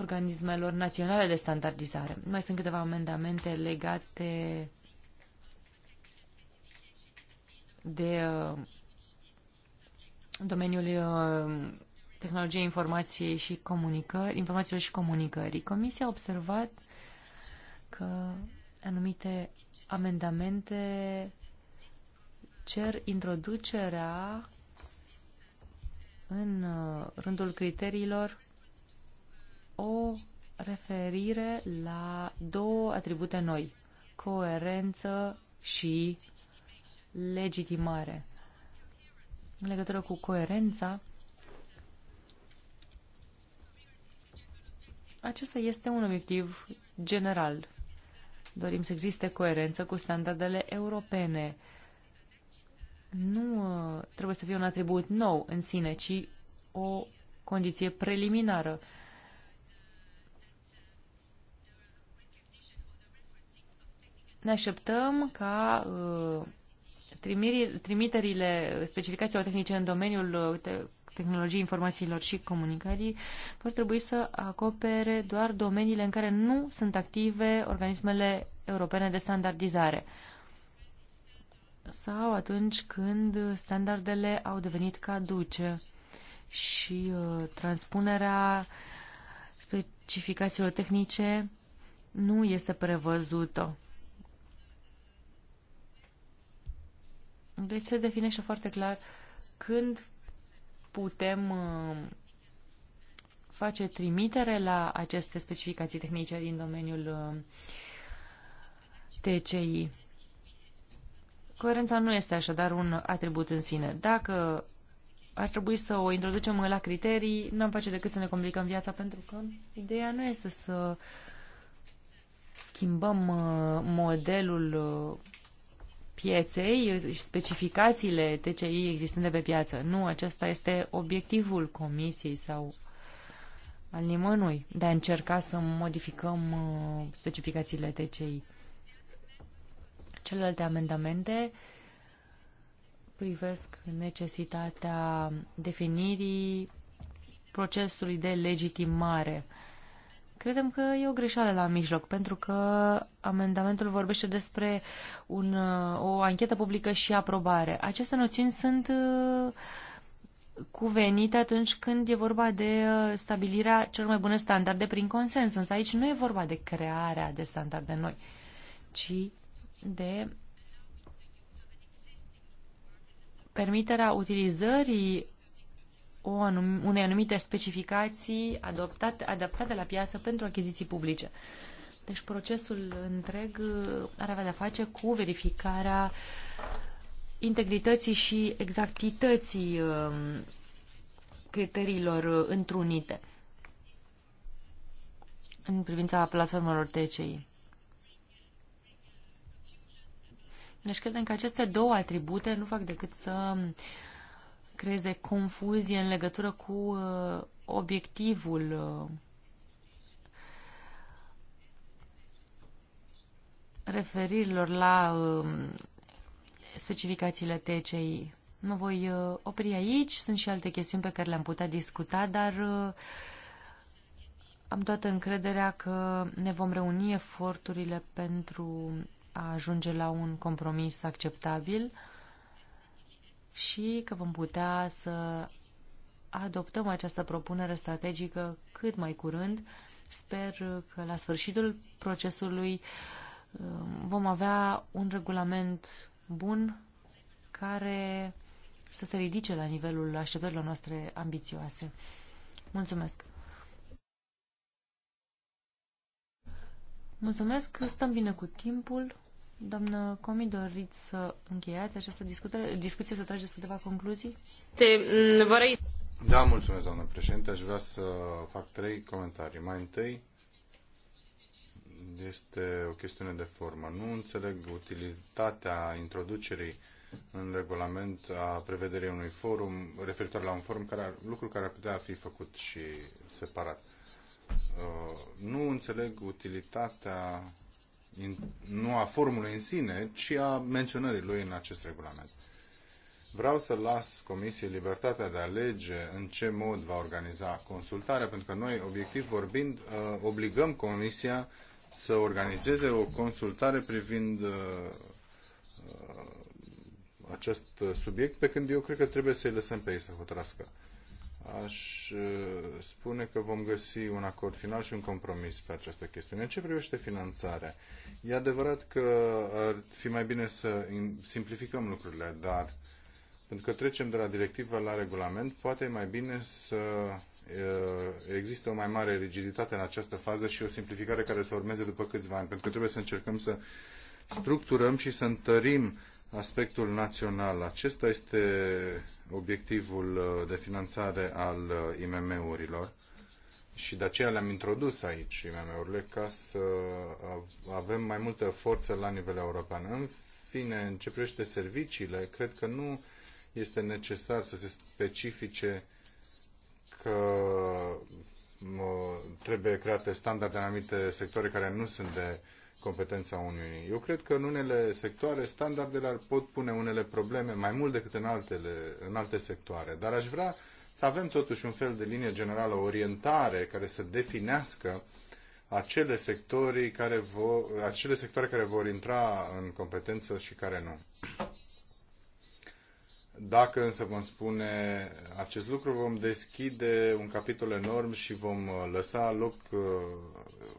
C: organismelor naționale de standardizare. Mai sunt câteva amendamente legate de uh, domeniul uh, tehnologiei informației și comunicări, informațiilor și comunicării. Comisia a observat că anumite amendamente cer introducerea în uh, rândul criteriilor o referire la două atribute noi, coerență și legitimare. În legătură cu coerența, acesta este un obiectiv general. Dorim să existe coerență cu standardele europene nu uh, trebuie să fie un atribut nou în sine, ci o condiție preliminară. Ne așteptăm ca uh, trimiterile specificațiilor tehnice în domeniul uh, te tehnologiei informațiilor și comunicării vor trebui să acopere doar domeniile în care nu sunt active organismele europene de standardizare sau atunci când standardele au devenit caduce și uh, transpunerea specificațiilor tehnice nu este prevăzută. Deci se definește foarte clar când putem uh, face trimitere la aceste specificații tehnice din domeniul uh, TCI. Coerența nu este așadar un atribut în sine. Dacă ar trebui să o introducem la criterii, n-am face decât să ne complicăm viața, pentru că ideea nu este să schimbăm uh, modelul uh, pieței, și specificațiile TCI existente pe piață. Nu, acesta este obiectivul comisiei sau al nimănui de a încerca să modificăm uh, specificațiile TCI. Celelalte amendamente privesc necesitatea definirii procesului de legitimare. Credem că e o greșeală la mijloc, pentru că amendamentul vorbește despre un, o anchetă publică și aprobare. Aceste noțiuni sunt uh, cuvenite atunci când e vorba de uh, stabilirea celor mai bune standarde prin consens, însă aici nu e vorba de crearea de standarde noi, ci de permiterea utilizării o anum- unei anumite specificații adoptate, adaptate la piață pentru achiziții publice. Deci procesul întreg uh, are avea de-a face cu verificarea integrității și exactității um, criteriilor întrunite în privința platformelor TCI. Deci credem că aceste două atribute nu fac decât să creeze confuzie în legătură cu uh, obiectivul uh, referirilor la um, specificațiile TCI. Mă voi uh, opri aici, sunt și alte chestiuni pe care le-am putea discuta, dar am toată încrederea că ne vom reuni eforturile pentru a ajunge la un compromis acceptabil și că vom putea să adoptăm această propunere strategică cât mai curând. Sper că la sfârșitul procesului um, vom avea un regulament bun care să se ridice la nivelul așteptărilor noastre ambițioase. Mulțumesc! Mulțumesc, stăm bine cu timpul. Doamnă Comi, doriți să încheiați această discuție, discuție să trageți câteva concluzii? Te, mm, vă
B: răi...
A: Da, mulțumesc, doamnă președinte. Aș vrea să fac trei comentarii. Mai întâi, este o chestiune de formă. Nu înțeleg utilitatea introducerii în regulament a prevederii unui forum referitor la un forum care ar, lucru care ar putea fi făcut și separat. Uh, nu înțeleg utilitatea nu a formului în sine, ci a menționării lui în acest regulament. Vreau să las Comisiei libertatea de a alege în ce mod va organiza consultarea, pentru că noi, obiectiv vorbind, uh, obligăm Comisia să organizeze o consultare privind uh, uh, acest subiect, pe când eu cred că trebuie să-i lăsăm pe ei să hotărască aș uh, spune că vom găsi un acord final și un compromis pe această chestiune. În ce privește finanțarea? E adevărat că ar fi mai bine să simplificăm lucrurile, dar pentru că trecem de la directivă la regulament, poate e mai bine să uh, există o mai mare rigiditate în această fază și o simplificare care să urmeze după câțiva ani, pentru că trebuie să încercăm să structurăm și să întărim aspectul național. Acesta este obiectivul uh, de finanțare al uh, IMM-urilor și de aceea le-am introdus aici IMM-urile ca să uh, avem mai multă forță la nivel european. În fine, în ce privește serviciile, cred că nu este necesar să se specifice că trebuie create standarde în anumite sectoare care nu sunt de competența Uniunii. Eu cred că în unele sectoare standardele ar pot pune unele probleme mai mult decât în, altele, în alte sectoare, dar aș vrea să avem totuși un fel de linie generală, orientare care să definească acele, sectorii care vor, acele sectoare care vor intra în competență și care nu. Dacă însă vom spune acest lucru, vom deschide un capitol enorm și vom uh, lăsa loc uh,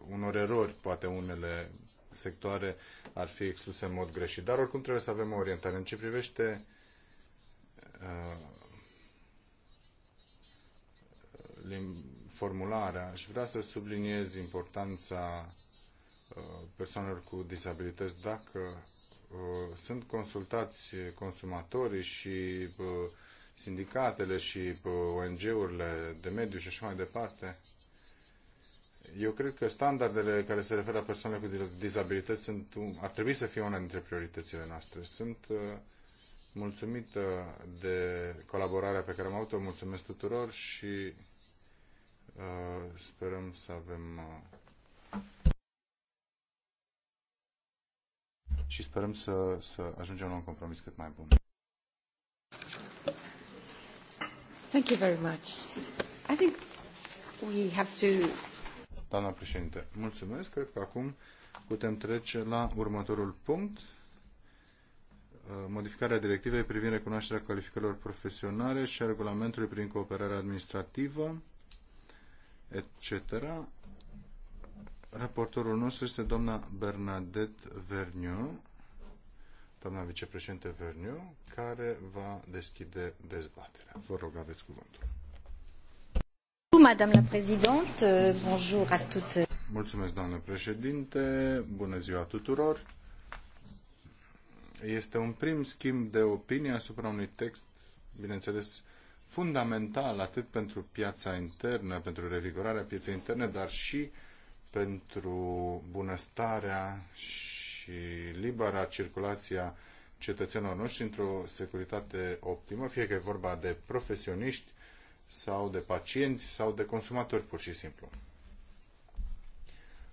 A: unor erori, poate unele sectoare ar fi excluse în mod greșit. Dar oricum trebuie să avem o orientare. În ce privește uh, formularea, aș vrea să subliniez importanța uh, persoanelor cu disabilități. Dacă uh, sunt consultați consumatorii și uh, sindicatele și uh, ONG-urile de mediu și așa mai departe, eu cred că standardele care se referă la persoanele cu dizabilități sunt, ar trebui să fie una dintre prioritățile noastre. Sunt uh, mulțumită de colaborarea pe care am avut-o, mulțumesc tuturor și uh, sperăm să avem uh, și sperăm să, să ajungem la un compromis cât mai bun.
C: Thank you very much. I think we have to
A: Doamna președinte, mulțumesc. Cred că acum putem trece la următorul punct. Uh, modificarea directivei privind recunoașterea calificărilor profesionale și a regulamentului privind cooperarea administrativă, etc. Raportorul nostru este doamna Bernadette Verniu, doamna vicepreședinte Verniu, care va deschide dezbaterea. Vă rog, aveți cuvântul.
B: Euh,
A: Mulțumesc, doamnă președinte. Bună ziua tuturor. Este un prim schimb de opinie asupra unui text, bineînțeles, fundamental atât pentru piața internă, pentru revigorarea pieței interne, dar și pentru bunăstarea și libera circulația cetățenilor noștri într-o securitate optimă, fie că e vorba de profesioniști, sau de pacienți sau de consumatori pur și simplu.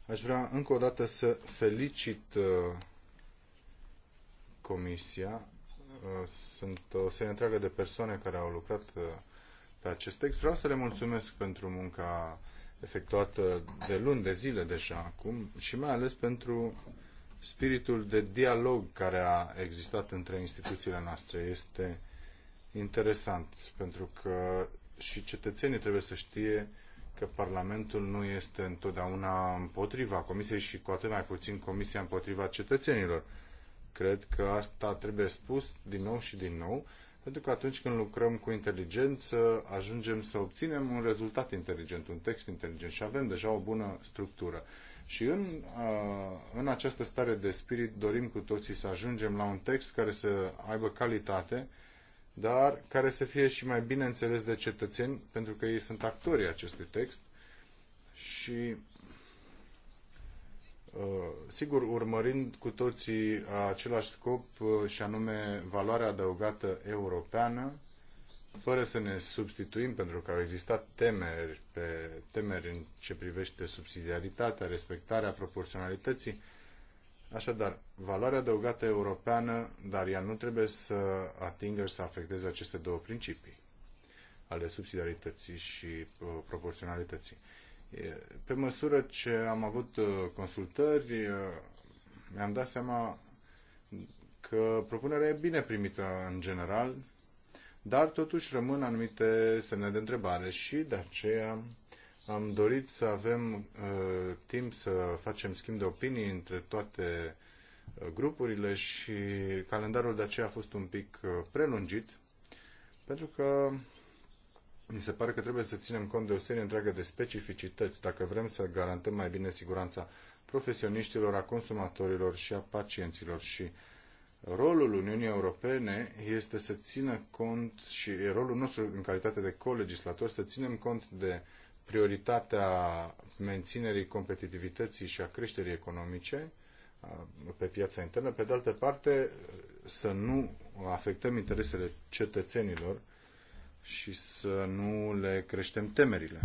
A: Aș vrea încă o dată să felicit uh, comisia. Uh, sunt o serie întreagă de persoane care au lucrat uh, pe acest text. Vreau să le mulțumesc pentru munca efectuată de luni, de zile deja acum și mai ales pentru spiritul de dialog care a existat între instituțiile noastre. Este interesant pentru că și cetățenii trebuie să știe că Parlamentul nu este întotdeauna împotriva Comisiei și cu atât mai puțin Comisia împotriva cetățenilor. Cred că asta trebuie spus din nou și din nou, pentru că atunci când lucrăm cu inteligență, ajungem să obținem un rezultat inteligent, un text inteligent și avem deja o bună structură. Și în, în această stare de spirit dorim cu toții să ajungem la un text care să aibă calitate, dar care să fie și mai bine înțeles de cetățeni, pentru că ei sunt actorii acestui text și uh, sigur, urmărind cu toții același scop uh, și anume valoarea adăugată europeană, fără să ne substituim, pentru că au existat temeri, pe, temeri în ce privește subsidiaritatea, respectarea proporționalității, Așadar, valoarea adăugată europeană, dar ea nu trebuie să atingă și să afecteze aceste două principii ale subsidiarității și uh, proporționalității. Pe măsură ce am avut uh, consultări, uh, mi-am dat seama că propunerea e bine primită în general, dar totuși rămân anumite semne de întrebare și de aceea am dorit să avem uh, timp să facem schimb de opinii între toate uh, grupurile și calendarul de aceea a fost un pic uh, prelungit, pentru că mi se pare că trebuie să ținem cont de o serie întreagă de specificități dacă vrem să garantăm mai bine siguranța profesioniștilor, a consumatorilor și a pacienților și rolul Uniunii Europene este să țină cont și rolul nostru în calitate de colegislator să ținem cont de uh, prioritatea menținerii competitivității și a creșterii economice pe piața internă, pe de altă parte să nu afectăm interesele cetățenilor și să nu le creștem temerile.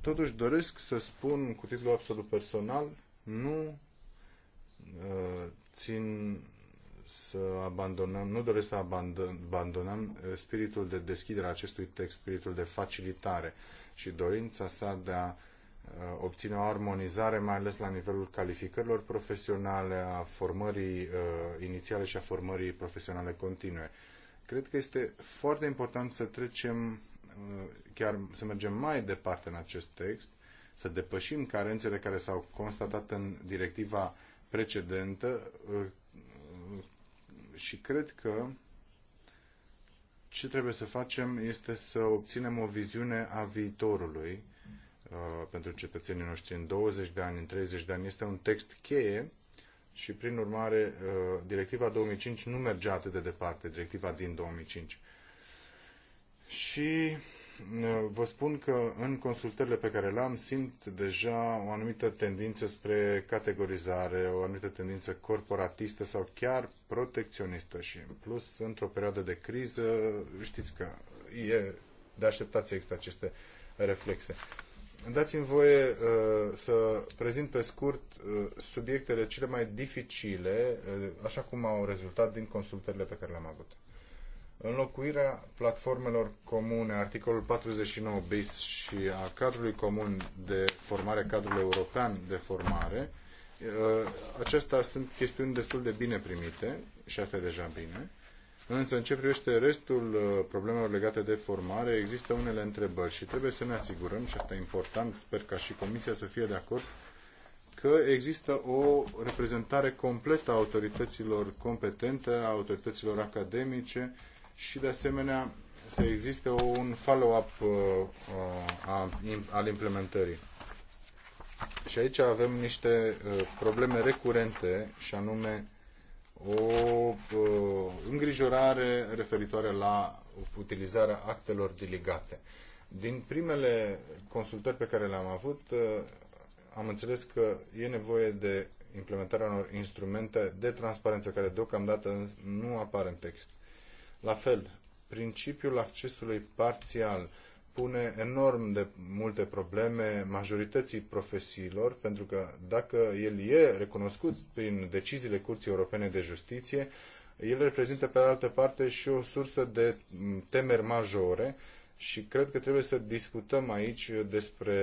A: Totuși doresc să spun cu titlu absolut personal, nu țin să abandonăm, nu doresc să abandonăm eh, spiritul de deschidere a acestui text, spiritul de facilitare și dorința sa de a eh, obține o armonizare, mai ales la nivelul calificărilor profesionale, a formării uh, inițiale și a formării profesionale continue. Cred că este foarte important să trecem, uh, chiar să mergem mai departe în acest text, să depășim carențele care s-au constatat în directiva precedentă, uh, și cred că ce trebuie să facem este să obținem o viziune a viitorului uh, pentru cetățenii noștri în 20 de ani, în 30 de ani. Este un text cheie și, prin urmare, uh, directiva 2005 nu merge atât de departe, directiva din 2005. Și vă spun că în consultările pe care le-am simt deja o anumită tendință spre categorizare, o anumită tendință corporatistă sau chiar protecționistă și în plus într-o perioadă de criză știți că e de așteptat să există aceste reflexe. Dați-mi voie uh, să prezint pe scurt uh, subiectele cele mai dificile, uh, așa cum au rezultat din consultările pe care le-am avut înlocuirea platformelor comune, articolul 49 bis și a cadrului comun de formare, cadrul european de formare, uh, acestea sunt chestiuni destul de bine primite și asta e deja bine. Însă, în ce privește restul uh, problemelor legate de formare, există unele întrebări și trebuie să ne asigurăm, și asta e important, sper ca și Comisia să fie de acord, că există o reprezentare completă a autorităților competente, a autorităților academice, și de asemenea să existe un follow-up uh, uh, al implementării. Și aici avem niște uh, probleme recurente și anume o îngrijorare referitoare la utilizarea actelor delegate. Din primele consultări pe care le-am avut, am înțeles că e nevoie de implementarea unor instrumente de transparență care deocamdată nu apar în text. La fel, principiul accesului parțial pune enorm de multe probleme majorității profesiilor, pentru că dacă el e recunoscut prin deciziile Curții Europene de Justiție, el reprezintă pe de altă parte și o sursă de temeri majore și cred că trebuie să discutăm aici despre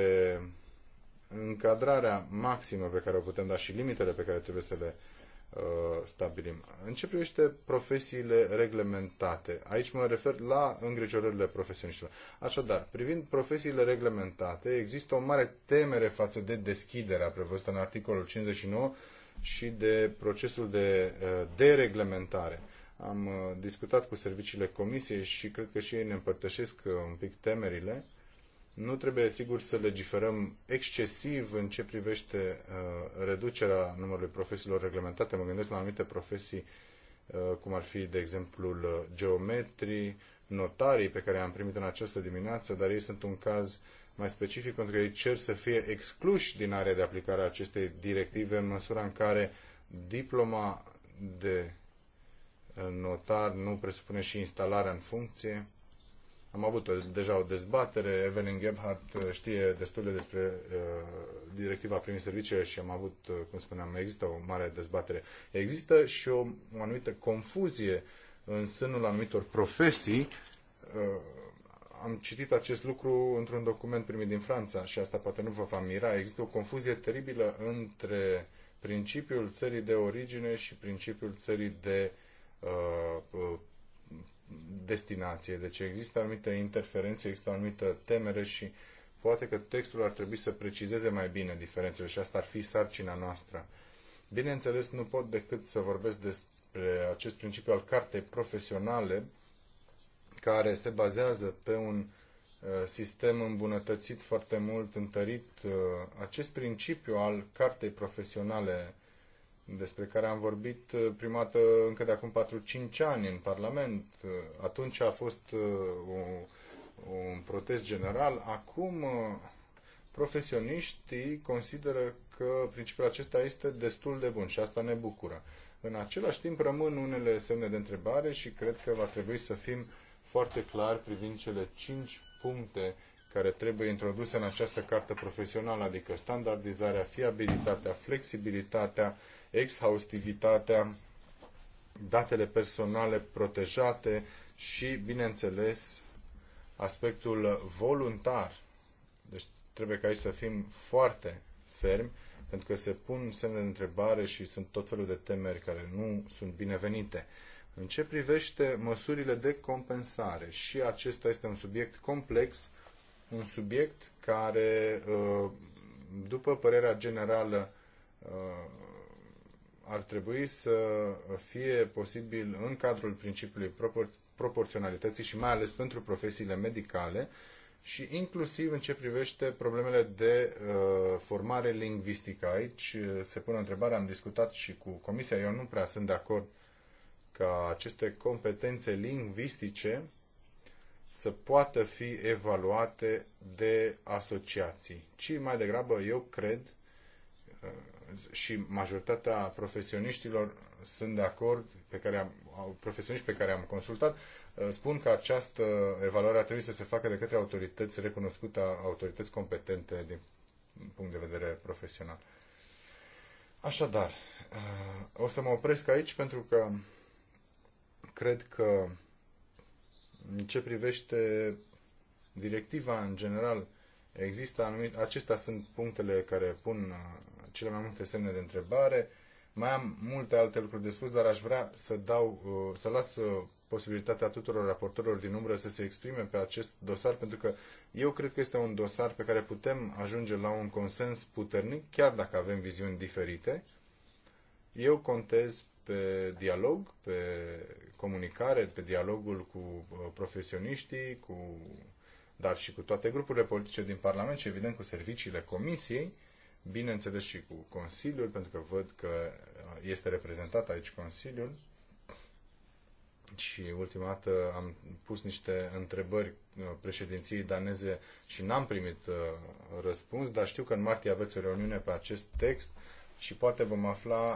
A: încadrarea maximă pe care o putem da și limitele pe care trebuie să le Uh, stabilim. În ce privește profesiile reglementate, aici mă refer la îngrijorările profesioniștilor. Așadar, privind profesiile reglementate, există o mare temere față de deschiderea prevăzută în articolul 59 și de procesul de uh, dereglementare. Am uh, discutat cu serviciile comisiei și cred că și ei ne împărtășesc un pic temerile. Uh, nu trebuie, sigur, să legiferăm excesiv în ce privește uh, reducerea numărului profesiilor reglementate. Mă gândesc la anumite profesii, uh, cum ar fi, de exemplu, uh, geometrii, notarii pe care i-am primit în această dimineață, dar ei sunt un caz mai specific pentru că ei cer să fie excluși din area de aplicare a acestei directive în măsura în care diploma de uh, notar nu presupune și instalarea în funcție. Am avut o, uh, deja o dezbatere, Evelyn Gebhardt uh, știe destul de despre uh, directiva privind serviciile și am avut, uh, cum spuneam, există o mare dezbatere. Există și o, o anumită confuzie în sânul anumitor profesii. Uh, am citit acest lucru într-un document primit din Franța și asta poate nu vă va mira. Există o confuzie teribilă între principiul țării de origine și principiul țării de uh, destinație. Deci există anumite interferențe, există o anumită temere și poate că textul ar trebui să precizeze mai bine diferențele și asta ar fi sarcina noastră. Bineînțeles, nu pot decât să vorbesc despre acest principiu al cartei profesionale care se bazează pe un uh, sistem îmbunătățit foarte mult, întărit. Uh, acest principiu al cartei profesionale despre care am vorbit uh, prima dată încă de acum 4-5 ani în Parlament. Uh, atunci a fost uh, un protest general. Acum profesioniștii consideră că principiul acesta este destul de bun și asta ne bucură. În același timp rămân unele semne de întrebare și cred că va trebui să fim foarte clari privind cele 5 puncte care trebuie introduse în această carte profesională, adică standardizarea, fiabilitatea, flexibilitatea, exhaustivitatea, datele personale protejate și, bineînțeles, aspectul voluntar. Deci trebuie ca aici să fim foarte fermi, pentru că se pun semne de întrebare și sunt tot felul de temeri care nu sunt binevenite. În ce privește măsurile de compensare, și acesta este un subiect complex, un subiect care, uh, după părerea generală, uh, ar trebui să fie posibil în cadrul principiului propor- proporționalității și mai ales pentru profesiile medicale și inclusiv în ce privește problemele de uh, formare lingvistică. Aici uh, se pune întrebarea, am discutat și cu Comisia, eu nu prea sunt de acord ca aceste competențe lingvistice să poată fi evaluate de asociații, ci mai degrabă eu cred uh, și majoritatea profesioniștilor sunt de acord, pe care am, profesioniști pe care am consultat, uh, spun că această evaluare ar trebui să se facă de către autorități recunoscute, autorități competente din punct de vedere profesional. Așadar, uh, o să mă opresc aici pentru că cred că în ce privește directiva în general, există anumite, acestea sunt punctele care pun uh, cele mai multe semne de întrebare. Mai am multe alte lucruri de spus, dar aș vrea să dau, uh, să las uh, posibilitatea tuturor raportorilor din umbră să se exprime pe acest dosar, pentru că eu cred că este un dosar pe care putem ajunge la un consens puternic, chiar dacă avem viziuni diferite. Eu contez pe dialog, pe comunicare, pe dialogul cu uh, profesioniștii, cu, dar și cu toate grupurile politice din Parlament și, evident, cu serviciile Comisiei, bineînțeles și cu Consiliul, pentru că văd că uh, este reprezentat aici Consiliul. Și ultima dată am pus niște întrebări uh, președinției daneze și n-am primit uh, răspuns, dar știu că în martie aveți o reuniune pe acest text și poate vom afla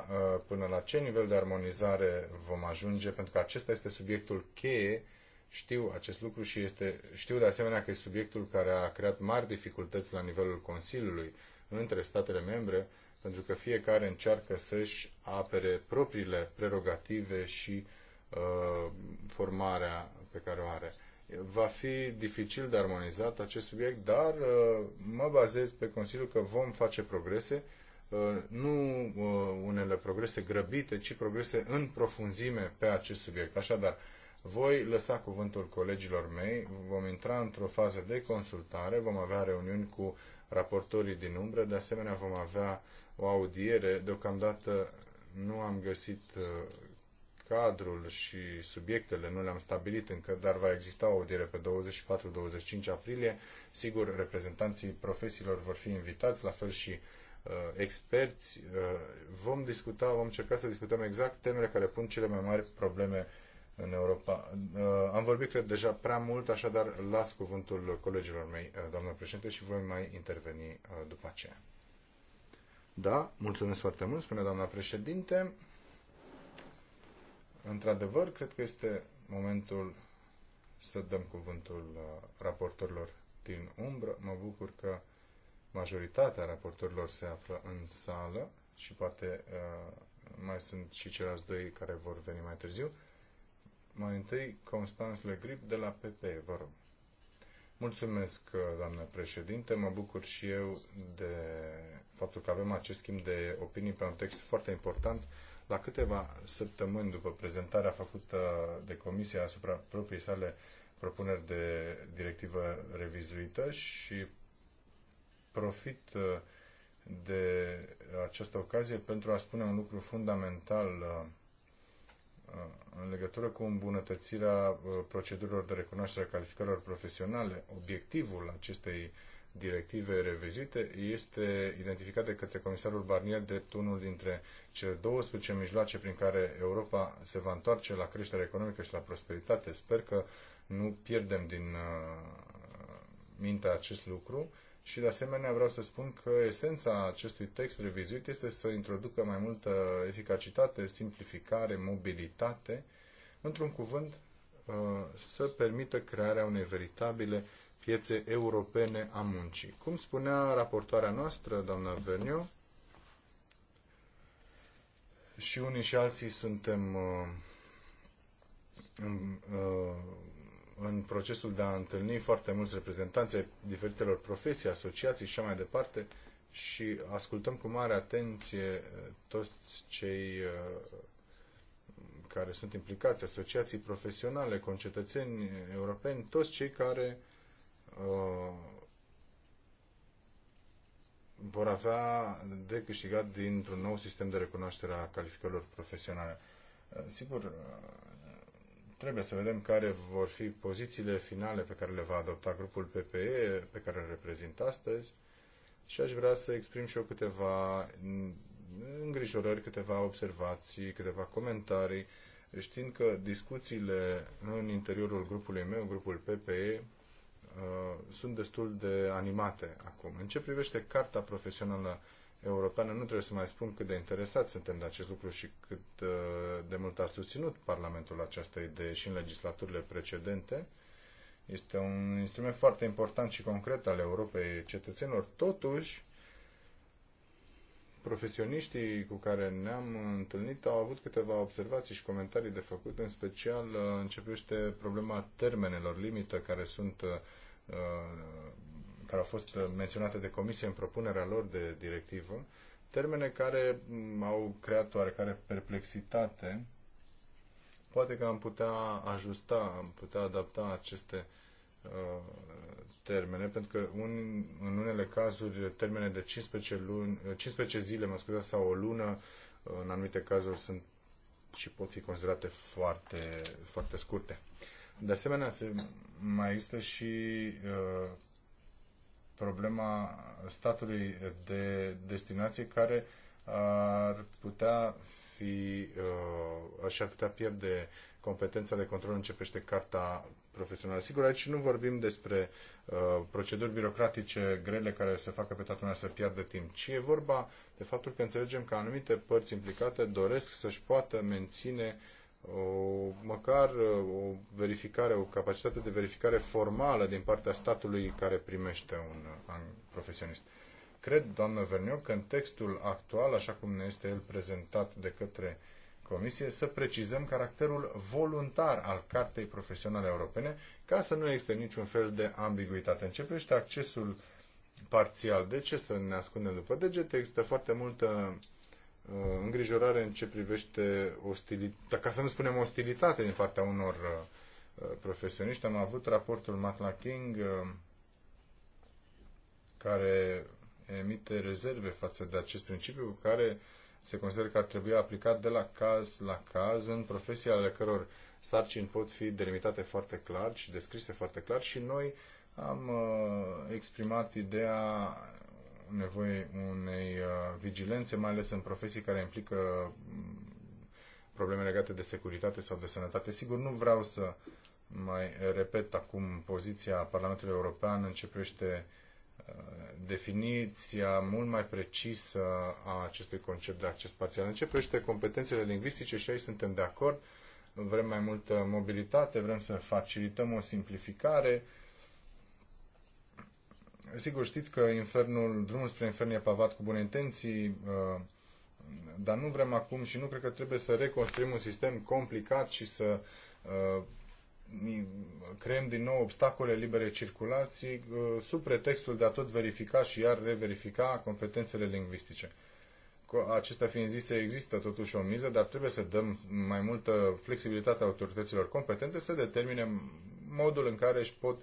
A: până la ce nivel de armonizare vom ajunge, pentru că acesta este subiectul cheie știu acest lucru și este, știu de asemenea că este subiectul care a creat mari dificultăți la nivelul Consiliului între statele membre, pentru că fiecare încearcă să-și apere propriile prerogative și uh, formarea pe care o are. Va fi dificil de armonizat acest subiect, dar uh, mă bazez pe Consiliul că vom face progrese, uh, nu uh, unele progrese grăbite, ci progrese în profunzime pe acest subiect. Așadar, voi lăsa cuvântul colegilor mei, vom intra într-o fază de consultare, vom avea reuniuni cu raportorii din umbră. De asemenea, vom avea o audiere. Deocamdată nu am găsit uh, cadrul și subiectele, nu le-am stabilit încă, dar va exista o audiere pe 24-25 aprilie. Sigur, reprezentanții profesiilor vor fi invitați, la fel și uh, experți. Uh, vom discuta, vom încerca să discutăm exact temele care pun cele mai mari probleme uh, în Europa. Uh, am vorbit, cred, deja prea mult, așadar las cuvântul colegilor mei, uh, doamnă președinte, și voi mai interveni uh, după aceea. Da, mulțumesc foarte mult, spune doamna președinte. Într-adevăr, cred că este momentul să dăm cuvântul raportorilor din umbră. Mă bucur că majoritatea raportorilor se află în sală și poate mai sunt și ceilalți doi care vor veni mai târziu. Mai întâi, Constans Le Grip de la PP, vă rog. Mulțumesc, uh, doamnă președinte. Mă bucur și eu de faptul că avem acest schimb de opinii pe un text foarte important la câteva săptămâni după prezentarea făcută de Comisia asupra propriei sale propuneri de directivă revizuită și profit uh, de această ocazie pentru a spune un lucru fundamental uh, Uh, în legătură cu îmbunătățirea uh, procedurilor de recunoaștere a calificărilor profesionale. Obiectivul acestei directive revizite este identificat de către comisarul Barnier drept unul dintre cele 12 mijloace prin care Europa se va întoarce la creștere economică și la prosperitate. Sper că nu pierdem din uh, mintea acest lucru și de asemenea vreau să spun că esența acestui text revizuit este să introducă mai multă eficacitate, simplificare, mobilitate, într-un cuvânt uh, să permită crearea unei veritabile piețe europene a muncii. Cum spunea raportoarea noastră, doamna Verniu, și unii și alții suntem uh, uh, în procesul de a întâlni foarte mulți reprezentanți ai diferitelor profesii, asociații și așa mai departe și ascultăm cu mare atenție eh, toți cei eh, care sunt implicați, asociații profesionale, concetățeni europeni, toți cei care eh, vor avea de câștigat dintr-un nou sistem de recunoaștere a calificărilor profesionale. Sigur, trebuie să vedem care vor fi pozițiile finale pe care le va adopta grupul PPE, pe care îl reprezint astăzi. Și aș vrea să exprim și eu câteva îngrijorări, câteva observații, câteva comentarii, știind că discuțiile în interiorul grupului meu, grupul PPE, uh, sunt destul de animate acum. În ce privește carta profesională Europeană, nu trebuie să mai spun cât de interesați suntem de acest lucru și cât uh, de mult a susținut Parlamentul această idee și în legislaturile precedente. Este un instrument foarte important și concret al Europei cetățenilor. Totuși, profesioniștii cu care ne-am întâlnit au avut câteva observații și comentarii de făcut, în special uh, începește problema termenelor limită care sunt uh, care au fost uh, menționate de comisie în propunerea lor de directivă, termene care mm, au creat oarecare perplexitate. Poate că am putea ajusta, am putea adapta aceste uh, termene, pentru că un, în unele cazuri termene de 15, luni, 15 uh, zile mă scuzați, sau o lună, uh, în anumite cazuri sunt și pot fi considerate foarte, foarte scurte. De asemenea, se, mai există și uh, problema statului de destinație care ar putea fi, uh, ar putea pierde competența de control începește carta profesională. Sigur, aici nu vorbim despre uh, proceduri birocratice grele care să facă pe toată lumea să piardă timp, ci e vorba de faptul că înțelegem că anumite părți implicate doresc să-și poată menține o, măcar o verificare, o capacitate de verificare formală din partea statului care primește un, un profesionist. Cred, doamnă Verniu, că în textul actual, așa cum ne este el prezentat de către Comisie, să precizăm caracterul voluntar al Cartei Profesionale Europene, ca să nu existe niciun fel de ambiguitate. Începește accesul parțial. De ce să ne ascundem după degete? Există foarte multă Uh, îngrijorare în ce privește ostilitate, da, ca să nu spunem ostilitate din partea unor uh, profesioniști. Am avut raportul Matla King uh, care emite rezerve față de acest principiu care se consideră că ar trebui aplicat de la caz la caz în profesii ale căror sarcini pot fi delimitate foarte clar și descrise foarte clar și noi am exprimat ideea nevoie unei uh, vigilențe, mai ales în profesii care implică mm, probleme legate de securitate sau de sănătate. Sigur, nu vreau să mai repet acum poziția Parlamentului European în ce privește uh, definiția mult mai precisă a acestui concept de acces parțial. În ce privește competențele lingvistice și aici suntem de acord, vrem mai multă mobilitate, vrem să facilităm o simplificare, sigur știți că infernul, drumul spre infern e pavat cu bune intenții, uh, dar nu vrem acum și nu cred că trebuie să reconstruim un sistem complicat și să uh, creăm din nou obstacole libere circulații uh, sub pretextul de a tot verifica și iar reverifica competențele lingvistice. Acestea fiind zise, există totuși o miză, dar trebuie să dăm mai multă flexibilitate autorităților competente să determine modul în care își pot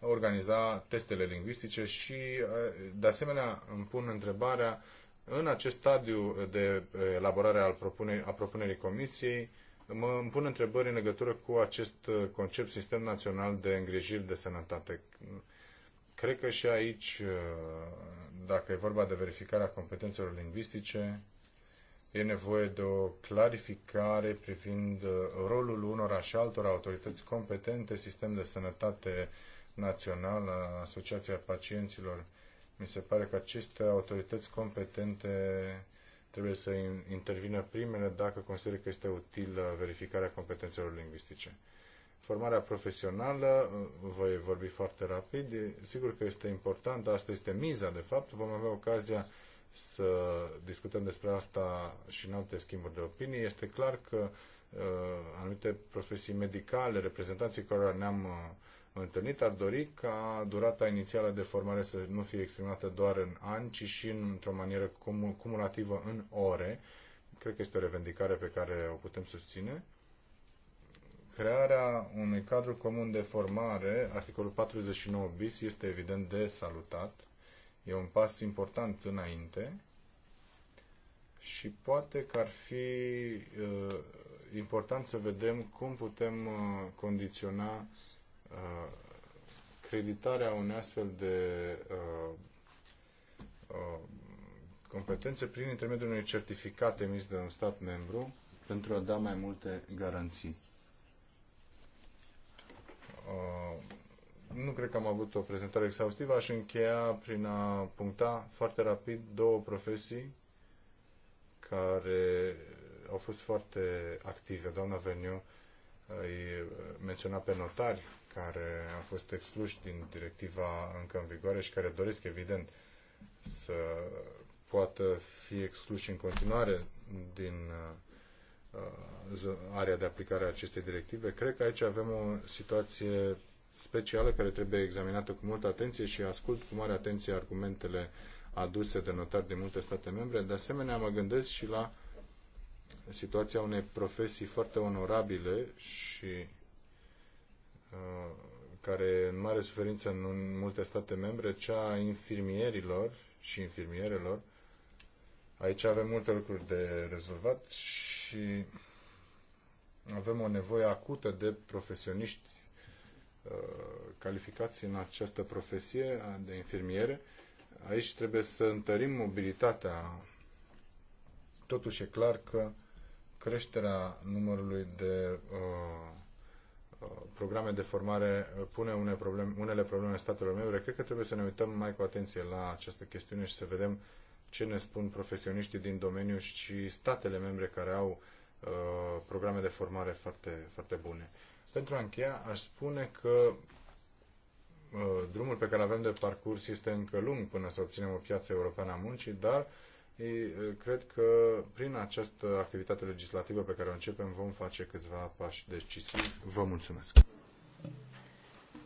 A: organiza testele lingvistice și, uh, de asemenea, îmi pun întrebarea, în acest stadiu de uh, elaborare al propunerii, a propunerii Comisiei, mă îmi pun întrebări în legătură cu acest uh, concept sistem național de îngrijiri de sănătate. Cred că și aici, dacă e vorba de verificarea competențelor lingvistice, e nevoie de o clarificare privind rolul unora și altor autorități competente, sistem de sănătate național, Asociația Pacienților. Mi se pare că aceste autorități competente trebuie să intervină primele dacă consideră că este util verificarea competențelor lingvistice. Formarea profesională, uh, voi vorbi foarte rapid, sigur că este important, asta este miza de fapt, vom avea ocazia să discutăm despre asta și în alte schimburi de opinie. Este clar că uh, anumite profesii medicale, reprezentanții care ne-am uh, întâlnit, ar dori ca durata inițială de formare să nu fie exprimată doar în ani, ci și într-o manieră cumulativă în ore. Cred că este o revendicare pe care o putem susține. Crearea unui cadru comun de formare, articolul 49 bis, este evident de salutat. E un pas important înainte și poate că ar fi uh, important să vedem cum putem uh, condiționa Uh, creditarea unei astfel de uh, uh, competențe prin intermediul unui certificat emis de un stat membru pentru a da mai multe garanții. Nu cred că am avut o prezentare exhaustivă, aș încheia prin a puncta foarte rapid două profesii care au fost foarte active. Doamna Veniu îi uh, menționa pe notari care au fost excluși din directiva încă în vigoare și care doresc, evident, să poată fi excluși în continuare din uh, area de aplicare a acestei directive. Cred că aici avem o situație specială care trebuie examinată cu multă atenție și ascult cu mare atenție argumentele aduse de notari din multe state membre. De asemenea, mă gândesc și la situația unei profesii foarte onorabile și uh, care e în mare suferință în multe state membre, cea a infirmierilor și infirmierelor. Aici avem multe lucruri de rezolvat și avem o nevoie acută de profesioniști uh, calificați în această profesie de infirmiere. Aici trebuie să întărim mobilitatea Totuși e clar că creșterea numărului de uh, uh programe de formare pune une probleme, unele probleme statelor membre. Cred că trebuie să ne uităm mai cu atenție la această chestiune și să vedem ce ne spun profesioniștii din domeniu și statele membre care au uh, programe de formare foarte, foarte bune. Pentru a încheia, aș spune că uh, drumul pe care avem de parcurs este încă lung până să obținem o piață europeană a muncii, dar ei, cred că prin această activitate legislativă pe care o începem vom face câțiva pași decisivi. Vă mulțumesc.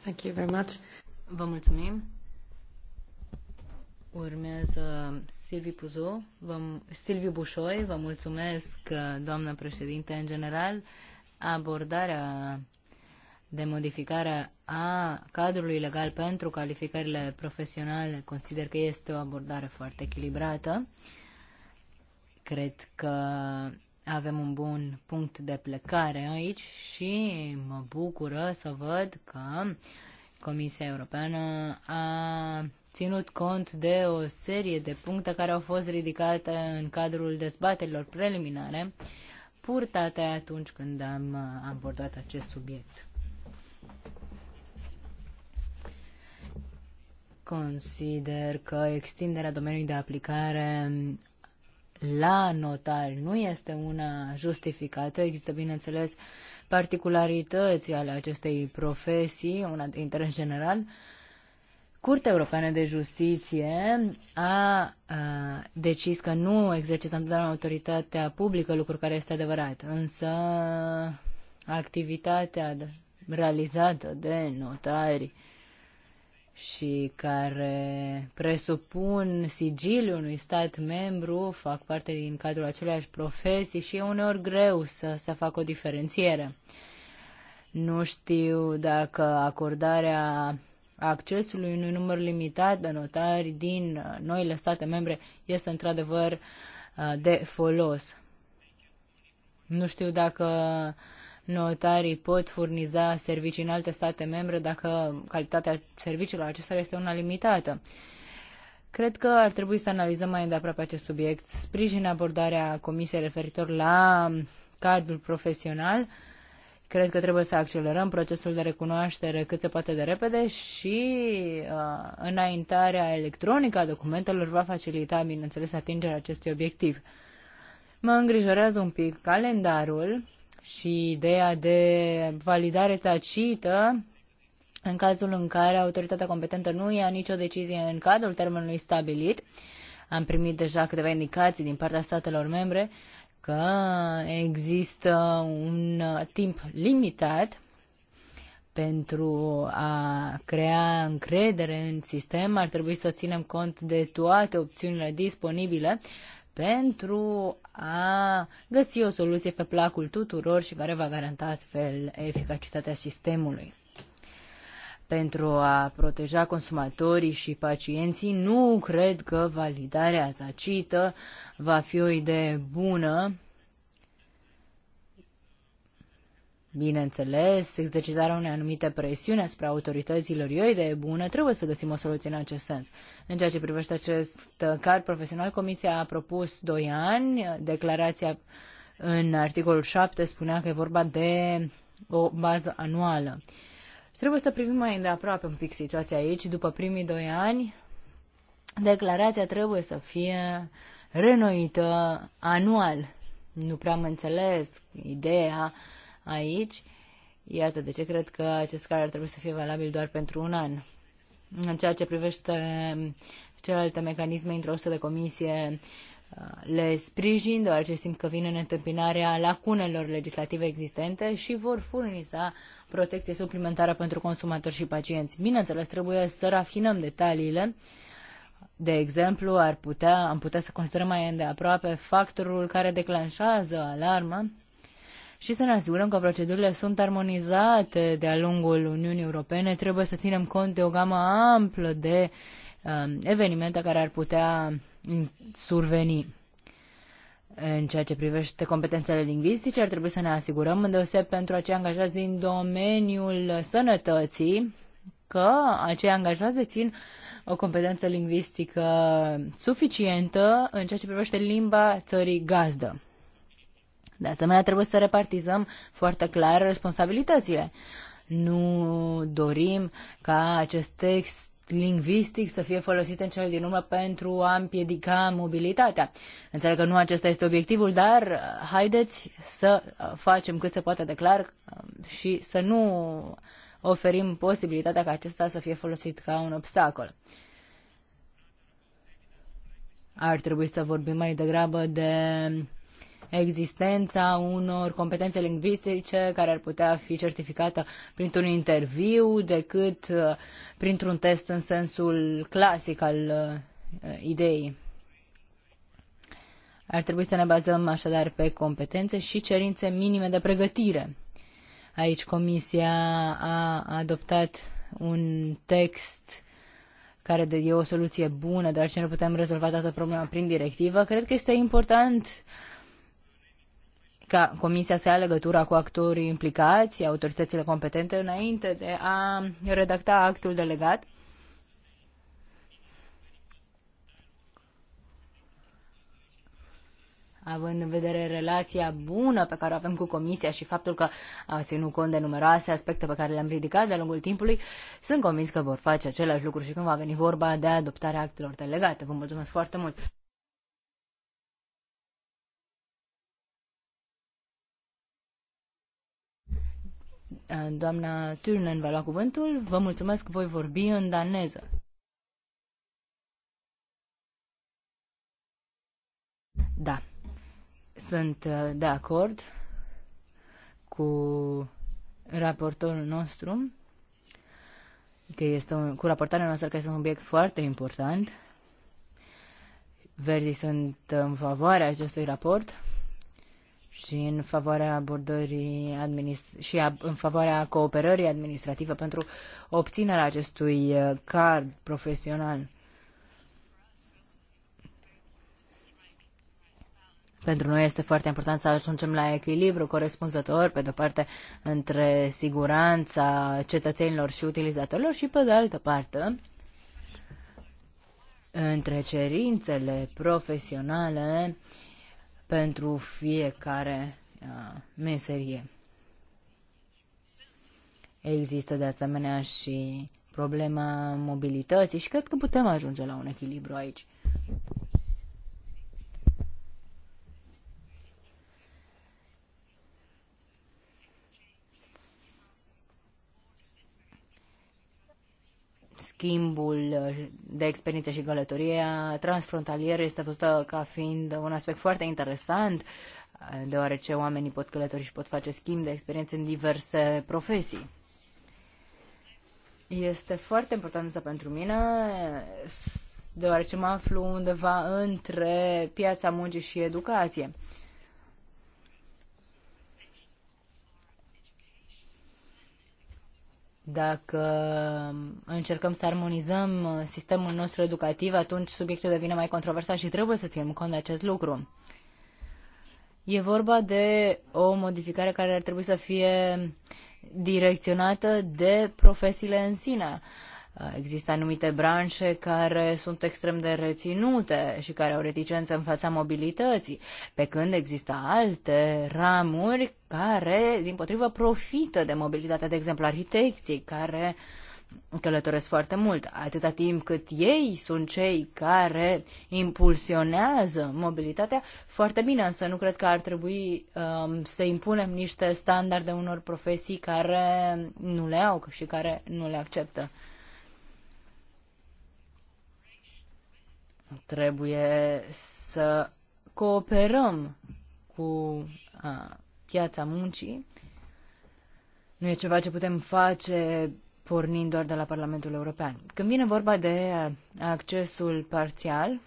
B: Thank you very much. Vă mulțumim. Urmează Silviu Puzo, vă, Silviu Bușoi, vă mulțumesc, doamnă președinte, în general, abordarea de modificare a cadrului legal pentru calificările profesionale, consider că este o abordare foarte echilibrată. Cred că avem un bun punct de plecare aici și mă bucură să văd că Comisia Europeană a ținut cont de o serie de puncte care au fost ridicate în cadrul dezbaterilor preliminare purtate atunci când am abordat acest subiect. Consider că extinderea domeniului de aplicare la notar nu este una justificată. Există, bineînțeles, particularități ale acestei profesii, una de interes general. Curtea Europeană de Justiție a, a decis că nu exercită întotdeauna autoritatea publică, lucru care este adevărat, însă activitatea realizată de notari și care presupun sigiliul unui stat membru, fac parte din cadrul aceleași profesii și e uneori greu să se facă o diferențiere. Nu știu dacă acordarea accesului unui număr limitat de notari din noile state membre este într-adevăr uh, de folos. Nu știu dacă uh, notarii pot furniza servicii în alte state membre dacă calitatea serviciilor acestora este una limitată. Cred că ar trebui să analizăm mai îndeaproape acest subiect, sprijin abordarea comisiei referitor la cardul profesional. Cred că trebuie să accelerăm procesul de recunoaștere cât se poate de repede și uh, înaintarea electronică a documentelor va facilita, bineînțeles, atingerea acestui obiectiv. Mă îngrijorează un pic calendarul și ideea de validare tacită în cazul în care autoritatea competentă nu ia nicio decizie în cadrul termenului stabilit. Am primit deja câteva indicații din partea statelor membre că există un timp limitat pentru a crea încredere în sistem, ar trebui să ținem cont de toate opțiunile disponibile pentru a găsi o soluție pe placul tuturor și care va garanta astfel eficacitatea sistemului. Pentru a proteja consumatorii și pacienții, nu cred că validarea zacită va fi o idee bună Bineînțeles, exercitarea unei anumite presiuni asupra autorităților e o idee bună, trebuie să găsim o soluție în acest sens. În ceea ce privește acest card profesional, Comisia a propus 2 ani, declarația în articolul 7 spunea că e vorba de o bază anuală. Trebuie să privim mai îndeaproape un pic situația aici. După primii 2 ani, declarația trebuie să fie renoită anual. Nu prea am înțeles ideea aici. Iată de ce cred că acest car ar trebui să fie valabil doar pentru un an. În ceea ce privește celelalte mecanisme introduse de comisie, uh, le sprijin, deoarece simt că vin în întâmpinarea lacunelor legislative existente și vor furniza protecție suplimentară pentru consumatori și pacienți. Bineînțeles, trebuie să rafinăm detaliile. De exemplu, ar putea, am putea să considerăm mai îndeaproape factorul care declanșează alarma și să ne asigurăm că procedurile sunt armonizate de-a lungul Uniunii Europene. Trebuie să ținem cont de o gamă amplă de uh, evenimente care ar putea surveni. În ceea ce privește competențele lingvistice, ar trebui să ne asigurăm, îndeoseb pentru acei angajați din domeniul sănătății, că acei angajați dețin o competență lingvistică suficientă în ceea ce privește limba țării gazdă. De asemenea, trebuie să repartizăm foarte clar responsabilitățile. Nu dorim ca acest text lingvistic să fie folosit în cele din urmă pentru a împiedica mobilitatea. Înțeleg că nu acesta este obiectivul, dar uh, haideți să uh, facem cât se poate de clar um, și să nu oferim posibilitatea ca acesta să fie folosit ca un obstacol. Ar trebui să vorbim mai degrabă de existența unor competențe lingvistice care ar putea fi certificată printr-un interviu decât uh, printr-un test în sensul clasic al uh, ideii. Ar trebui să ne bazăm așadar pe competențe și cerințe minime de pregătire. Aici Comisia a adoptat un text care e o soluție bună, dar ce nu putem rezolva toată problema prin directivă. Cred că este important ca Comisia să ia legătura cu actorii implicați, autoritățile competente, înainte de a redacta actul delegat? având în vedere relația bună pe care o avem cu Comisia și faptul că a ținut cont de numeroase aspecte pe care le-am ridicat de-a lungul timpului, sunt convins că vor face același lucru și când va veni vorba de adoptarea actelor delegate. Vă mulțumesc foarte mult! Doamna Turnen va lua cuvântul. Vă mulțumesc, voi vorbi în daneză. Da, sunt uh, de acord cu raportorul nostru, că este un, cu raportarea noastră că este un subiect foarte important. Verzii sunt în favoarea acestui raport și în favoarea abordării și a, în favoarea cooperării administrative pentru obținerea acestui uh, card profesional. Pentru noi este foarte important să ajungem la echilibru corespunzător, pe de-o parte, între siguranța cetățenilor și utilizatorilor și, pe de altă parte, între cerințele profesionale uh, pentru fiecare uh, meserie. Există de asemenea și problema mobilității și cred că putem ajunge la un echilibru aici. schimbul de experiențe și călătoria transfrontalieră este văzută ca fiind un aspect foarte interesant, deoarece oamenii pot călători și pot face schimb de experiențe în diverse profesii. Este foarte important însă pentru mine, deoarece mă aflu undeva între piața muncii și educație. Dacă încercăm să armonizăm sistemul nostru educativ, atunci subiectul devine mai controversat și trebuie să ținem cont de acest lucru. E vorba de o modificare care ar trebui să fie direcționată de profesiile în sine. Uh, Uh, există anumite branșe care sunt extrem de reținute și care au reticență în fața mobilității, pe când există alte ramuri care, din potrivă, profită de mobilitatea, de exemplu, arhitecții, care călătoresc foarte mult, atâta timp cât ei sunt cei care impulsionează mobilitatea, foarte bine, însă nu cred că ar trebui um, să impunem niște standarde unor profesii care nu le au și care nu le acceptă. Trebuie să cooperăm cu a, piața muncii. Nu e ceva ce putem face pornind doar de la Parlamentul European. Când vine vorba de accesul parțial,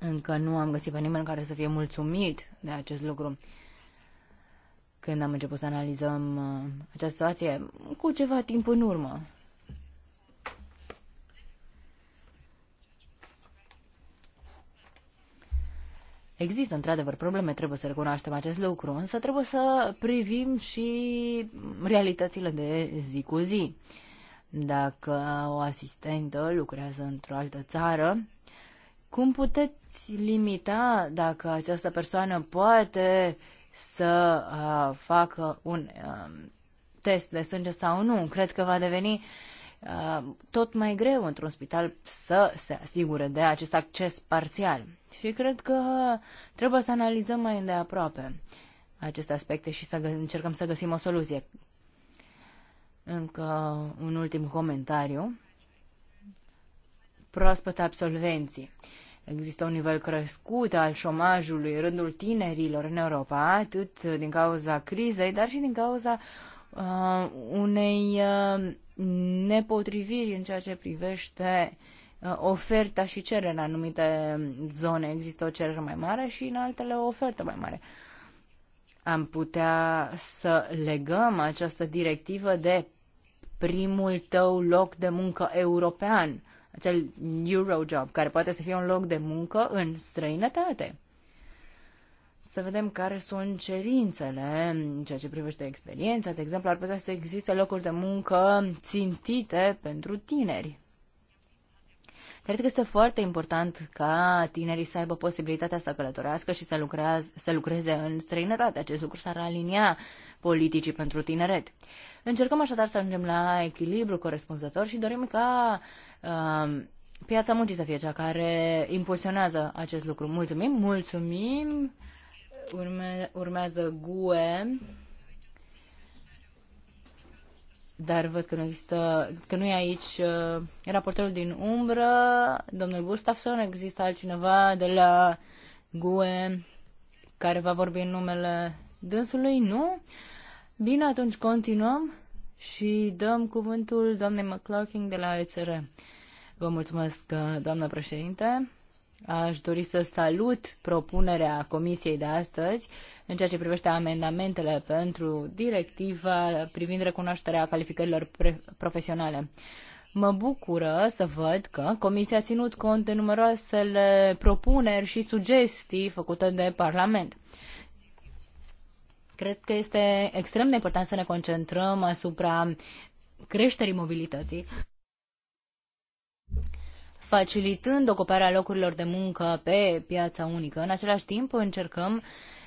B: încă nu am găsit pe nimeni care să fie mulțumit de acest lucru. Când am început să analizăm această situație, cu ceva timp în urmă, Există într-adevăr probleme, trebuie să recunoaștem acest lucru, însă trebuie să privim și realitățile de zi cu zi. Dacă o asistentă lucrează într-o altă țară, cum puteți limita dacă această persoană poate să uh, facă un uh, test de sânge sau nu? Cred că va deveni uh, Uh, tot mai greu într-un spital să se asigure de acest acces parțial. Și cred că trebuie să analizăm mai îndeaproape aceste aspecte și să încercăm să găsim o soluție. Încă un ultim comentariu. Proaspăt absolvenții. Există un nivel crescut al șomajului în rândul tinerilor în Europa, atât din cauza crizei, dar și din cauza uh, unei uh, nepotriviri în ceea ce privește uh, oferta și cererea în anumite zone. Există o cerere mai mare și în altele o ofertă mai mare. Am putea să legăm această directivă de primul tău loc de muncă european, acel Eurojob, care poate să fie un loc de muncă în străinătate să vedem care sunt cerințele în ceea ce privește experiența. De exemplu, ar putea să existe locuri de muncă țintite pentru tineri. Cred că este foarte important ca tinerii să aibă posibilitatea să călătorească și să, lucrează, să lucreze în străinătate. Acest lucru s-ar alinia politicii pentru tineret. Încercăm așadar să ajungem la echilibru corespunzător și dorim ca uh, piața muncii să fie cea care impulsionează acest lucru. Mulțumim, mulțumim! urme, urmează GUE, dar văd că nu există, că nu e aici uh, raportorul din umbră, domnul Gustafsson, există altcineva de la GUE care va vorbi în numele dânsului, nu? Bine, atunci continuăm și dăm cuvântul doamnei McClarking de la ECR. Vă mulțumesc, uh, doamnă președinte. Aș dori să salut propunerea Comisiei de astăzi în ceea ce privește amendamentele pentru directiva privind recunoașterea calificărilor profesionale. Mă bucură să văd că Comisia a ținut cont de numeroasele propuneri și sugestii făcute de Parlament. Cred că este extrem de important să ne concentrăm asupra creșterii mobilității facilitând ocuparea locurilor de muncă pe piața unică. În același timp încercăm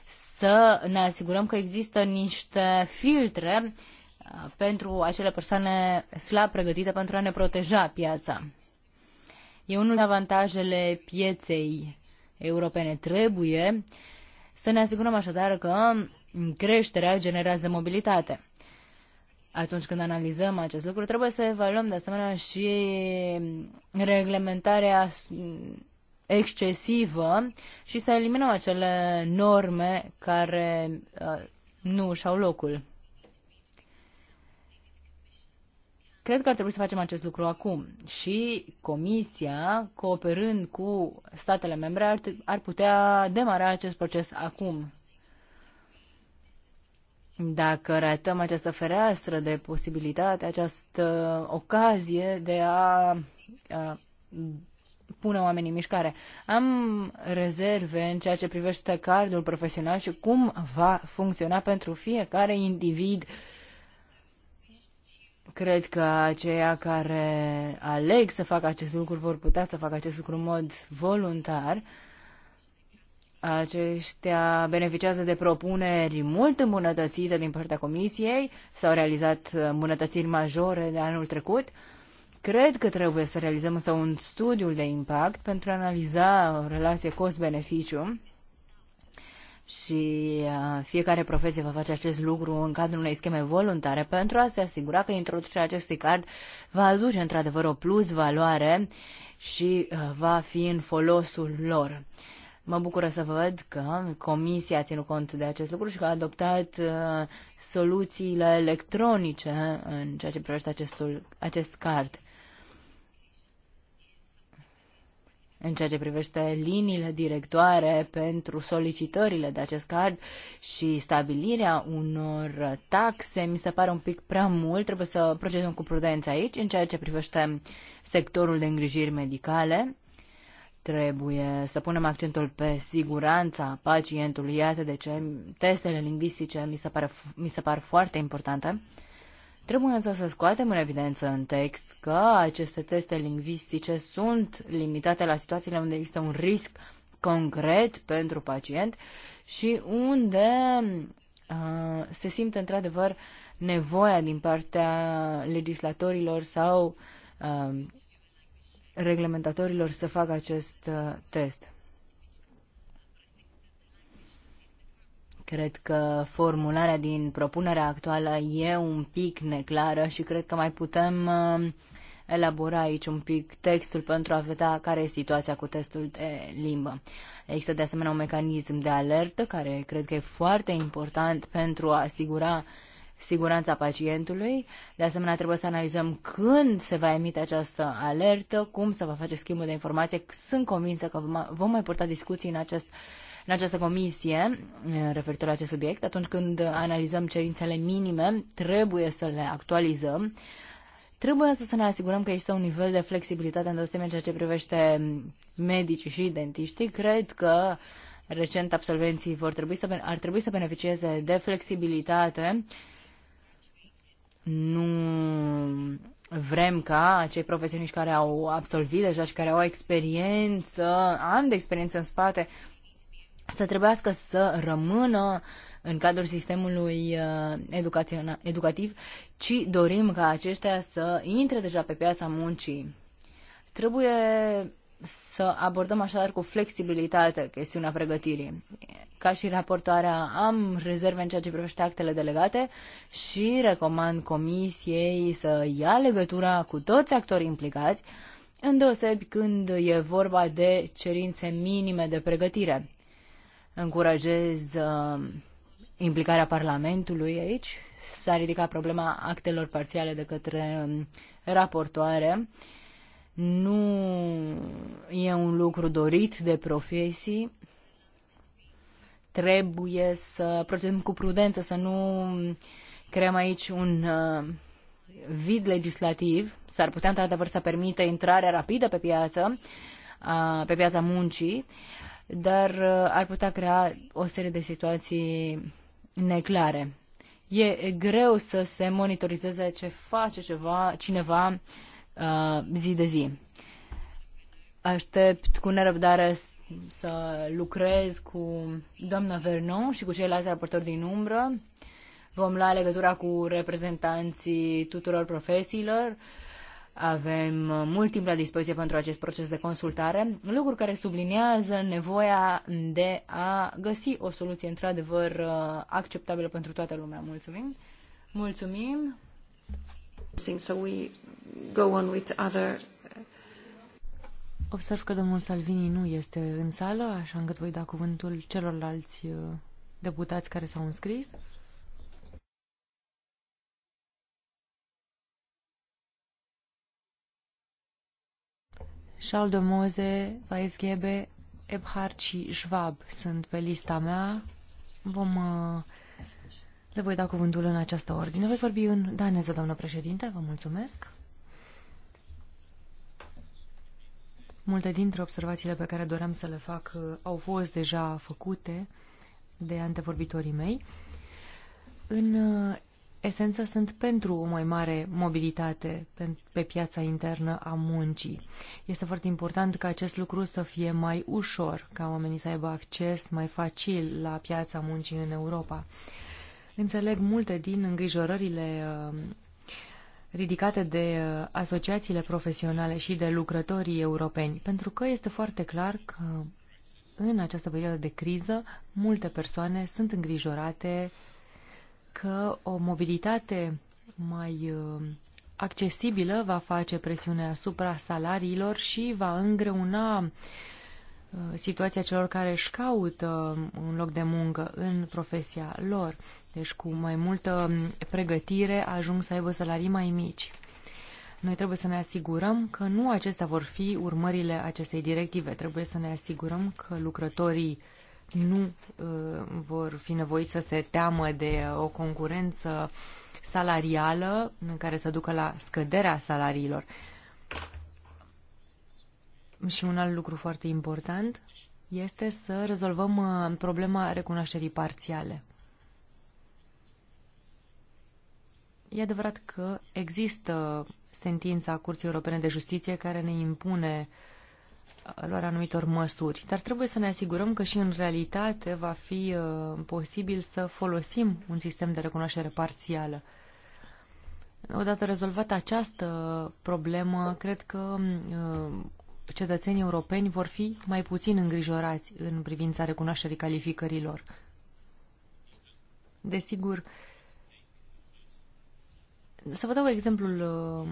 B: să ne asigurăm că există niște filtre uh, pentru acele persoane slab pregătite pentru a ne proteja piața. E unul din avantajele pieței europene. Trebuie să ne asigurăm așadar că creșterea generează mobilitate atunci când analizăm acest lucru, trebuie să evaluăm de asemenea și reglementarea excesivă și să eliminăm acele norme care uh, nu își au locul. Cred că ar trebui să facem acest lucru acum și Comisia, cooperând cu statele membre, ar, ar putea demara acest proces acum. Dacă ratăm această fereastră de posibilitate, această ocazie de a, a pune oamenii în mișcare. Am rezerve în ceea ce privește cardul profesional și cum va funcționa pentru fiecare individ. Cred că aceia care aleg să facă acest lucru vor putea să facă acest lucru în mod voluntar. Uh, aceștia beneficiază de propuneri mult îmbunătățite din partea Comisiei, s-au realizat îmbunătățiri majore de anul trecut. Cred că trebuie să realizăm însă un studiu de impact pentru a analiza o relație cost-beneficiu și fiecare profesie va face acest lucru în cadrul unei scheme voluntare pentru a se asigura că introducerea acestui card va aduce într-adevăr o plus valoare și va fi în folosul lor. Mă bucură să văd că Comisia a ținut cont de acest lucru și că a adoptat uh, soluțiile electronice în ceea ce privește acestul, acest card. în ceea ce privește liniile directoare pentru solicitările de acest card și stabilirea unor taxe, mi se pare un pic prea mult, trebuie să procedăm cu prudență aici, în ceea ce privește sectorul de îngrijiri medicale. Trebuie să punem accentul pe siguranța pacientului. Iată de ce testele lingvistice mi se, pare, mi se par foarte importante. Trebuie însă să scoatem în evidență în text că aceste teste lingvistice sunt limitate la situațiile unde există un risc concret pentru pacient și unde uh, se simte într-adevăr nevoia din partea legislatorilor sau uh, reglementatorilor să facă acest uh, test. Cred că formularea din propunerea actuală e un pic neclară și cred că mai putem uh, elabora aici un pic textul pentru a vedea care e situația cu testul de limbă. Există de asemenea un mecanism de alertă care cred că e foarte important pentru a asigura uh, siguranța pacientului. De asemenea, trebuie să analizăm când se va emite această alertă, cum se va face schimbul de informație. Sunt convinsă că vom mai purta discuții în acest în această comisie eh, referitor la acest subiect, atunci când analizăm cerințele minime, trebuie să le actualizăm. Trebuie însă să ne asigurăm că există un nivel de flexibilitate în deosebire în ceea ce privește medicii și dentiștii. Cred că recent absolvenții vor trebui să, ar trebui să beneficieze de flexibilitate nu vrem ca acei profesioniști care au absolvit deja și care au experiență, ani de experiență în spate, să trebuiască să rămână în cadrul sistemului uh, educativ, ci dorim ca aceștia să intre deja pe piața muncii. Trebuie să abordăm așadar cu flexibilitate chestiunea pregătirii. Ca și raportoarea am rezerve în ceea ce privește actele delegate și recomand comisiei să ia legătura cu toți actorii implicați, îndeosebi când e vorba de cerințe minime de pregătire. Încurajez uh, implicarea Parlamentului aici. S-a ridicat problema actelor parțiale de către uh, raportoare. Uh, nu e un lucru dorit de profesii. Trebuie să procedăm cu prudență, să nu creăm aici un uh, vid legislativ. S-ar putea, într-adevăr, să permită intrarea rapidă pe piață, uh, pe piața muncii, dar uh, ar putea crea o serie de situații neclare. E greu să se monitorizeze ce face ceva, cineva uh, zi de zi. Aștept cu nerăbdare să lucrez cu doamna Vernon și cu ceilalți raportori din umbră. Vom lua legătura cu reprezentanții tuturor profesiilor. Avem mult timp la dispoziție pentru acest proces de consultare, lucruri care subliniază nevoia de a găsi o soluție într-adevăr uh, acceptabilă pentru toată lumea. Mulțumim! Mulțumim! So we go on
C: with other... Uh, Observ că domnul Salvini nu este în sală, așa încât voi da cuvântul celorlalți uh, deputați care s-au înscris. Charles de Moze, Weisgebe, Ebhard și Schwab sunt pe lista mea. Vom uh, le voi da cuvântul în această ordine. Voi vorbi în daneză, doamnă președinte. Vă mulțumesc. Multe dintre observațiile pe care doream să le fac uh, au fost deja făcute de antevorbitorii mei. În uh, esență sunt pentru o mai mare mobilitate pe piața internă a muncii. Este foarte important ca acest lucru să fie mai ușor, ca oamenii să aibă acces mai facil la piața muncii în Europa. Înțeleg multe din îngrijorările uh, ridicate de uh, asociațiile profesionale și de lucrătorii europeni, pentru că este foarte clar că în această perioadă de criză multe persoane sunt îngrijorate că o mobilitate mai uh, accesibilă va face presiune asupra salariilor și va îngreuna situația celor care își caută un loc de muncă în profesia lor. Deci cu mai multă pregătire ajung să aibă salarii mai mici. Noi trebuie să ne asigurăm că nu acestea vor fi urmările acestei directive. Trebuie să ne asigurăm că lucrătorii nu uh, vor fi nevoiți să se teamă de uh, o concurență salarială în care să ducă la scăderea salariilor. Și un alt lucru foarte important este să rezolvăm uh, problema recunoașterii parțiale. E adevărat că există sentința Curții Europene de Justiție care ne impune uh, luarea anumitor măsuri, dar trebuie să ne asigurăm că și în realitate va fi uh, posibil să folosim un sistem de recunoaștere parțială. Odată rezolvată această problemă, cred că uh, cetățenii europeni vor fi mai puțin îngrijorați în privința recunoașterii calificărilor. Desigur, uh, să vă dau exemplul uh,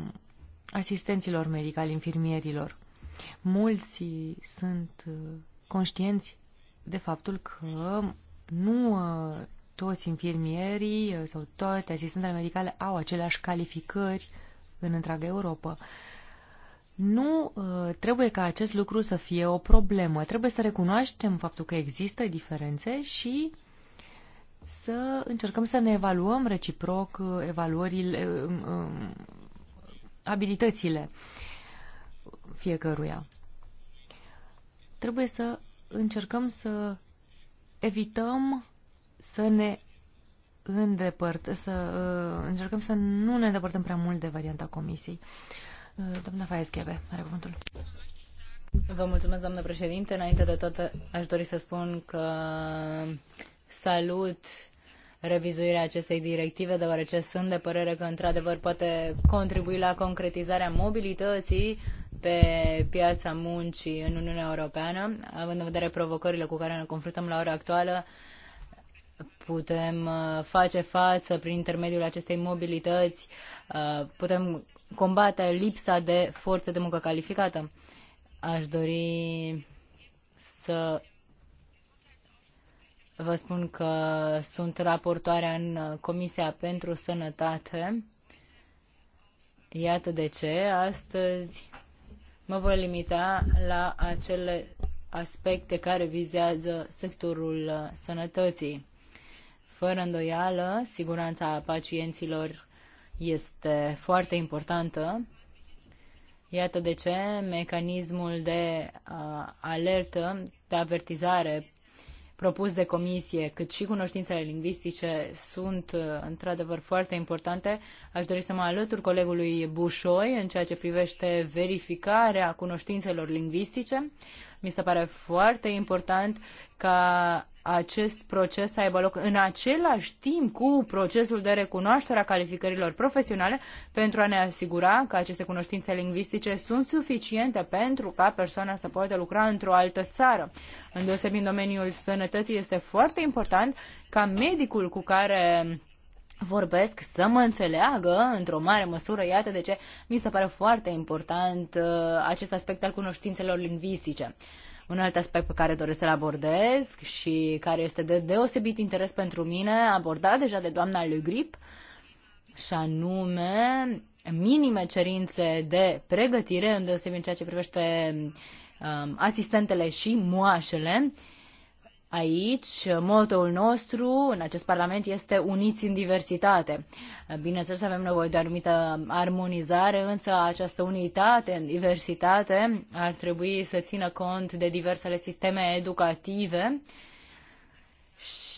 C: asistenților medicali, infirmierilor. Mulți sunt uh, conștienți de faptul că nu uh, toți infirmierii sau toate asistentele medicale au aceleași calificări în întreaga Europa. Nu trebuie ca acest lucru să fie o problemă. Trebuie să recunoaștem faptul că există diferențe și uh, să încercăm să ne evaluăm reciproc uh, evaluările, uh, um, um, abilitățile fiecăruia. Trebuie să încercăm să evităm să ne îndepărt, să uh, încercăm să nu ne îndepărtăm prea mult de varianta comisiei.
B: Doamna Faeschebe, are cuvântul. Vă mulțumesc, doamnă președinte. Înainte de toate, aș dori să spun că salut revizuirea acestei directive, deoarece sunt de părere că, într-adevăr, poate contribui la concretizarea mobilității pe piața muncii în Uniunea Europeană, având în vedere provocările cu care ne confruntăm la ora actuală, putem uh, face față prin intermediul acestei mobilități, uh, putem combate lipsa de forță de muncă calificată. Aș dori să Vă spun că sunt raportoarea în uh, Comisia pentru Sănătate. Iată de ce astăzi mă voi limita la acele aspecte care vizează sectorul uh, sănătății. Fără îndoială, siguranța pacienților este foarte importantă. Iată de ce mecanismul de uh, alertă, de avertizare propus de comisie, cât și cunoștințele lingvistice sunt uh, într-adevăr foarte importante. Aș dori să mă alătur colegului Bușoi în ceea ce privește verificarea cunoștințelor lingvistice. Mi se pare foarte important ca acest proces să aibă loc în același timp cu procesul de recunoaștere a calificărilor profesionale pentru a ne asigura că aceste cunoștințe lingvistice sunt suficiente pentru ca persoana să poată lucra într-o altă țară. Îndeosebi în domeniul sănătății este foarte important ca medicul cu care vorbesc să mă înțeleagă într-o mare măsură. Iată de ce mi se pare foarte important uh, acest aspect al cunoștințelor lingvistice. Un alt aspect pe care doresc să-l abordez și care este de deosebit interes pentru mine, abordat deja de doamna Le Grip, și anume minime cerințe de pregătire, deosebit în ceea ce privește um, asistentele și moașele. Uh, Aici, uh, motoul nostru în acest Parlament este Uniți în diversitate. Uh, bineînțeles, avem nevoie de o anumită armonizare, însă această unitate în diversitate ar trebui să țină cont de diversele sisteme educative.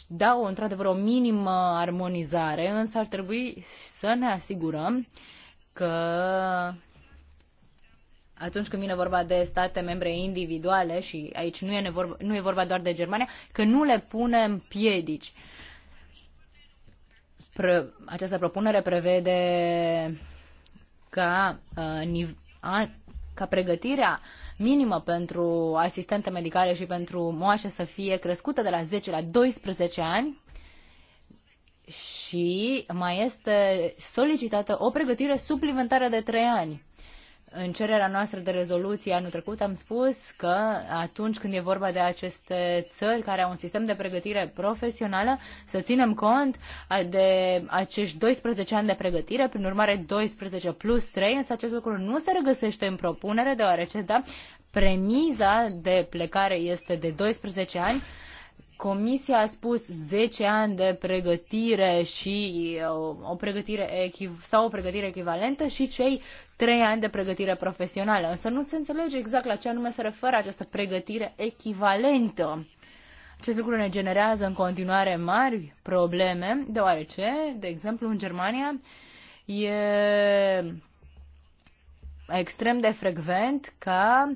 B: Da, o, într-adevăr, o minimă armonizare, însă ar trebui să ne asigurăm că atunci când vine vorba de state membre individuale, și aici nu e, vorba, nu e vorba doar de Germania, că nu le punem piedici. Pre, această propunere prevede ca, uh, niv, a, ca pregătirea minimă pentru asistente medicale și pentru moașe să fie crescută de la 10 la 12 ani, și mai este solicitată o pregătire suplimentară de trei ani. În cererea noastră de rezoluție anul trecut am spus că atunci când e vorba de aceste țări care au un sistem de pregătire profesională, să ținem cont de acești 12 ani de pregătire, prin urmare 12 plus 3, însă acest lucru nu se regăsește în propunere, deoarece, da, premiza de plecare este de 12 ani, Comisia a spus 10 ani de pregătire și o, uh, o pregătire sau o pregătire echivalentă și cei 3 ani de pregătire profesională. Însă nu se înțelege exact la ce anume se referă această pregătire echivalentă. Acest lucru ne generează în continuare mari probleme, deoarece, de exemplu, în Germania e extrem de frecvent ca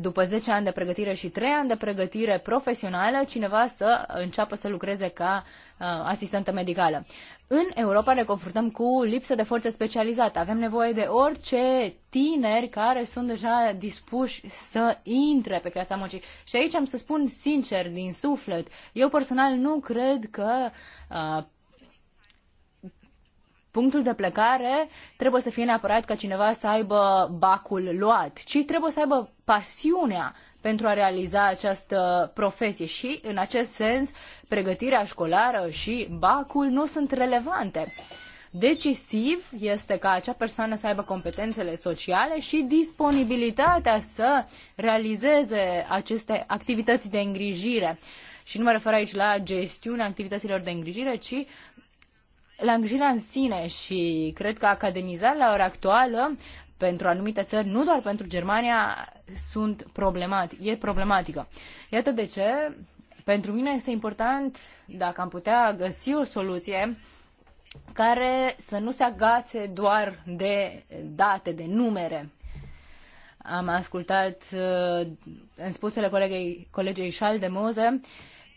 B: după 10 ani de pregătire și 3 ani de pregătire profesională cineva să înceapă să lucreze ca uh, asistentă medicală. În Europa ne confruntăm cu lipsă de forță specializată. Avem nevoie de orice tineri care sunt deja dispuși să intre pe piața muncii. Și aici am să spun sincer, din suflet, eu personal nu cred că uh, punctul de plecare trebuie să fie neapărat ca cineva să aibă bacul luat, ci trebuie să aibă pasiunea pentru a realiza această profesie și, în acest sens, pregătirea școlară și bacul nu sunt relevante. Decisiv este ca acea persoană să aibă competențele sociale și disponibilitatea să realizeze aceste activități de îngrijire. Și nu mă refer aici la gestiunea activităților de îngrijire, ci la îngrijirea în sine și cred că academizarea la ora actuală pentru anumite țări, nu doar pentru Germania, sunt problemat, e problematică. Iată de ce, pentru mine este important, dacă am putea găsi o soluție, care să nu se agațe doar de date, de numere. Am ascultat uh, în spusele colegei, colegei Schaldemose Moze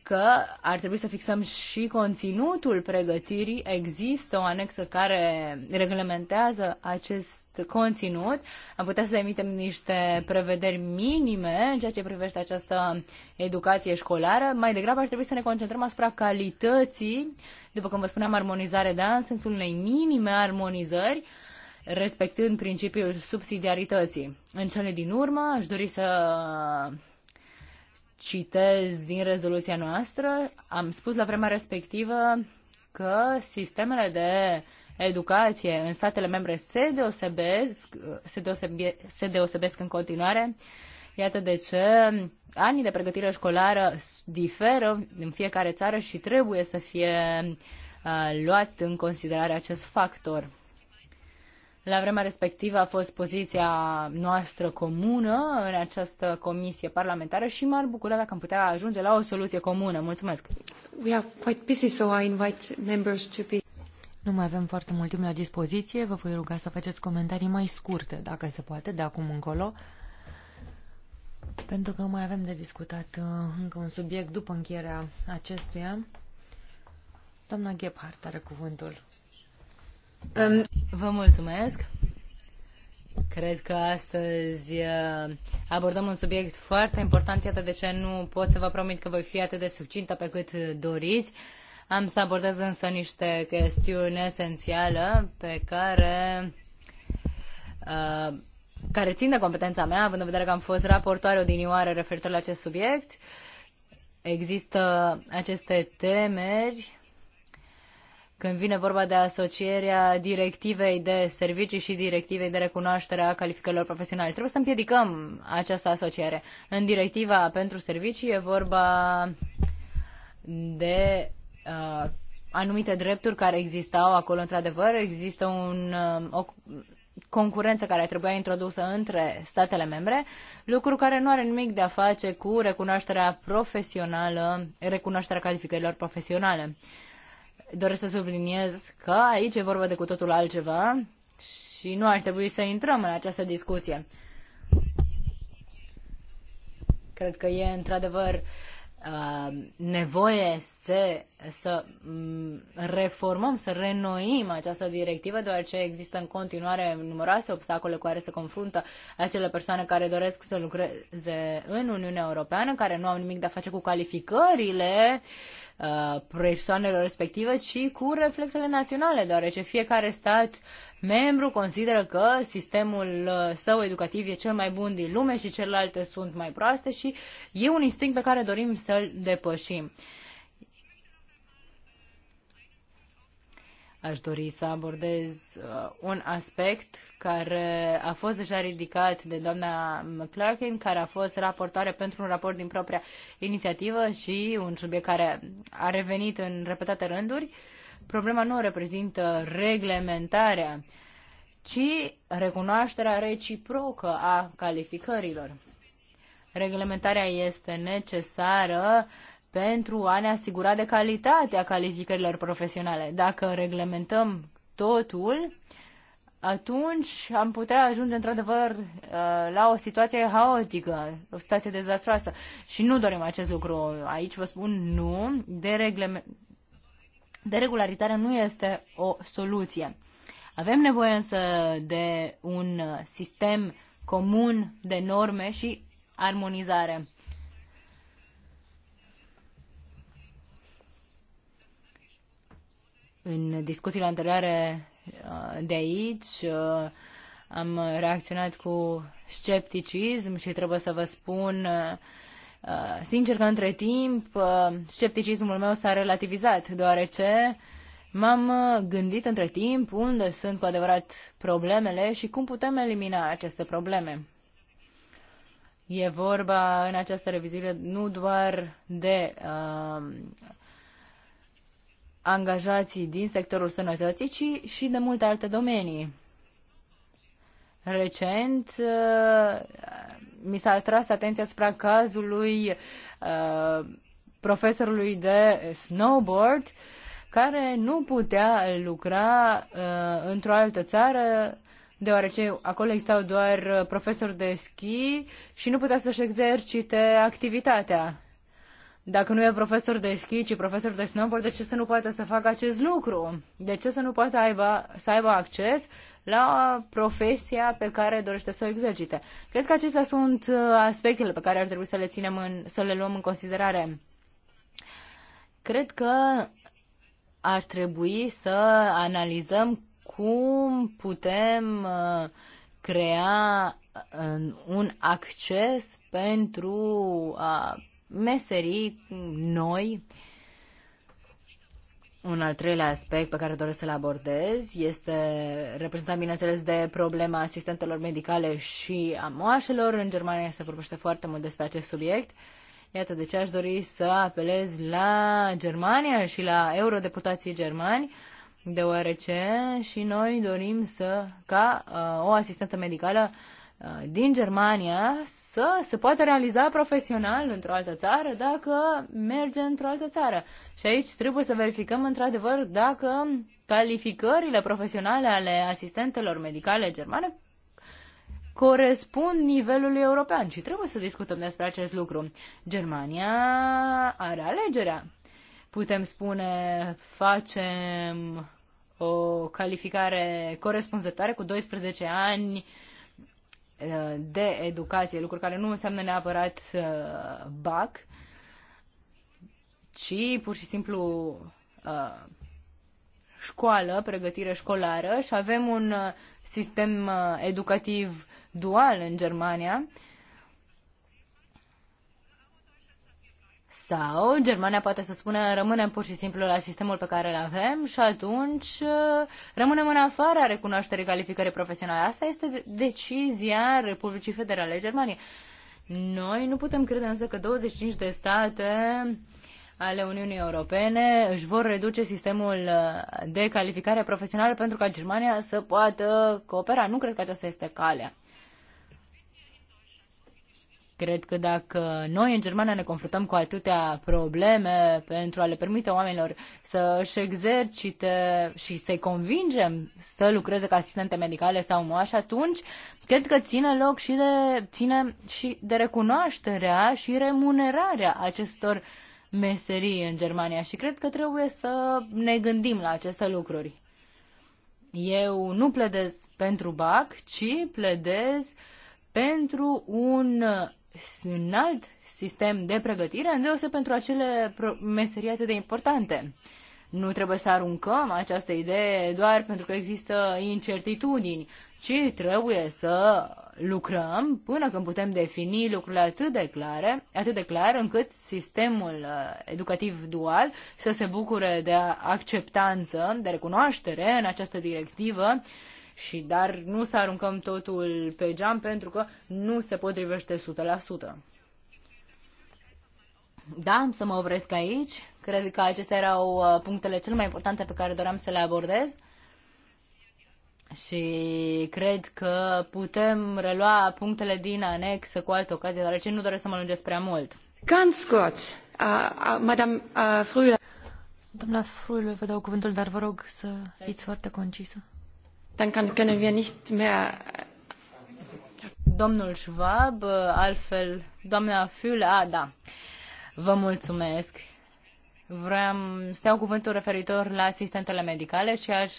B: că ar trebui să fixăm și conținutul pregătirii. Există o anexă care reglementează acest conținut. Am putea să emitem niște prevederi minime în ceea ce privește această educație școlară. Mai degrabă ar trebui să ne concentrăm asupra calității, după cum vă spuneam, armonizare, da, în sensul unei minime armonizări respectând principiul subsidiarității. În cele din urmă, aș dori să citez din rezoluția noastră, am spus la vremea respectivă că sistemele de educație în statele membre se deosebesc, se, deosebe, se deosebesc în continuare. Iată de ce anii de pregătire școlară diferă în fiecare țară și trebuie să fie uh, luat în considerare acest factor. La vremea respectivă a fost poziția noastră comună în această comisie parlamentară și m-ar bucura dacă am putea ajunge la o soluție comună. Mulțumesc! We are quite busy, so I invite members to be...
C: Nu mai avem foarte mult timp la dispoziție. Vă voi ruga să faceți comentarii mai scurte, dacă se poate, de acum încolo. Pentru că mai avem de discutat uh, încă un subiect după încheierea acestuia. Doamna Gebhardt are cuvântul.
B: Vă mulțumesc. Cred că astăzi uh, abordăm un subiect foarte important, iată de ce nu pot să vă promit că voi fi atât de succintă pe cât doriți. Am să abordez însă niște chestiuni esențiale pe care, uh, care țin de competența mea, având în vedere că am fost raportoare odinioară referitor la acest subiect. Există aceste temeri când vine vorba de asocierea directivei de servicii și directivei de recunoaștere a calificărilor profesionale. Trebuie să împiedicăm această asociere. În directiva pentru servicii e vorba de uh, anumite drepturi care existau acolo într-adevăr. Există un, uh, o concurență care trebuia introdusă între statele membre, lucru care nu are nimic de a face cu recunoașterea profesională, recunoașterea calificărilor profesionale. Uh, doresc să subliniez că aici e vorba de cu totul altceva și nu ar trebui să intrăm în această discuție. Cred că e într-adevăr uh, nevoie să, să mm, reformăm, să renoim această directivă, deoarece există în continuare numeroase obstacole cu care se confruntă acele persoane care doresc să lucreze în Uniunea Europeană, care nu au nimic de a face cu calificările uh, Uh, persoanelor respective, ci cu reflexele naționale, deoarece fiecare stat membru consideră că sistemul uh, său educativ e cel mai bun din lume și celelalte sunt mai proaste și e un instinct pe care dorim să-l depășim. Uh, Aș dori să abordez uh, un aspect care a fost deja ridicat de doamna McClarkin, care a fost raportoare pentru un raport din propria inițiativă și un subiect care a revenit în repetate rânduri. Problema nu reprezintă reglementarea, ci recunoașterea reciprocă a calificărilor reglementarea este necesară pentru a ne asigura de calitatea calificărilor profesionale. Dacă reglementăm totul, atunci am putea ajunge într-adevăr uh, la o situație haotică, o situație dezastroasă. Și nu dorim acest lucru. Aici vă spun nu, de deregularizarea nu este o soluție. Avem nevoie însă de un sistem comun de norme și armonizare. În discuțiile anterioare uh, de aici uh, am reacționat cu scepticism și trebuie să vă spun uh, sincer că între timp scepticismul meu s-a relativizat, deoarece m-am gândit între timp unde sunt cu adevărat problemele și cum putem elimina aceste probleme. E vorba în această revizuire nu doar de uh, angajații din sectorul sănătății, ci și de multe alte domenii. Recent uh, mi s-a atras atenția asupra cazului uh, profesorului de snowboard care nu putea lucra uh, într-o altă țară deoarece acolo existau doar profesori de schi și nu putea să-și exercite activitatea. Dacă nu e profesor de schi, ci profesor de snowboard, de ce să nu poată să facă acest lucru? De ce să nu poată aibă, să aibă acces la profesia pe care dorește să o exercite? Cred că acestea sunt uh, aspectele pe care ar trebui să le, ținem în, să le luăm în considerare. Cred că ar trebui să analizăm cum putem uh, crea uh, un acces pentru a meserii noi. Un al treilea aspect pe care doresc să-l abordez este reprezentat, bineînțeles, de problema asistentelor medicale și a moașelor. În Germania se vorbește foarte mult despre acest subiect. Iată de ce aș dori să apelez la Germania și la eurodeputații germani, deoarece și noi dorim să ca uh, o asistentă medicală uh, Uh, din Germania să se poată realiza profesional într-o altă țară dacă merge într-o altă țară. Și aici trebuie să verificăm într-adevăr dacă calificările profesionale ale asistentelor medicale germane corespund nivelului european și trebuie să discutăm despre acest lucru. Germania are alegerea. Putem spune facem o calificare corespunzătoare cu 12 ani uh, de educație, lucruri care nu înseamnă neapărat BAC, ci pur și simplu uh, școală, pregătire școlară și avem un uh, sistem uh, educativ dual în Germania Sau Germania poate să spună rămânem pur și simplu la sistemul pe care îl avem și atunci uh, rămânem în afara recunoașterii calificării profesionale. Asta este decizia Republicii Federale Germaniei. Noi nu putem crede însă că 25 de state ale Uniunii Europene își vor reduce sistemul uh, de calificare profesională pentru ca Germania să poată coopera. Nu cred că aceasta este calea. Cred că dacă noi în Germania ne confruntăm cu atâtea probleme pentru a le permite oamenilor să își exercite și să-i convingem să lucreze ca asistente medicale sau moași, atunci cred că ține loc și de, ține și de recunoașterea și remunerarea acestor meserii în Germania și cred că trebuie să ne gândim la aceste lucruri. Eu nu pledez pentru BAC, ci pledez pentru un un alt sistem de pregătire, îndeoseb pentru acele meserii atât de importante. Nu trebuie să aruncăm această idee doar pentru că există incertitudini, ci trebuie să lucrăm până când putem defini lucrurile atât de clare, atât de clar încât sistemul uh, educativ dual să se bucure de acceptanță, de recunoaștere în această directivă și dar nu să aruncăm totul pe geam pentru că nu se potrivește 100%. Da, am să mă opresc aici. Cred că acestea erau uh, punctele cele mai importante pe care doream să le abordez. Și cred că putem relua punctele din anexă cu altă ocazie, deoarece nu doresc să mă lungesc prea mult.
C: Ganz kurz, uh, uh, Madame uh, Frühle. Doamna Frühle, vă dau cuvântul, dar vă rog să fiți foarte concisă.
B: Domnul Schwab, altfel doamna Fiule, a, da. Vă mulțumesc. Vreau să iau cuvântul referitor la asistentele medicale și aș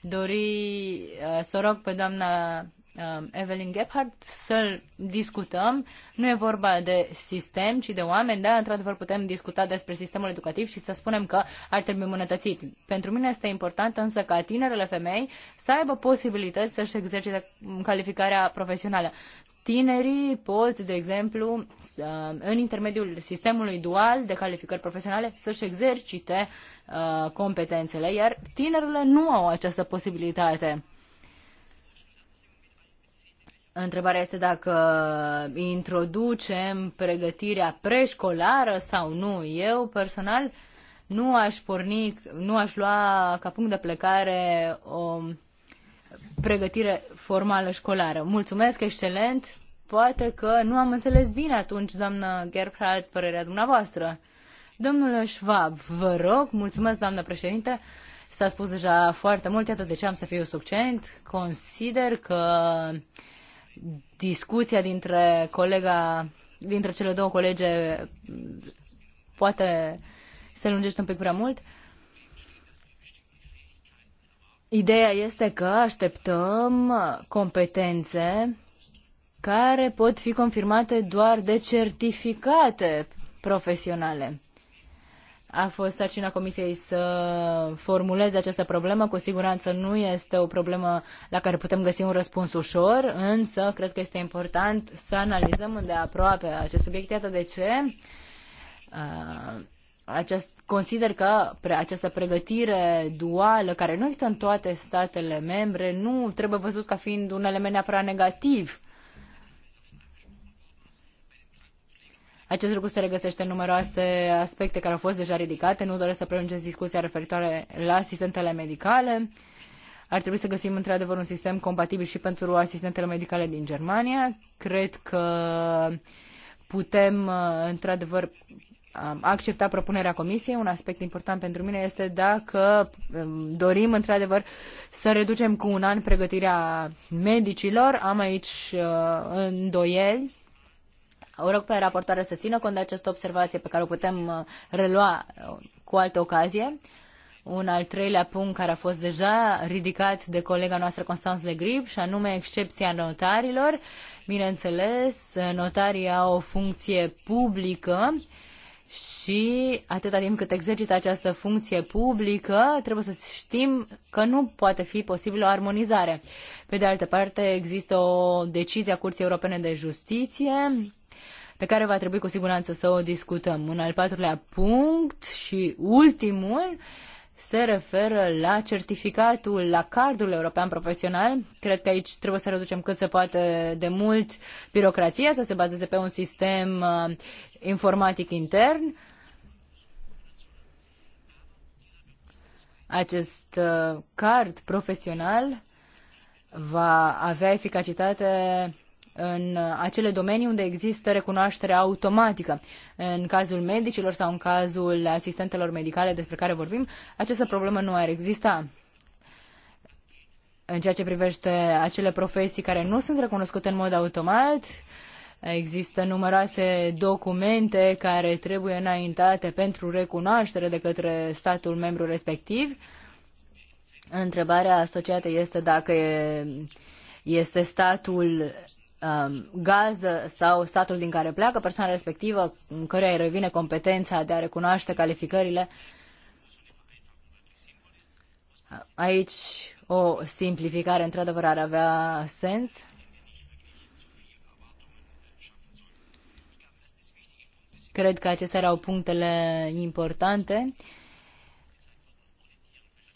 B: dori uh, să rog pe doamna Um, Evelyn Gephardt să discutăm. Nu e vorba de sistem, ci de oameni. Dar într-adevăr putem discuta despre sistemul educativ și să spunem că ar trebui îmbunătățit. Pentru mine este important însă ca tinerele femei să aibă posibilități să-și exercite calificarea profesională. Tinerii pot, de exemplu, în intermediul sistemului dual de calificări profesionale, să-și exercite uh, competențele, iar tinerele nu au această posibilitate Întrebarea este dacă introducem pregătirea preșcolară sau nu. Eu personal nu aș porni, nu aș lua ca punct de plecare o pregătire formală școlară. Mulțumesc, excelent! Poate că nu am înțeles bine atunci, doamnă Gerhardt, părerea dumneavoastră. Domnule Schwab, vă rog, mulțumesc, doamnă președinte, s-a spus deja foarte mult, iată de ce am să fiu succent. Consider că uh, discuția dintre colega, dintre cele două colege poate se lungește un pic prea mult. Ideea este că așteptăm competențe care pot fi confirmate doar de certificate profesionale a fost sarcina Comisiei să formuleze această problemă. Cu siguranță nu este o problemă la care putem găsi un răspuns ușor, însă cred că este important să analizăm îndeaproape acest subiect. Iată de ce uh, acest, consider că pre, această pregătire duală, care nu există în toate statele membre, nu trebuie văzut ca fiind un element neapărat negativ. Acest lucru se regăsește în numeroase aspecte care au fost deja ridicate. Nu doresc să prelungesc discuția referitoare la asistentele medicale. Ar trebui să găsim într-adevăr un sistem compatibil și pentru asistentele medicale din Germania. Cred că putem uh, într-adevăr um, accepta propunerea comisiei. Un aspect important pentru mine este dacă um, dorim într-adevăr să reducem cu un an pregătirea medicilor. Am aici uh, îndoieli o rog pe raportoare să țină cont de această observație pe care o putem uh, relua uh, cu altă ocazie. Un al treilea punct care a fost deja ridicat de colega noastră Constanț Legrip și anume excepția notarilor. Bineînțeles, notarii au o funcție publică și atâta timp cât exercită această funcție publică, trebuie să știm că nu poate fi posibil o armonizare. Pe de altă parte, există o decizie a Curții Europene de Justiție pe care va trebui cu siguranță să o discutăm. Un al patrulea punct și ultimul se referă la certificatul, la cardul european profesional. Cred că aici trebuie să reducem cât se poate de mult birocrația, să se bazeze pe un sistem uh, informatic intern. Acest uh, card profesional va avea eficacitate în acele domenii unde există recunoaștere automatică. În cazul medicilor sau în cazul asistentelor medicale despre care vorbim, această problemă nu ar exista. În ceea ce privește acele profesii care nu sunt recunoscute în mod automat, Există numeroase documente care trebuie înaintate pentru recunoaștere de către statul membru respectiv. Întrebarea asociată este dacă este statul Um, gazdă sau statul din care pleacă persoana respectivă, în care îi revine competența de a recunoaște calificările. Aici o simplificare într-adevăr ar avea sens. Cred că acestea erau punctele importante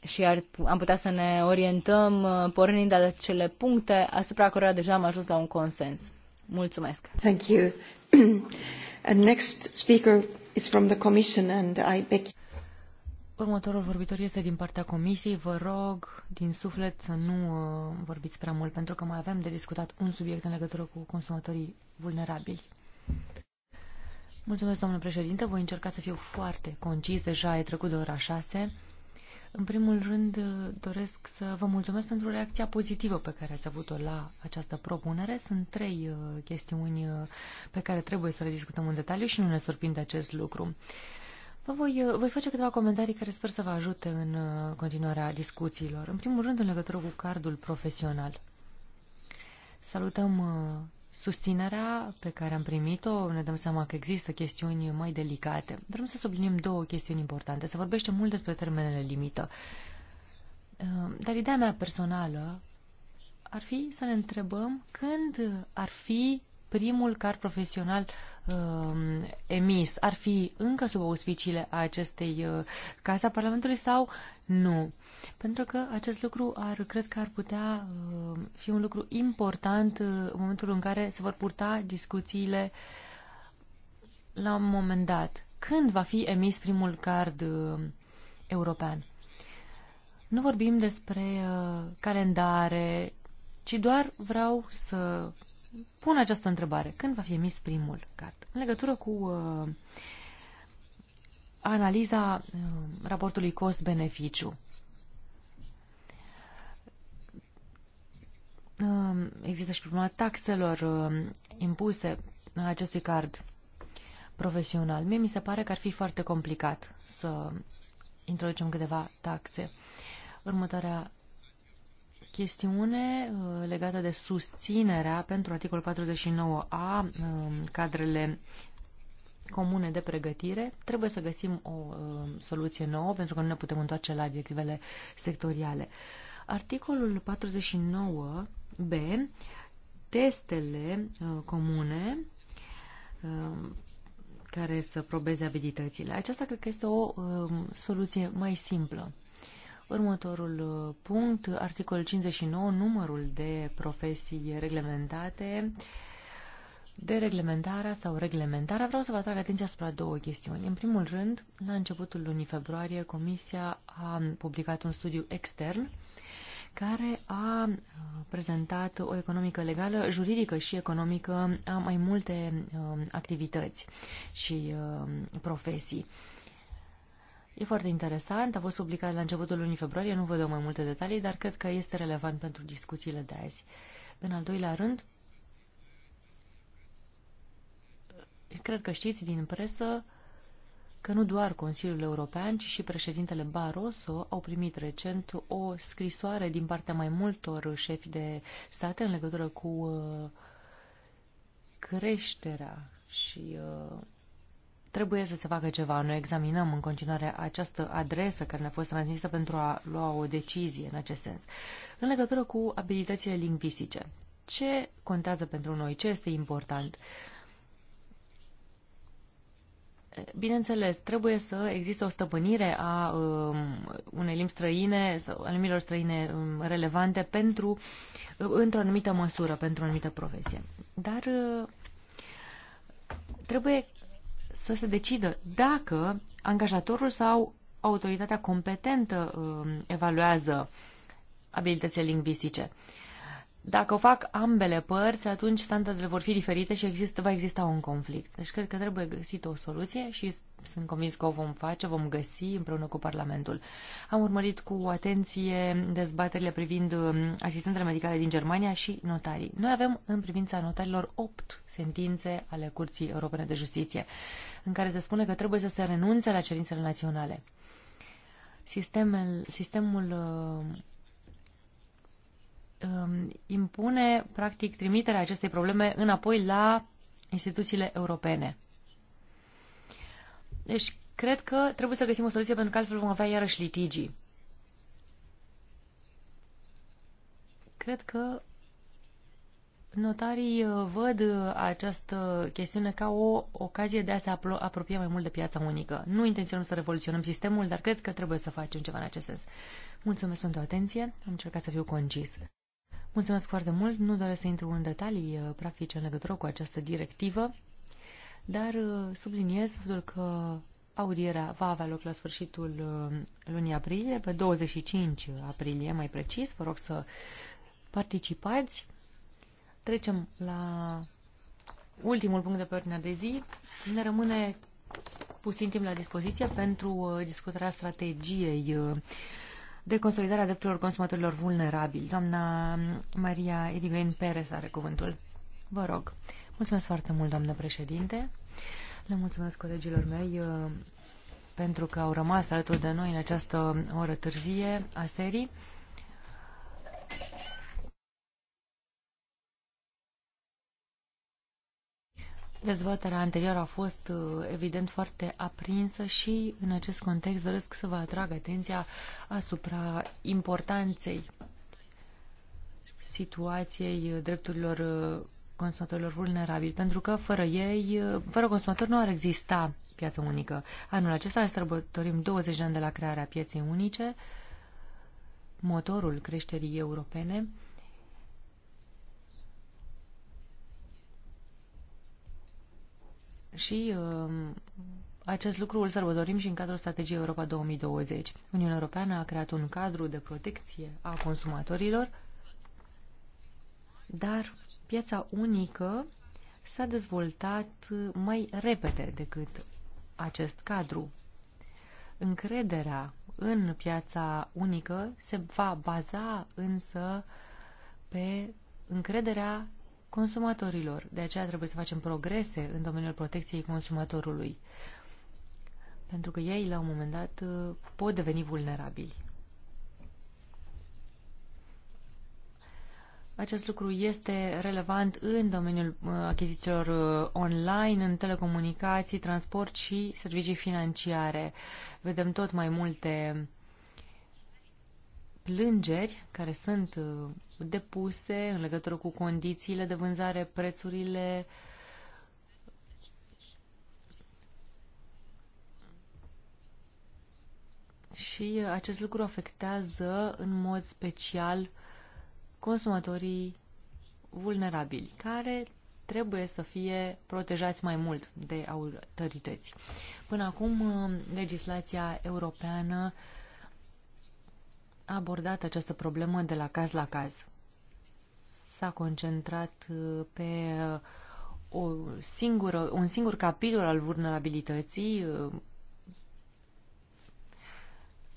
B: și ar, am putea să ne orientăm uh, pornind de la cele puncte asupra cărora deja am ajuns la un consens. Mulțumesc. Thank you. [CLEARS THROAT] and next
C: speaker is from the commission and I beg Următorul vorbitor este din partea comisiei. Vă rog din suflet să nu uh, vorbiți prea mult pentru că mai avem de discutat un subiect în legătură cu consumatorii vulnerabili. Mulțumesc, domnule președinte. Voi încerca să fiu foarte concis. Deja e trecut de ora 6. În primul rând, doresc să vă mulțumesc pentru reacția pozitivă pe care ați avut-o la această propunere. Sunt trei uh, chestiuni uh, pe care trebuie să le discutăm în detaliu și nu ne surprinde acest lucru. Vă voi, uh, voi face câteva comentarii care sper să vă ajute în continuarea discuțiilor. În primul rând, în legătură cu cardul profesional. Salutăm susținerea pe care am primit-o, ne dăm seama că există chestiuni mai delicate. Vrem să subliniem două chestiuni importante. Se vorbește mult despre termenele limită. Ehm, dar ideea mea personală ar fi să ne întrebăm când ar fi primul car profesional uh, uh, emis ar fi încă sub auspiciile acestei uh, case a Parlamentului sau nu? Pentru că acest lucru ar, cred că ar putea uh, fi un lucru important uh, în momentul în care se vor purta discuțiile la un moment dat. Când va fi emis primul card uh, european? Nu vorbim despre uh, calendare, ci doar vreau să pun această întrebare. Când va fi emis primul card? În legătură cu uh, analiza uh, raportului cost-beneficiu. Uh, există și problema taxelor uh, impuse acestui card profesional. Mie mi se pare că ar fi foarte complicat să introducem câteva taxe. Următoarea chestiune uh, legată de susținerea pentru articolul 49a, um, cadrele comune de pregătire, trebuie să găsim o um, soluție nouă pentru că nu ne putem întoarce la directivele sectoriale. Articolul 49b, testele uh, comune um, care să probeze abilitățile. Aceasta cred că este o soluție mai simplă. Următorul uh, punct, articolul 59, numărul de profesii reglementate, de reglementarea sau reglementarea, vreau să vă atrag atenția asupra două chestiuni. În primul rând, la începutul lunii februarie, Comisia a publicat un studiu extern care a uh, prezentat o economică legală, juridică și economică a mai multe uh, activități și profesii. E foarte interesant, a fost publicat la începutul lunii februarie, nu vă dau mai multe detalii, dar cred că este relevant pentru discuțiile de azi. În al doilea rând, cred că știți din presă că nu doar Consiliul European, ci și președintele Barroso au primit recent o scrisoare din partea mai multor șefi de state în legătură cu uh, creșterea și uh, Trebuie să se facă ceva. Noi examinăm în continuare această adresă care ne-a fost transmisă pentru a lua o decizie în acest sens. În legătură cu abilitățile lingvistice, ce contează pentru noi? Ce este important? Bineînțeles, trebuie să existe o stăpânire a um, unei limbi străine sau a limbilor străine um, relevante pentru, uh, într-o anumită măsură, pentru o anumită profesie. Dar uh, trebuie să se decidă dacă angajatorul sau autoritatea competentă um, evaluează abilitățile lingvistice. Dacă o fac ambele părți, atunci standardele vor fi diferite și există, va exista un conflict. Deci cred că trebuie găsit o soluție și sunt convins că o vom face, vom găsi împreună cu Parlamentul. Am urmărit cu atenție dezbaterile privind um, asistentele medicale din Germania și notarii. Noi avem în privința notarilor opt sentințe ale Curții Europene de Justiție, în care se spune că trebuie să se renunțe la cerințele naționale. Sistemul, sistemul um, um, impune, practic, trimiterea acestei probleme înapoi la instituțiile europene. Deci, cred că trebuie să găsim o soluție pentru că altfel vom avea iarăși litigii. Cred că notarii uh, văd uh, această chestiune ca o ocazie de a se apropia mai mult de piața unică. Nu intenționăm să revoluționăm sistemul, dar cred că trebuie să facem ceva în acest sens. Mulțumesc pentru atenție, am încercat să fiu concis. Mulțumesc foarte mult, nu doresc să intru în detalii uh, practice în legătură cu această directivă dar uh, subliniez faptul că audierea va avea loc la sfârșitul uh, lunii aprilie, pe 25 aprilie mai precis, vă rog să participați. Trecem la ultimul punct de pe ordinea de zi. Ne rămâne puțin timp la dispoziție pentru uh, discutarea strategiei de consolidare a drepturilor consumatorilor vulnerabili. Doamna Maria Irigoyen Perez are cuvântul. Vă rog. Mulțumesc foarte mult, doamnă președinte. Le mulțumesc colegilor mei uh, pentru că au rămas alături de noi în această oră târzie a serii. Dezbaterea anterioară a fost uh, evident foarte aprinsă și în acest context doresc să vă atrag atenția asupra importanței situației drepturilor uh, consumatorilor vulnerabili, pentru că fără ei, fără consumatori nu ar exista piață unică. Anul acesta sărbătorim 20 de ani de la crearea pieței unice, motorul creșterii europene. Și um, acest lucru îl sărbătorim și în cadrul strategiei Europa 2020. Uniunea Europeană a creat un cadru de protecție a consumatorilor, dar piața unică s-a dezvoltat mai repede decât acest cadru. Încrederea în piața unică se va baza însă pe încrederea consumatorilor. De aceea trebuie să facem progrese în domeniul protecției consumatorului. Pentru că ei, la un moment dat, pot deveni vulnerabili. Acest lucru este relevant în domeniul uh, achizițiilor uh, online, în telecomunicații, transport și servicii financiare. Vedem tot mai multe plângeri care sunt uh, depuse în legătură cu condițiile de vânzare, prețurile, și acest lucru afectează în mod special consumatorii vulnerabili, care trebuie să fie protejați mai mult de autorități. Până acum, uh, legislația europeană a abordat această problemă de la caz la caz. S-a concentrat uh, pe uh, o singură, un singur capitol al vulnerabilității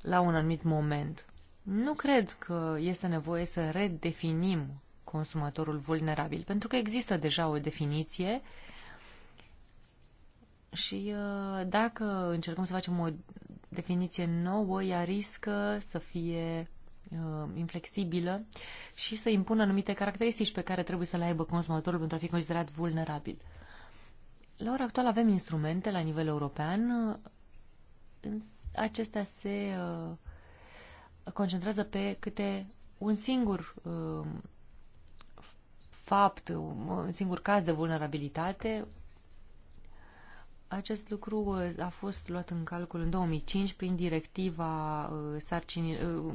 C: la un anumit moment. Nu cred că este nevoie să redefinim consumatorul vulnerabil, pentru că există deja o definiție și uh, dacă încercăm să facem o definiție nouă, ea riscă să fie uh, inflexibilă și să impună anumite caracteristici pe care trebuie să le aibă consumatorul pentru a fi considerat vulnerabil. La ora actuală avem instrumente la nivel european, acestea se uh, concentrează pe câte un singur uh, fapt, un singur caz de vulnerabilitate. Acest lucru uh, a fost luat în calcul în 2005 prin directiva uh, sarcinii, uh,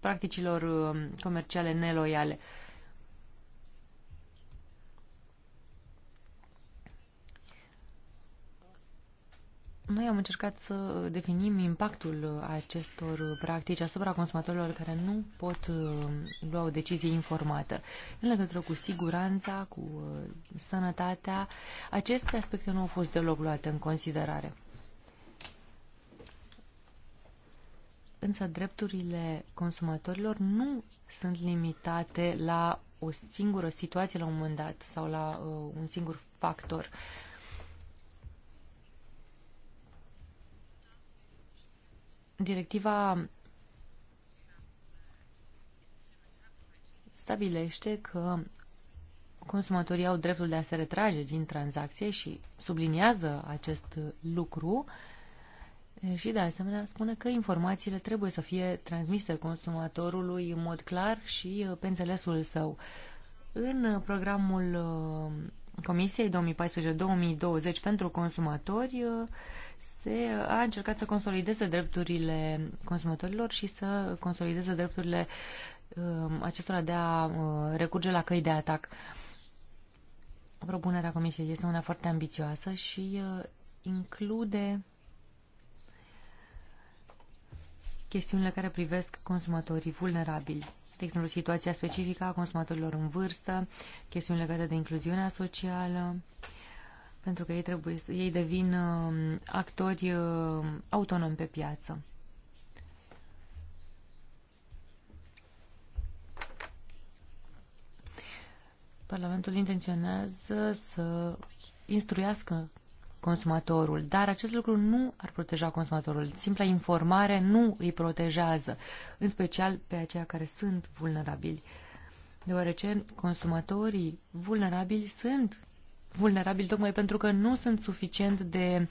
C: practicilor um, comerciale neloiale. Noi am încercat să definim impactul acestor practici asupra consumatorilor care nu pot uh, lua o decizie informată. În legătură cu siguranța, cu uh, sănătatea, aceste aspecte nu au fost deloc luate în considerare. Însă drepturile consumatorilor nu sunt limitate la o singură situație la un moment dat sau la uh, un singur factor. Uh, Directiva stabilește că consumatorii au dreptul de a se retrage din tranzacție și subliniază acest lucru și de asemenea spune că informațiile trebuie să fie transmise consumatorului în mod clar și uh, pe înțelesul său. În uh, programul uh, Comisiei 2014-2020 pentru consumatori se a încercat să consolideze drepturile consumatorilor și să consolideze drepturile um, acestora de a uh, recurge la căi de atac. Propunerea Comisiei este una foarte ambițioasă și uh, include chestiunile care privesc consumatorii vulnerabili. De exemplu, situația specifică a consumatorilor în vârstă, chestiuni legate de incluziunea socială, uh, pentru că ei, trebuie, să ei devin um, actori um, autonomi pe piață. Parlamentul intenționează să instruiască consumatorul, dar acest lucru nu ar proteja consumatorul. Simpla informare nu îi protejează, în special pe aceia care sunt vulnerabili, deoarece consumatorii vulnerabili sunt vulnerabili tocmai pentru că nu sunt suficient de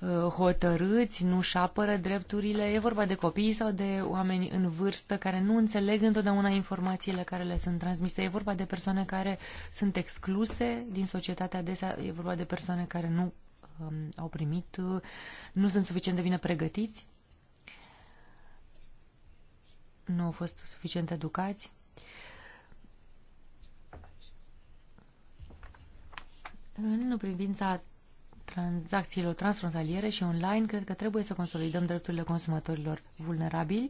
C: uh, hotărâți, nu și apără drepturile. E vorba de copii sau de oameni în vârstă care nu înțeleg întotdeauna informațiile care le sunt transmise. E vorba de persoane care sunt excluse din societate adesea. E vorba de persoane care nu um, au primit, uh, nu sunt suficient de bine pregătiți, nu au fost suficient educați. În privința tranzacțiilor transfrontaliere și online, cred că trebuie să consolidăm drepturile consumatorilor vulnerabili.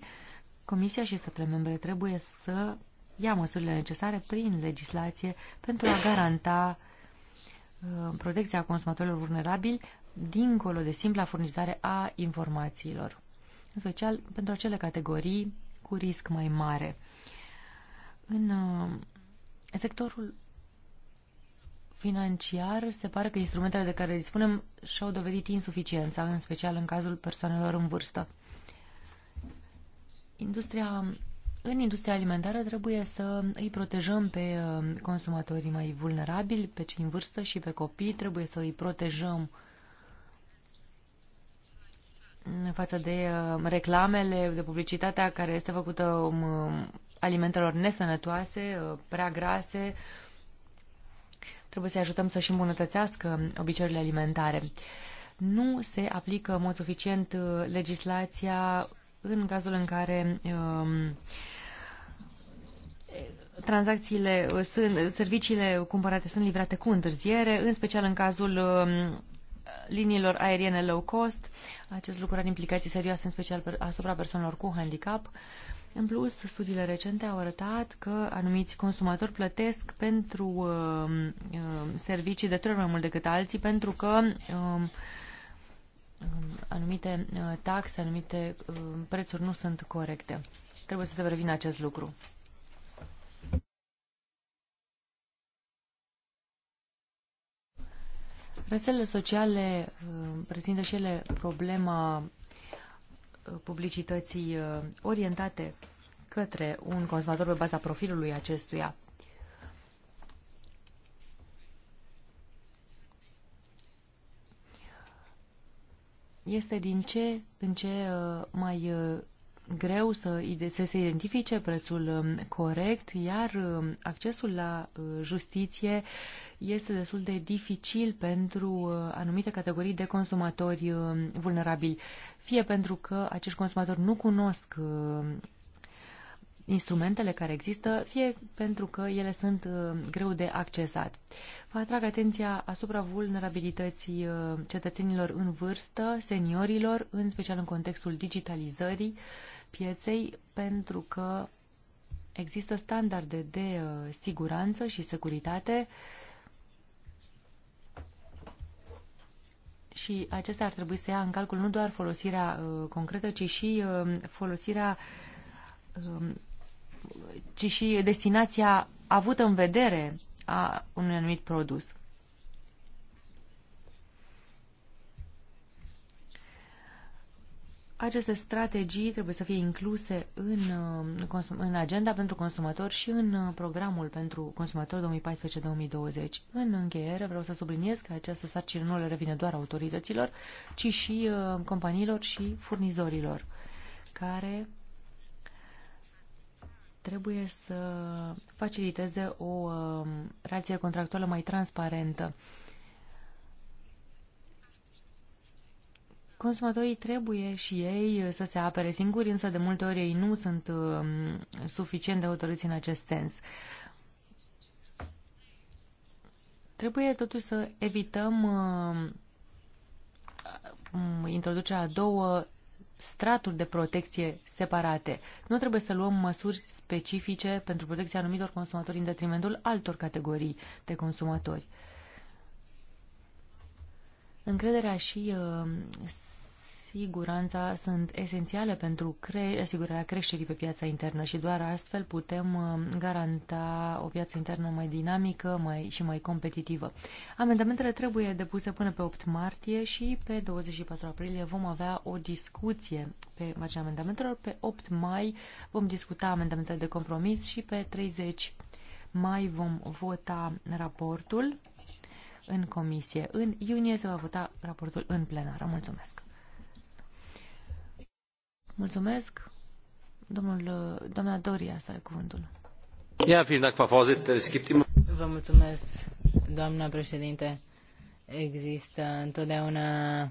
C: Comisia și statele membre trebuie să ia măsurile necesare prin legislație pentru a garanta uh, protecția consumatorilor vulnerabili dincolo de simpla furnizare a informațiilor, în special pentru acele categorii cu risc mai mare. În uh, sectorul financiar, se pare că instrumentele de care dispunem și-au dovedit insuficiența, în special în cazul persoanelor în vârstă. Industria, în industria alimentară trebuie să îi protejăm pe uh, consumatorii mai vulnerabili, pe cei în vârstă și pe copii, trebuie să îi protejăm față de uh, reclamele, de publicitatea care este făcută um, alimentelor nesănătoase, uh, prea grase, Trebuie să-i ajutăm să-și îmbunătățească obiceiurile alimentare. Nu se aplică în mod suficient uh, legislația în cazul în care um, tranzacțiile uh, sunt, serviciile cumpărate sunt livrate cu întârziere, în special în cazul um, liniilor aeriene low cost. Acest lucru are implicații serioase, în special asupra persoanelor cu handicap. În plus, studiile recente au arătat că anumiți consumatori plătesc pentru uh, uh servicii de trei mai mult decât alții, pentru că um, um, uh, anumite taxe, anumite uh, prețuri nu sunt corecte. Trebuie să se revină acest lucru. Rețelele sociale uh, prezintă și ele problema publicității uh, orientate către un consumator pe baza profilului acestuia. Este din ce în ce uh, mai uh, greu să, să se identifice prețul um, corect, iar um, accesul la uh, justiție este destul de dificil pentru uh, anumite categorii de consumatori um, vulnerabili, fie pentru că acești consumatori nu cunosc instrumentele care există, fie pentru că ele sunt uh, greu de accesat. Vă atrag atenția asupra vulnerabilității cetățenilor în vârstă, seniorilor, în special în contextul digitalizării, pieței pentru că există standarde de uh, siguranță și securitate și acestea ar trebui să ia în calcul nu doar folosirea uh, concretă, ci și uh, folosirea um, ci și destinația avută în vedere a unui anumit produs. Aceste strategii trebuie să fie incluse în, uh, în agenda pentru consumatori și în uh, programul pentru consumatori 2014-2020. În încheiere vreau să subliniez că această sarcină nu le revine doar autorităților, ci și uh, companiilor și furnizorilor, care trebuie să faciliteze o relație contractuală mai transparentă Consumatorii trebuie și ei uh, să se apere singuri, însă de multe ori ei nu sunt uh, suficient de autoriți în acest sens. Trebuie totuși să evităm uh, introducerea a două straturi de protecție separate. Nu trebuie să luăm măsuri specifice pentru protecția anumitor consumatori în detrimentul altor categorii de consumatori. Încrederea și uh, siguranța sunt esențiale pentru cre- asigurarea creșterii pe piața internă și doar astfel putem uh, garanta o piață internă mai dinamică mai și mai competitivă. Amendamentele trebuie depuse până pe 8 martie și pe 24 aprilie vom avea o discuție pe marginea amendamentelor. Pe 8 mai vom discuta amendamentele de compromis și pe 30 mai vom vota raportul în comisie. În iunie se va vota raportul în plenară. Mulțumesc! Mulțumesc. Domnul, doamna Doria să are cuvântul.
A: Ia, fiind dacă
B: Vă mulțumesc, doamna președinte. Există întotdeauna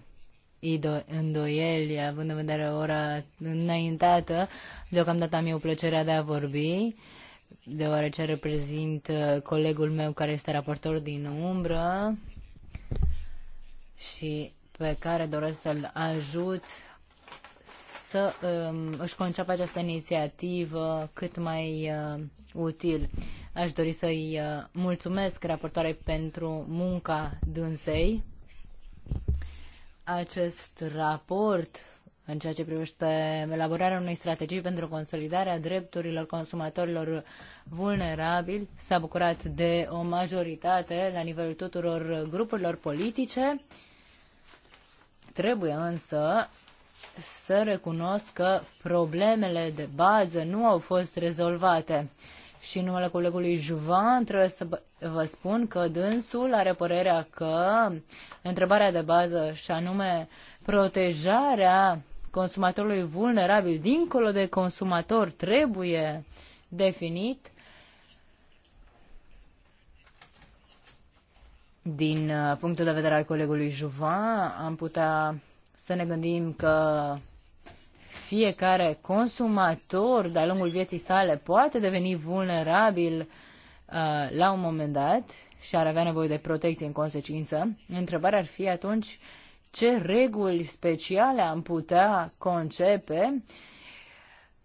B: îndoieli, având în vedere ora înaintată. Deocamdată am eu plăcerea de a vorbi, deoarece reprezint uh, colegul meu care este raportor din umbră și pe care doresc să-l ajut să uh, își conceapă această inițiativă cât mai uh, util. Aș dori să-i uh, mulțumesc raportoare pentru munca dânsei. Acest raport în ceea ce privește elaborarea unei strategii pentru consolidarea drepturilor consumatorilor vulnerabili s-a bucurat de o majoritate la nivelul tuturor grupurilor politice. Trebuie însă să recunosc că problemele de bază nu au fost rezolvate. Și în numele colegului Juvan trebuie să vă spun că dânsul are părerea că întrebarea de bază și anume protejarea consumatorului vulnerabil dincolo de consumator trebuie definit Din uh, punctul de vedere al colegului Juvan, am putea să ne gândim că fiecare consumator de-a lungul vieții sale poate deveni vulnerabil uh, la un moment dat și ar avea nevoie de protecție în consecință, întrebarea ar fi atunci ce reguli speciale am putea concepe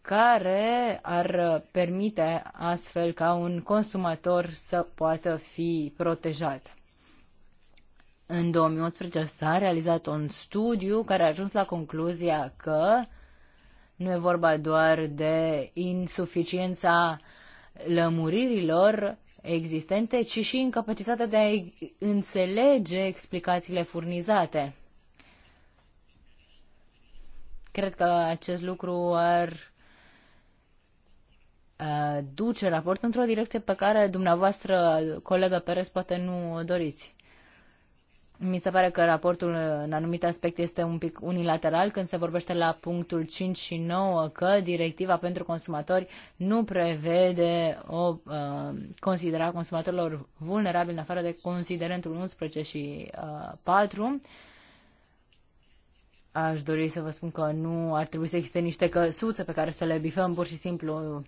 B: care ar permite astfel ca un consumator să poată fi protejat. În 2011 s-a realizat un studiu care a ajuns la concluzia că nu e vorba doar de insuficiența lămuririlor existente, ci și incapacitatea de a înțelege explicațiile furnizate. Cred că acest lucru ar duce raportul într-o direcție pe care dumneavoastră, colegă Perez, poate nu o doriți. Mi se pare că raportul în anumite aspecte este un pic unilateral când se vorbește la punctul 5 și 9 că directiva pentru consumatori nu prevede o uh, considerare consumatorilor vulnerabili în afară de considerentul 11 și uh, 4. Aș dori să vă spun că nu ar trebui să existe niște căsuțe pe care să le bifăm pur și simplu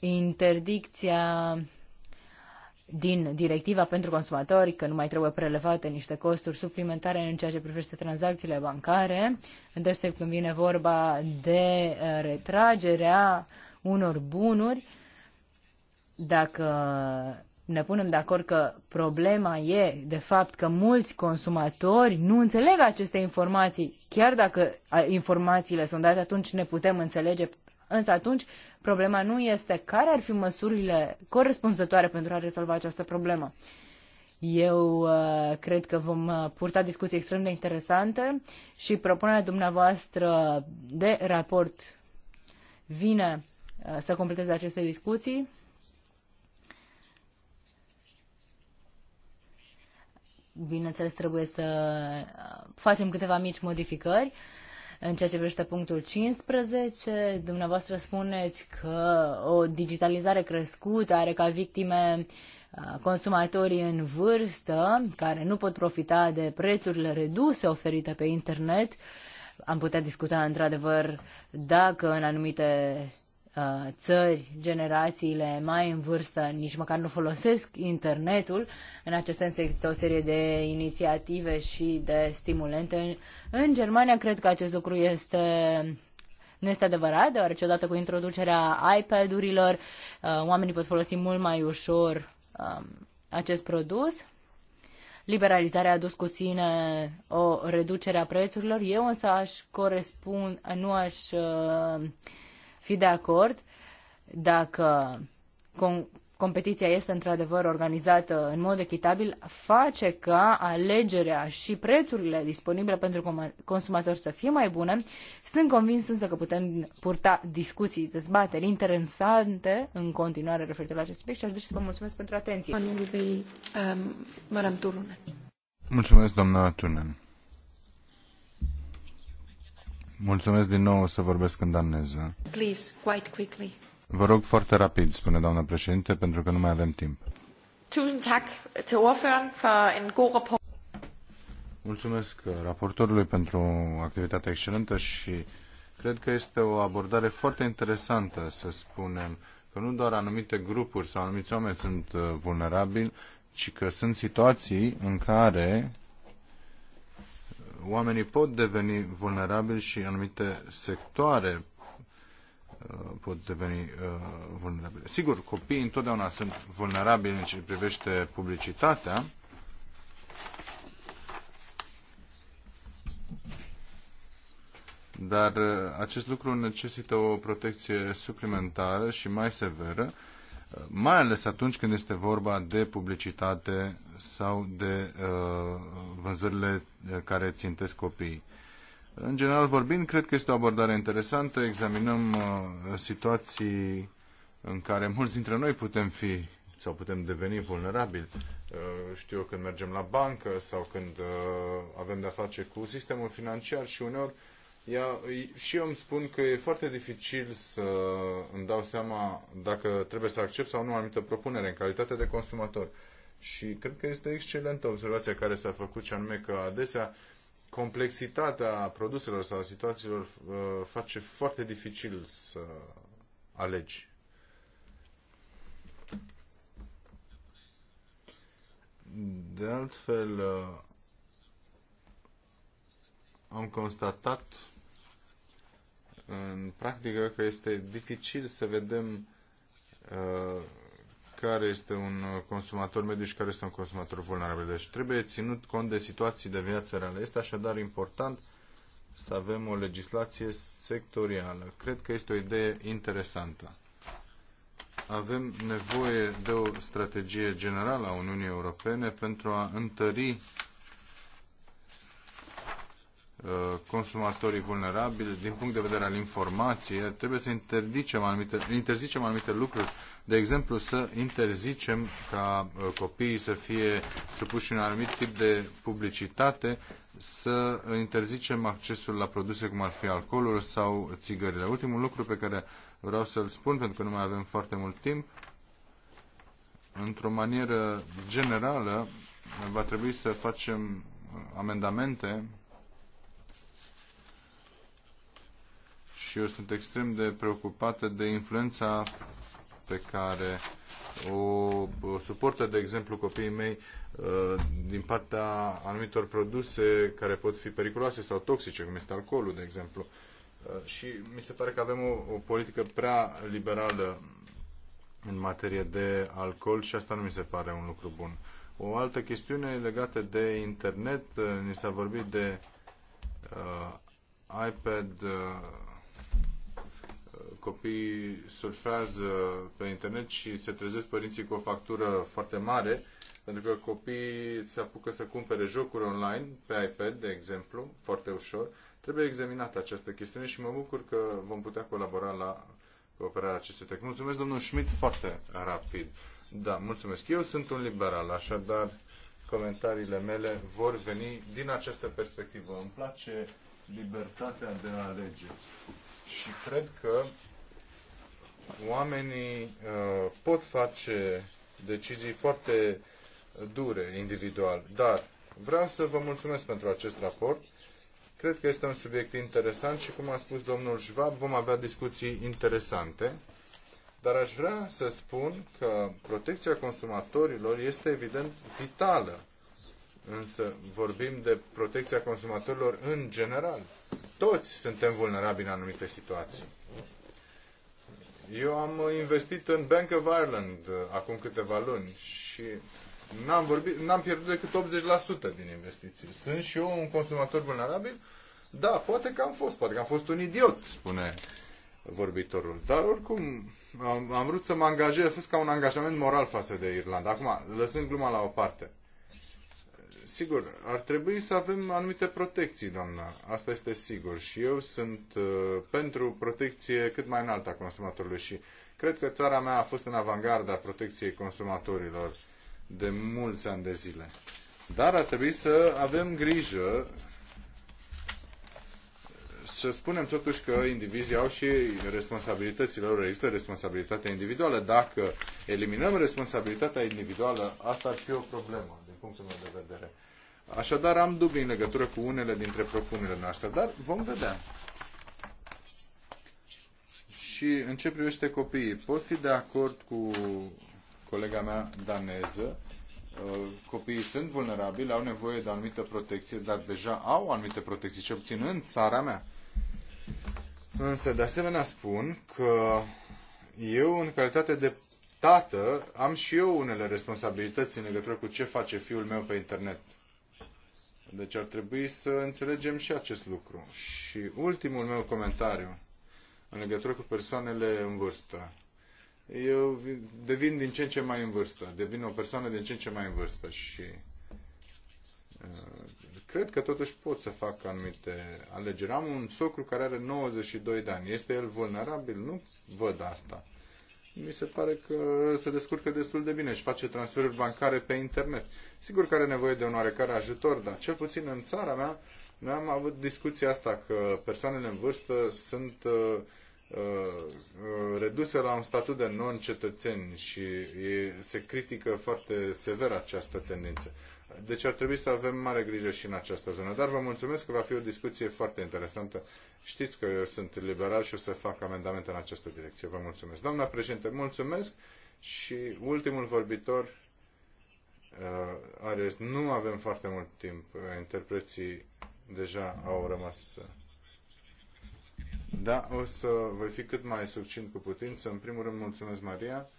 B: interdicția din directiva pentru consumatori, că nu mai trebuie prelevate niște costuri suplimentare în ceea ce privește tranzacțiile bancare, îndeoseb când vine vorba de uh, retragerea unor bunuri, dacă ne punem de acord că problema e, de fapt, că mulți consumatori nu înțeleg aceste informații. Chiar dacă informațiile sunt date, atunci ne putem înțelege Însă atunci problema nu este care ar fi măsurile corespunzătoare pentru a rezolva această problemă. Eu uh, cred că vom uh, purta discuții extrem de interesante și propunerea dumneavoastră de raport vine uh, să completeze aceste discuții. Bineînțeles, trebuie să uh, facem câteva mici modificări. Uh, în ceea ce privește punctul 15, dumneavoastră spuneți că o digitalizare crescută are ca victime uh, consumatorii în vârstă care nu pot profita de prețurile reduse oferite pe internet. Am putea discuta într-adevăr dacă în anumite Uh, țări, generațiile mai în vârstă nici măcar nu folosesc internetul. În acest sens există o serie de inițiative și de stimulente. În Germania cred că acest lucru este nu este adevărat, deoarece odată cu introducerea iPad-urilor, uh, oamenii pot folosi mult mai ușor um, acest produs. Liberalizarea a dus cu sine o reducere a prețurilor. Eu însă aș corespund, nu aș uh, fi de acord dacă competiția este într-adevăr organizată în mod echitabil, face ca alegerea și prețurile disponibile pentru consumatori să fie mai bune. Sunt convins însă că putem purta discuții, dezbateri interesante în continuare referitor la acest subiect și aș dori să vă mulțumesc pentru atenție. Um,
A: mulțumesc, doamna Tunen. Mulțumesc din nou, o să vorbesc în daneză.
C: Please, quite quickly.
A: Vă rog foarte rapid, spune doamna președinte, pentru că nu mai avem timp. Mulțumesc uh, raportorului pentru activitatea excelentă și cred că este o abordare foarte interesantă, să spunem, că nu doar anumite grupuri sau anumiți oameni sunt uh, vulnerabili, ci că sunt situații în care oamenii pot deveni vulnerabili și anumite sectoare uh, pot deveni uh, vulnerabile. Sigur, copiii întotdeauna sunt vulnerabili în ce privește publicitatea, dar uh, acest lucru necesită o protecție suplimentară și mai severă, mai ales atunci când este vorba de publicitate sau de uh, vânzările uh, care țintesc copiii. În general vorbind, cred că este o abordare interesantă. Examinăm uh, situații în care mulți dintre noi putem fi sau putem deveni vulnerabili. Știu când mergem la bancă sau când avem de-a face cu sistemul financiar și uneori ea, și eu îmi spun că e foarte dificil să îmi dau seama dacă trebuie să accept sau nu o anumită propunere în calitate de consumator. Și cred că este excelentă observația care s-a făcut și anume că adesea complexitatea produselor sau situațiilor uh, face foarte dificil să alegi. De altfel, uh, am constatat în practică că este dificil să vedem uh, care este un consumator mediu și care este un consumator vulnerabil. Deci trebuie ținut cont de situații de viață reală. Este așadar important să avem o legislație sectorială. Cred că este o idee interesantă. Avem nevoie de o strategie generală a Uniunii Europene pentru a întări uh, consumatorii vulnerabili din punct de vedere al informației. Trebuie să interzicem anumite, interzicem anumite lucruri de exemplu, să interzicem ca uh, copiii să fie supuși un anumit tip de publicitate, să interzicem accesul la produse cum ar fi alcoolul sau țigările. Ultimul lucru pe care vreau să-l spun, pentru că nu mai avem foarte mult timp, într-o manieră generală, va trebui să facem amendamente și eu sunt extrem de preocupată de influența pe care o suportă, de exemplu, copiii mei uh, din partea anumitor produse care pot fi periculoase sau toxice, cum este alcoolul, de exemplu. Uh, și mi se pare că avem o, o politică prea liberală în materie de alcool și asta nu mi se pare un lucru bun. O altă chestiune legată de internet, uh, ni s-a vorbit de uh, iPad uh, copiii surfează pe internet și se trezesc părinții cu o factură foarte mare, pentru că copiii se apucă să cumpere jocuri online, pe iPad, de exemplu, foarte ușor. Trebuie examinată această chestiune și mă bucur că vom putea colabora la cooperarea acestui text. Mulțumesc, domnul Schmidt, foarte rapid. Da, mulțumesc. Eu sunt un liberal, așadar comentariile mele vor veni din această perspectivă. Îmi place libertatea de a alege. Și cred că Oamenii uh, pot face decizii foarte dure individual, dar vreau să vă mulțumesc pentru acest raport. Cred că este un subiect interesant și, cum a spus domnul Schwab, vom avea discuții interesante. Dar aș vrea să spun că protecția consumatorilor este evident vitală. Însă vorbim de protecția consumatorilor în general. Toți suntem vulnerabili în anumite situații. Eu am investit în Bank of Ireland uh, acum câteva luni și n-am, vorbit, n-am pierdut decât 80% din investiții. Sunt și eu un consumator vulnerabil? Da, poate că am fost, poate că am fost un idiot, spune vorbitorul. Dar oricum am, am vrut să mă angajez, a fost ca un angajament moral față de Irlanda. Acum, lăsând gluma la o parte, sigur, ar trebui să avem anumite protecții, doamna. Asta este sigur. Și eu sunt uh, pentru protecție cât mai înaltă a consumatorului și cred că țara mea a fost în avangarda protecției consumatorilor de mulți ani de zile. Dar ar trebui să avem grijă să spunem totuși că indivizii au și responsabilitățile lor, există responsabilitatea individuală. Dacă eliminăm responsabilitatea individuală, asta ar fi o problemă punctul meu de vedere. Așadar, am dubii în legătură cu unele dintre propunerile noastre, dar vom vedea. Și în ce privește copiii, pot fi de acord cu colega mea daneză. Uh, copiii sunt vulnerabili, au nevoie de anumită protecție, dar deja au anumite protecții, ce obțin în țara mea. Însă, de asemenea, spun că eu, în calitate de tată, am și eu unele responsabilități în legătură cu ce face fiul meu pe internet. Deci ar trebui să înțelegem și acest lucru. Și ultimul meu comentariu în legătură cu persoanele în vârstă. Eu devin din ce în ce mai în vârstă, devin o persoană din ce în ce mai în vârstă și uh, cred că totuși pot să fac anumite alegeri. Am un socru care are 92 de ani. Este el vulnerabil? Nu văd asta mi se pare că se descurcă destul de bine și face transferuri bancare pe internet. Sigur că are nevoie de un oarecare ajutor, dar cel puțin în țara mea noi am avut discuția asta că persoanele în vârstă sunt uh, uh, reduse la un statut de non-cetățeni și e, se critică foarte sever această tendință. Deci ar trebui să avem mare grijă și în această zonă. Dar vă mulțumesc că va fi o discuție foarte interesantă. Știți că eu sunt liberal și o să fac amendamente în această direcție. Vă mulțumesc. Doamna președinte, mulțumesc și ultimul vorbitor uh, are. Nu avem foarte mult timp. Interpreții deja au rămas. Uh, da, o să voi fi cât mai succint cu putință. În primul rând, mulțumesc, Maria.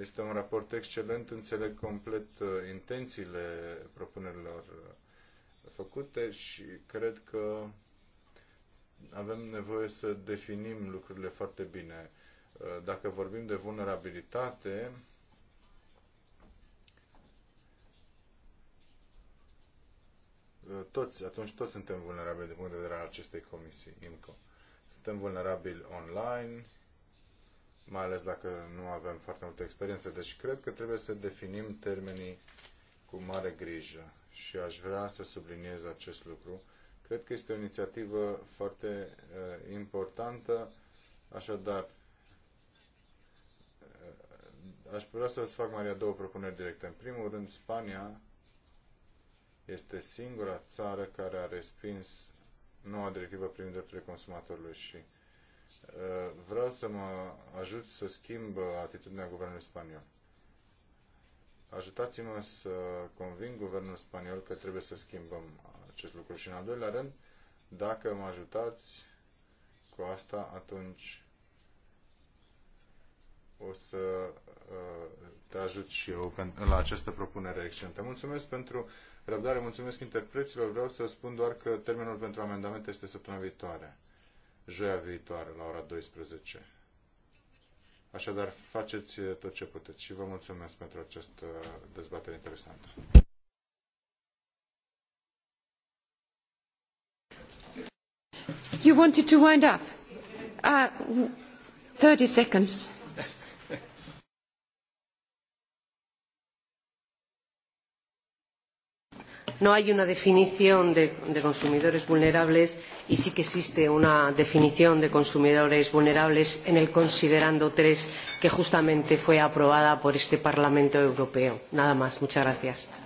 A: Este un raport excelent, înțeleg complet uh, intențiile propunerilor uh, făcute și cred că avem nevoie să definim lucrurile foarte bine. Uh, dacă vorbim de vulnerabilitate, toți, atunci toți suntem vulnerabili din punct de vedere al acestei comisii IMCO. Suntem vulnerabili online, mai ales dacă nu avem foarte multă experiență. Deci cred că trebuie să definim termenii cu mare grijă și aș vrea să subliniez acest lucru. Cred că este o inițiativă foarte uh, importantă, așadar uh, aș vrea să vă fac, Maria, două propuneri directe. În primul rând, Spania este singura țară care a respins noua directivă privind drepturile consumatorului și vreau să mă ajut să schimb atitudinea guvernului spaniol. Ajutați-mă să conving guvernul spaniol că trebuie să schimbăm acest lucru. Și în al doilea rând, dacă mă ajutați cu asta, atunci o să uh, te ajut și eu la această propunere excelentă. Mulțumesc pentru răbdare, mulțumesc interpreților. Vreau să spun doar că termenul pentru amendamente este săptămâna viitoare joia viitoare, la ora 12. Așadar, faceți eh, tot ce puteți și vă mulțumesc pentru această dezbatere interesantă.
C: You wanted to wind up. Uh, 30 seconds.
B: no hay una definición de, consumidores vulnerables
C: y sí que existe una definición de consumidores vulnerables en el considerando tres que justamente fue aprobada por este Parlamento Europeo. Nada más. Muchas gracias.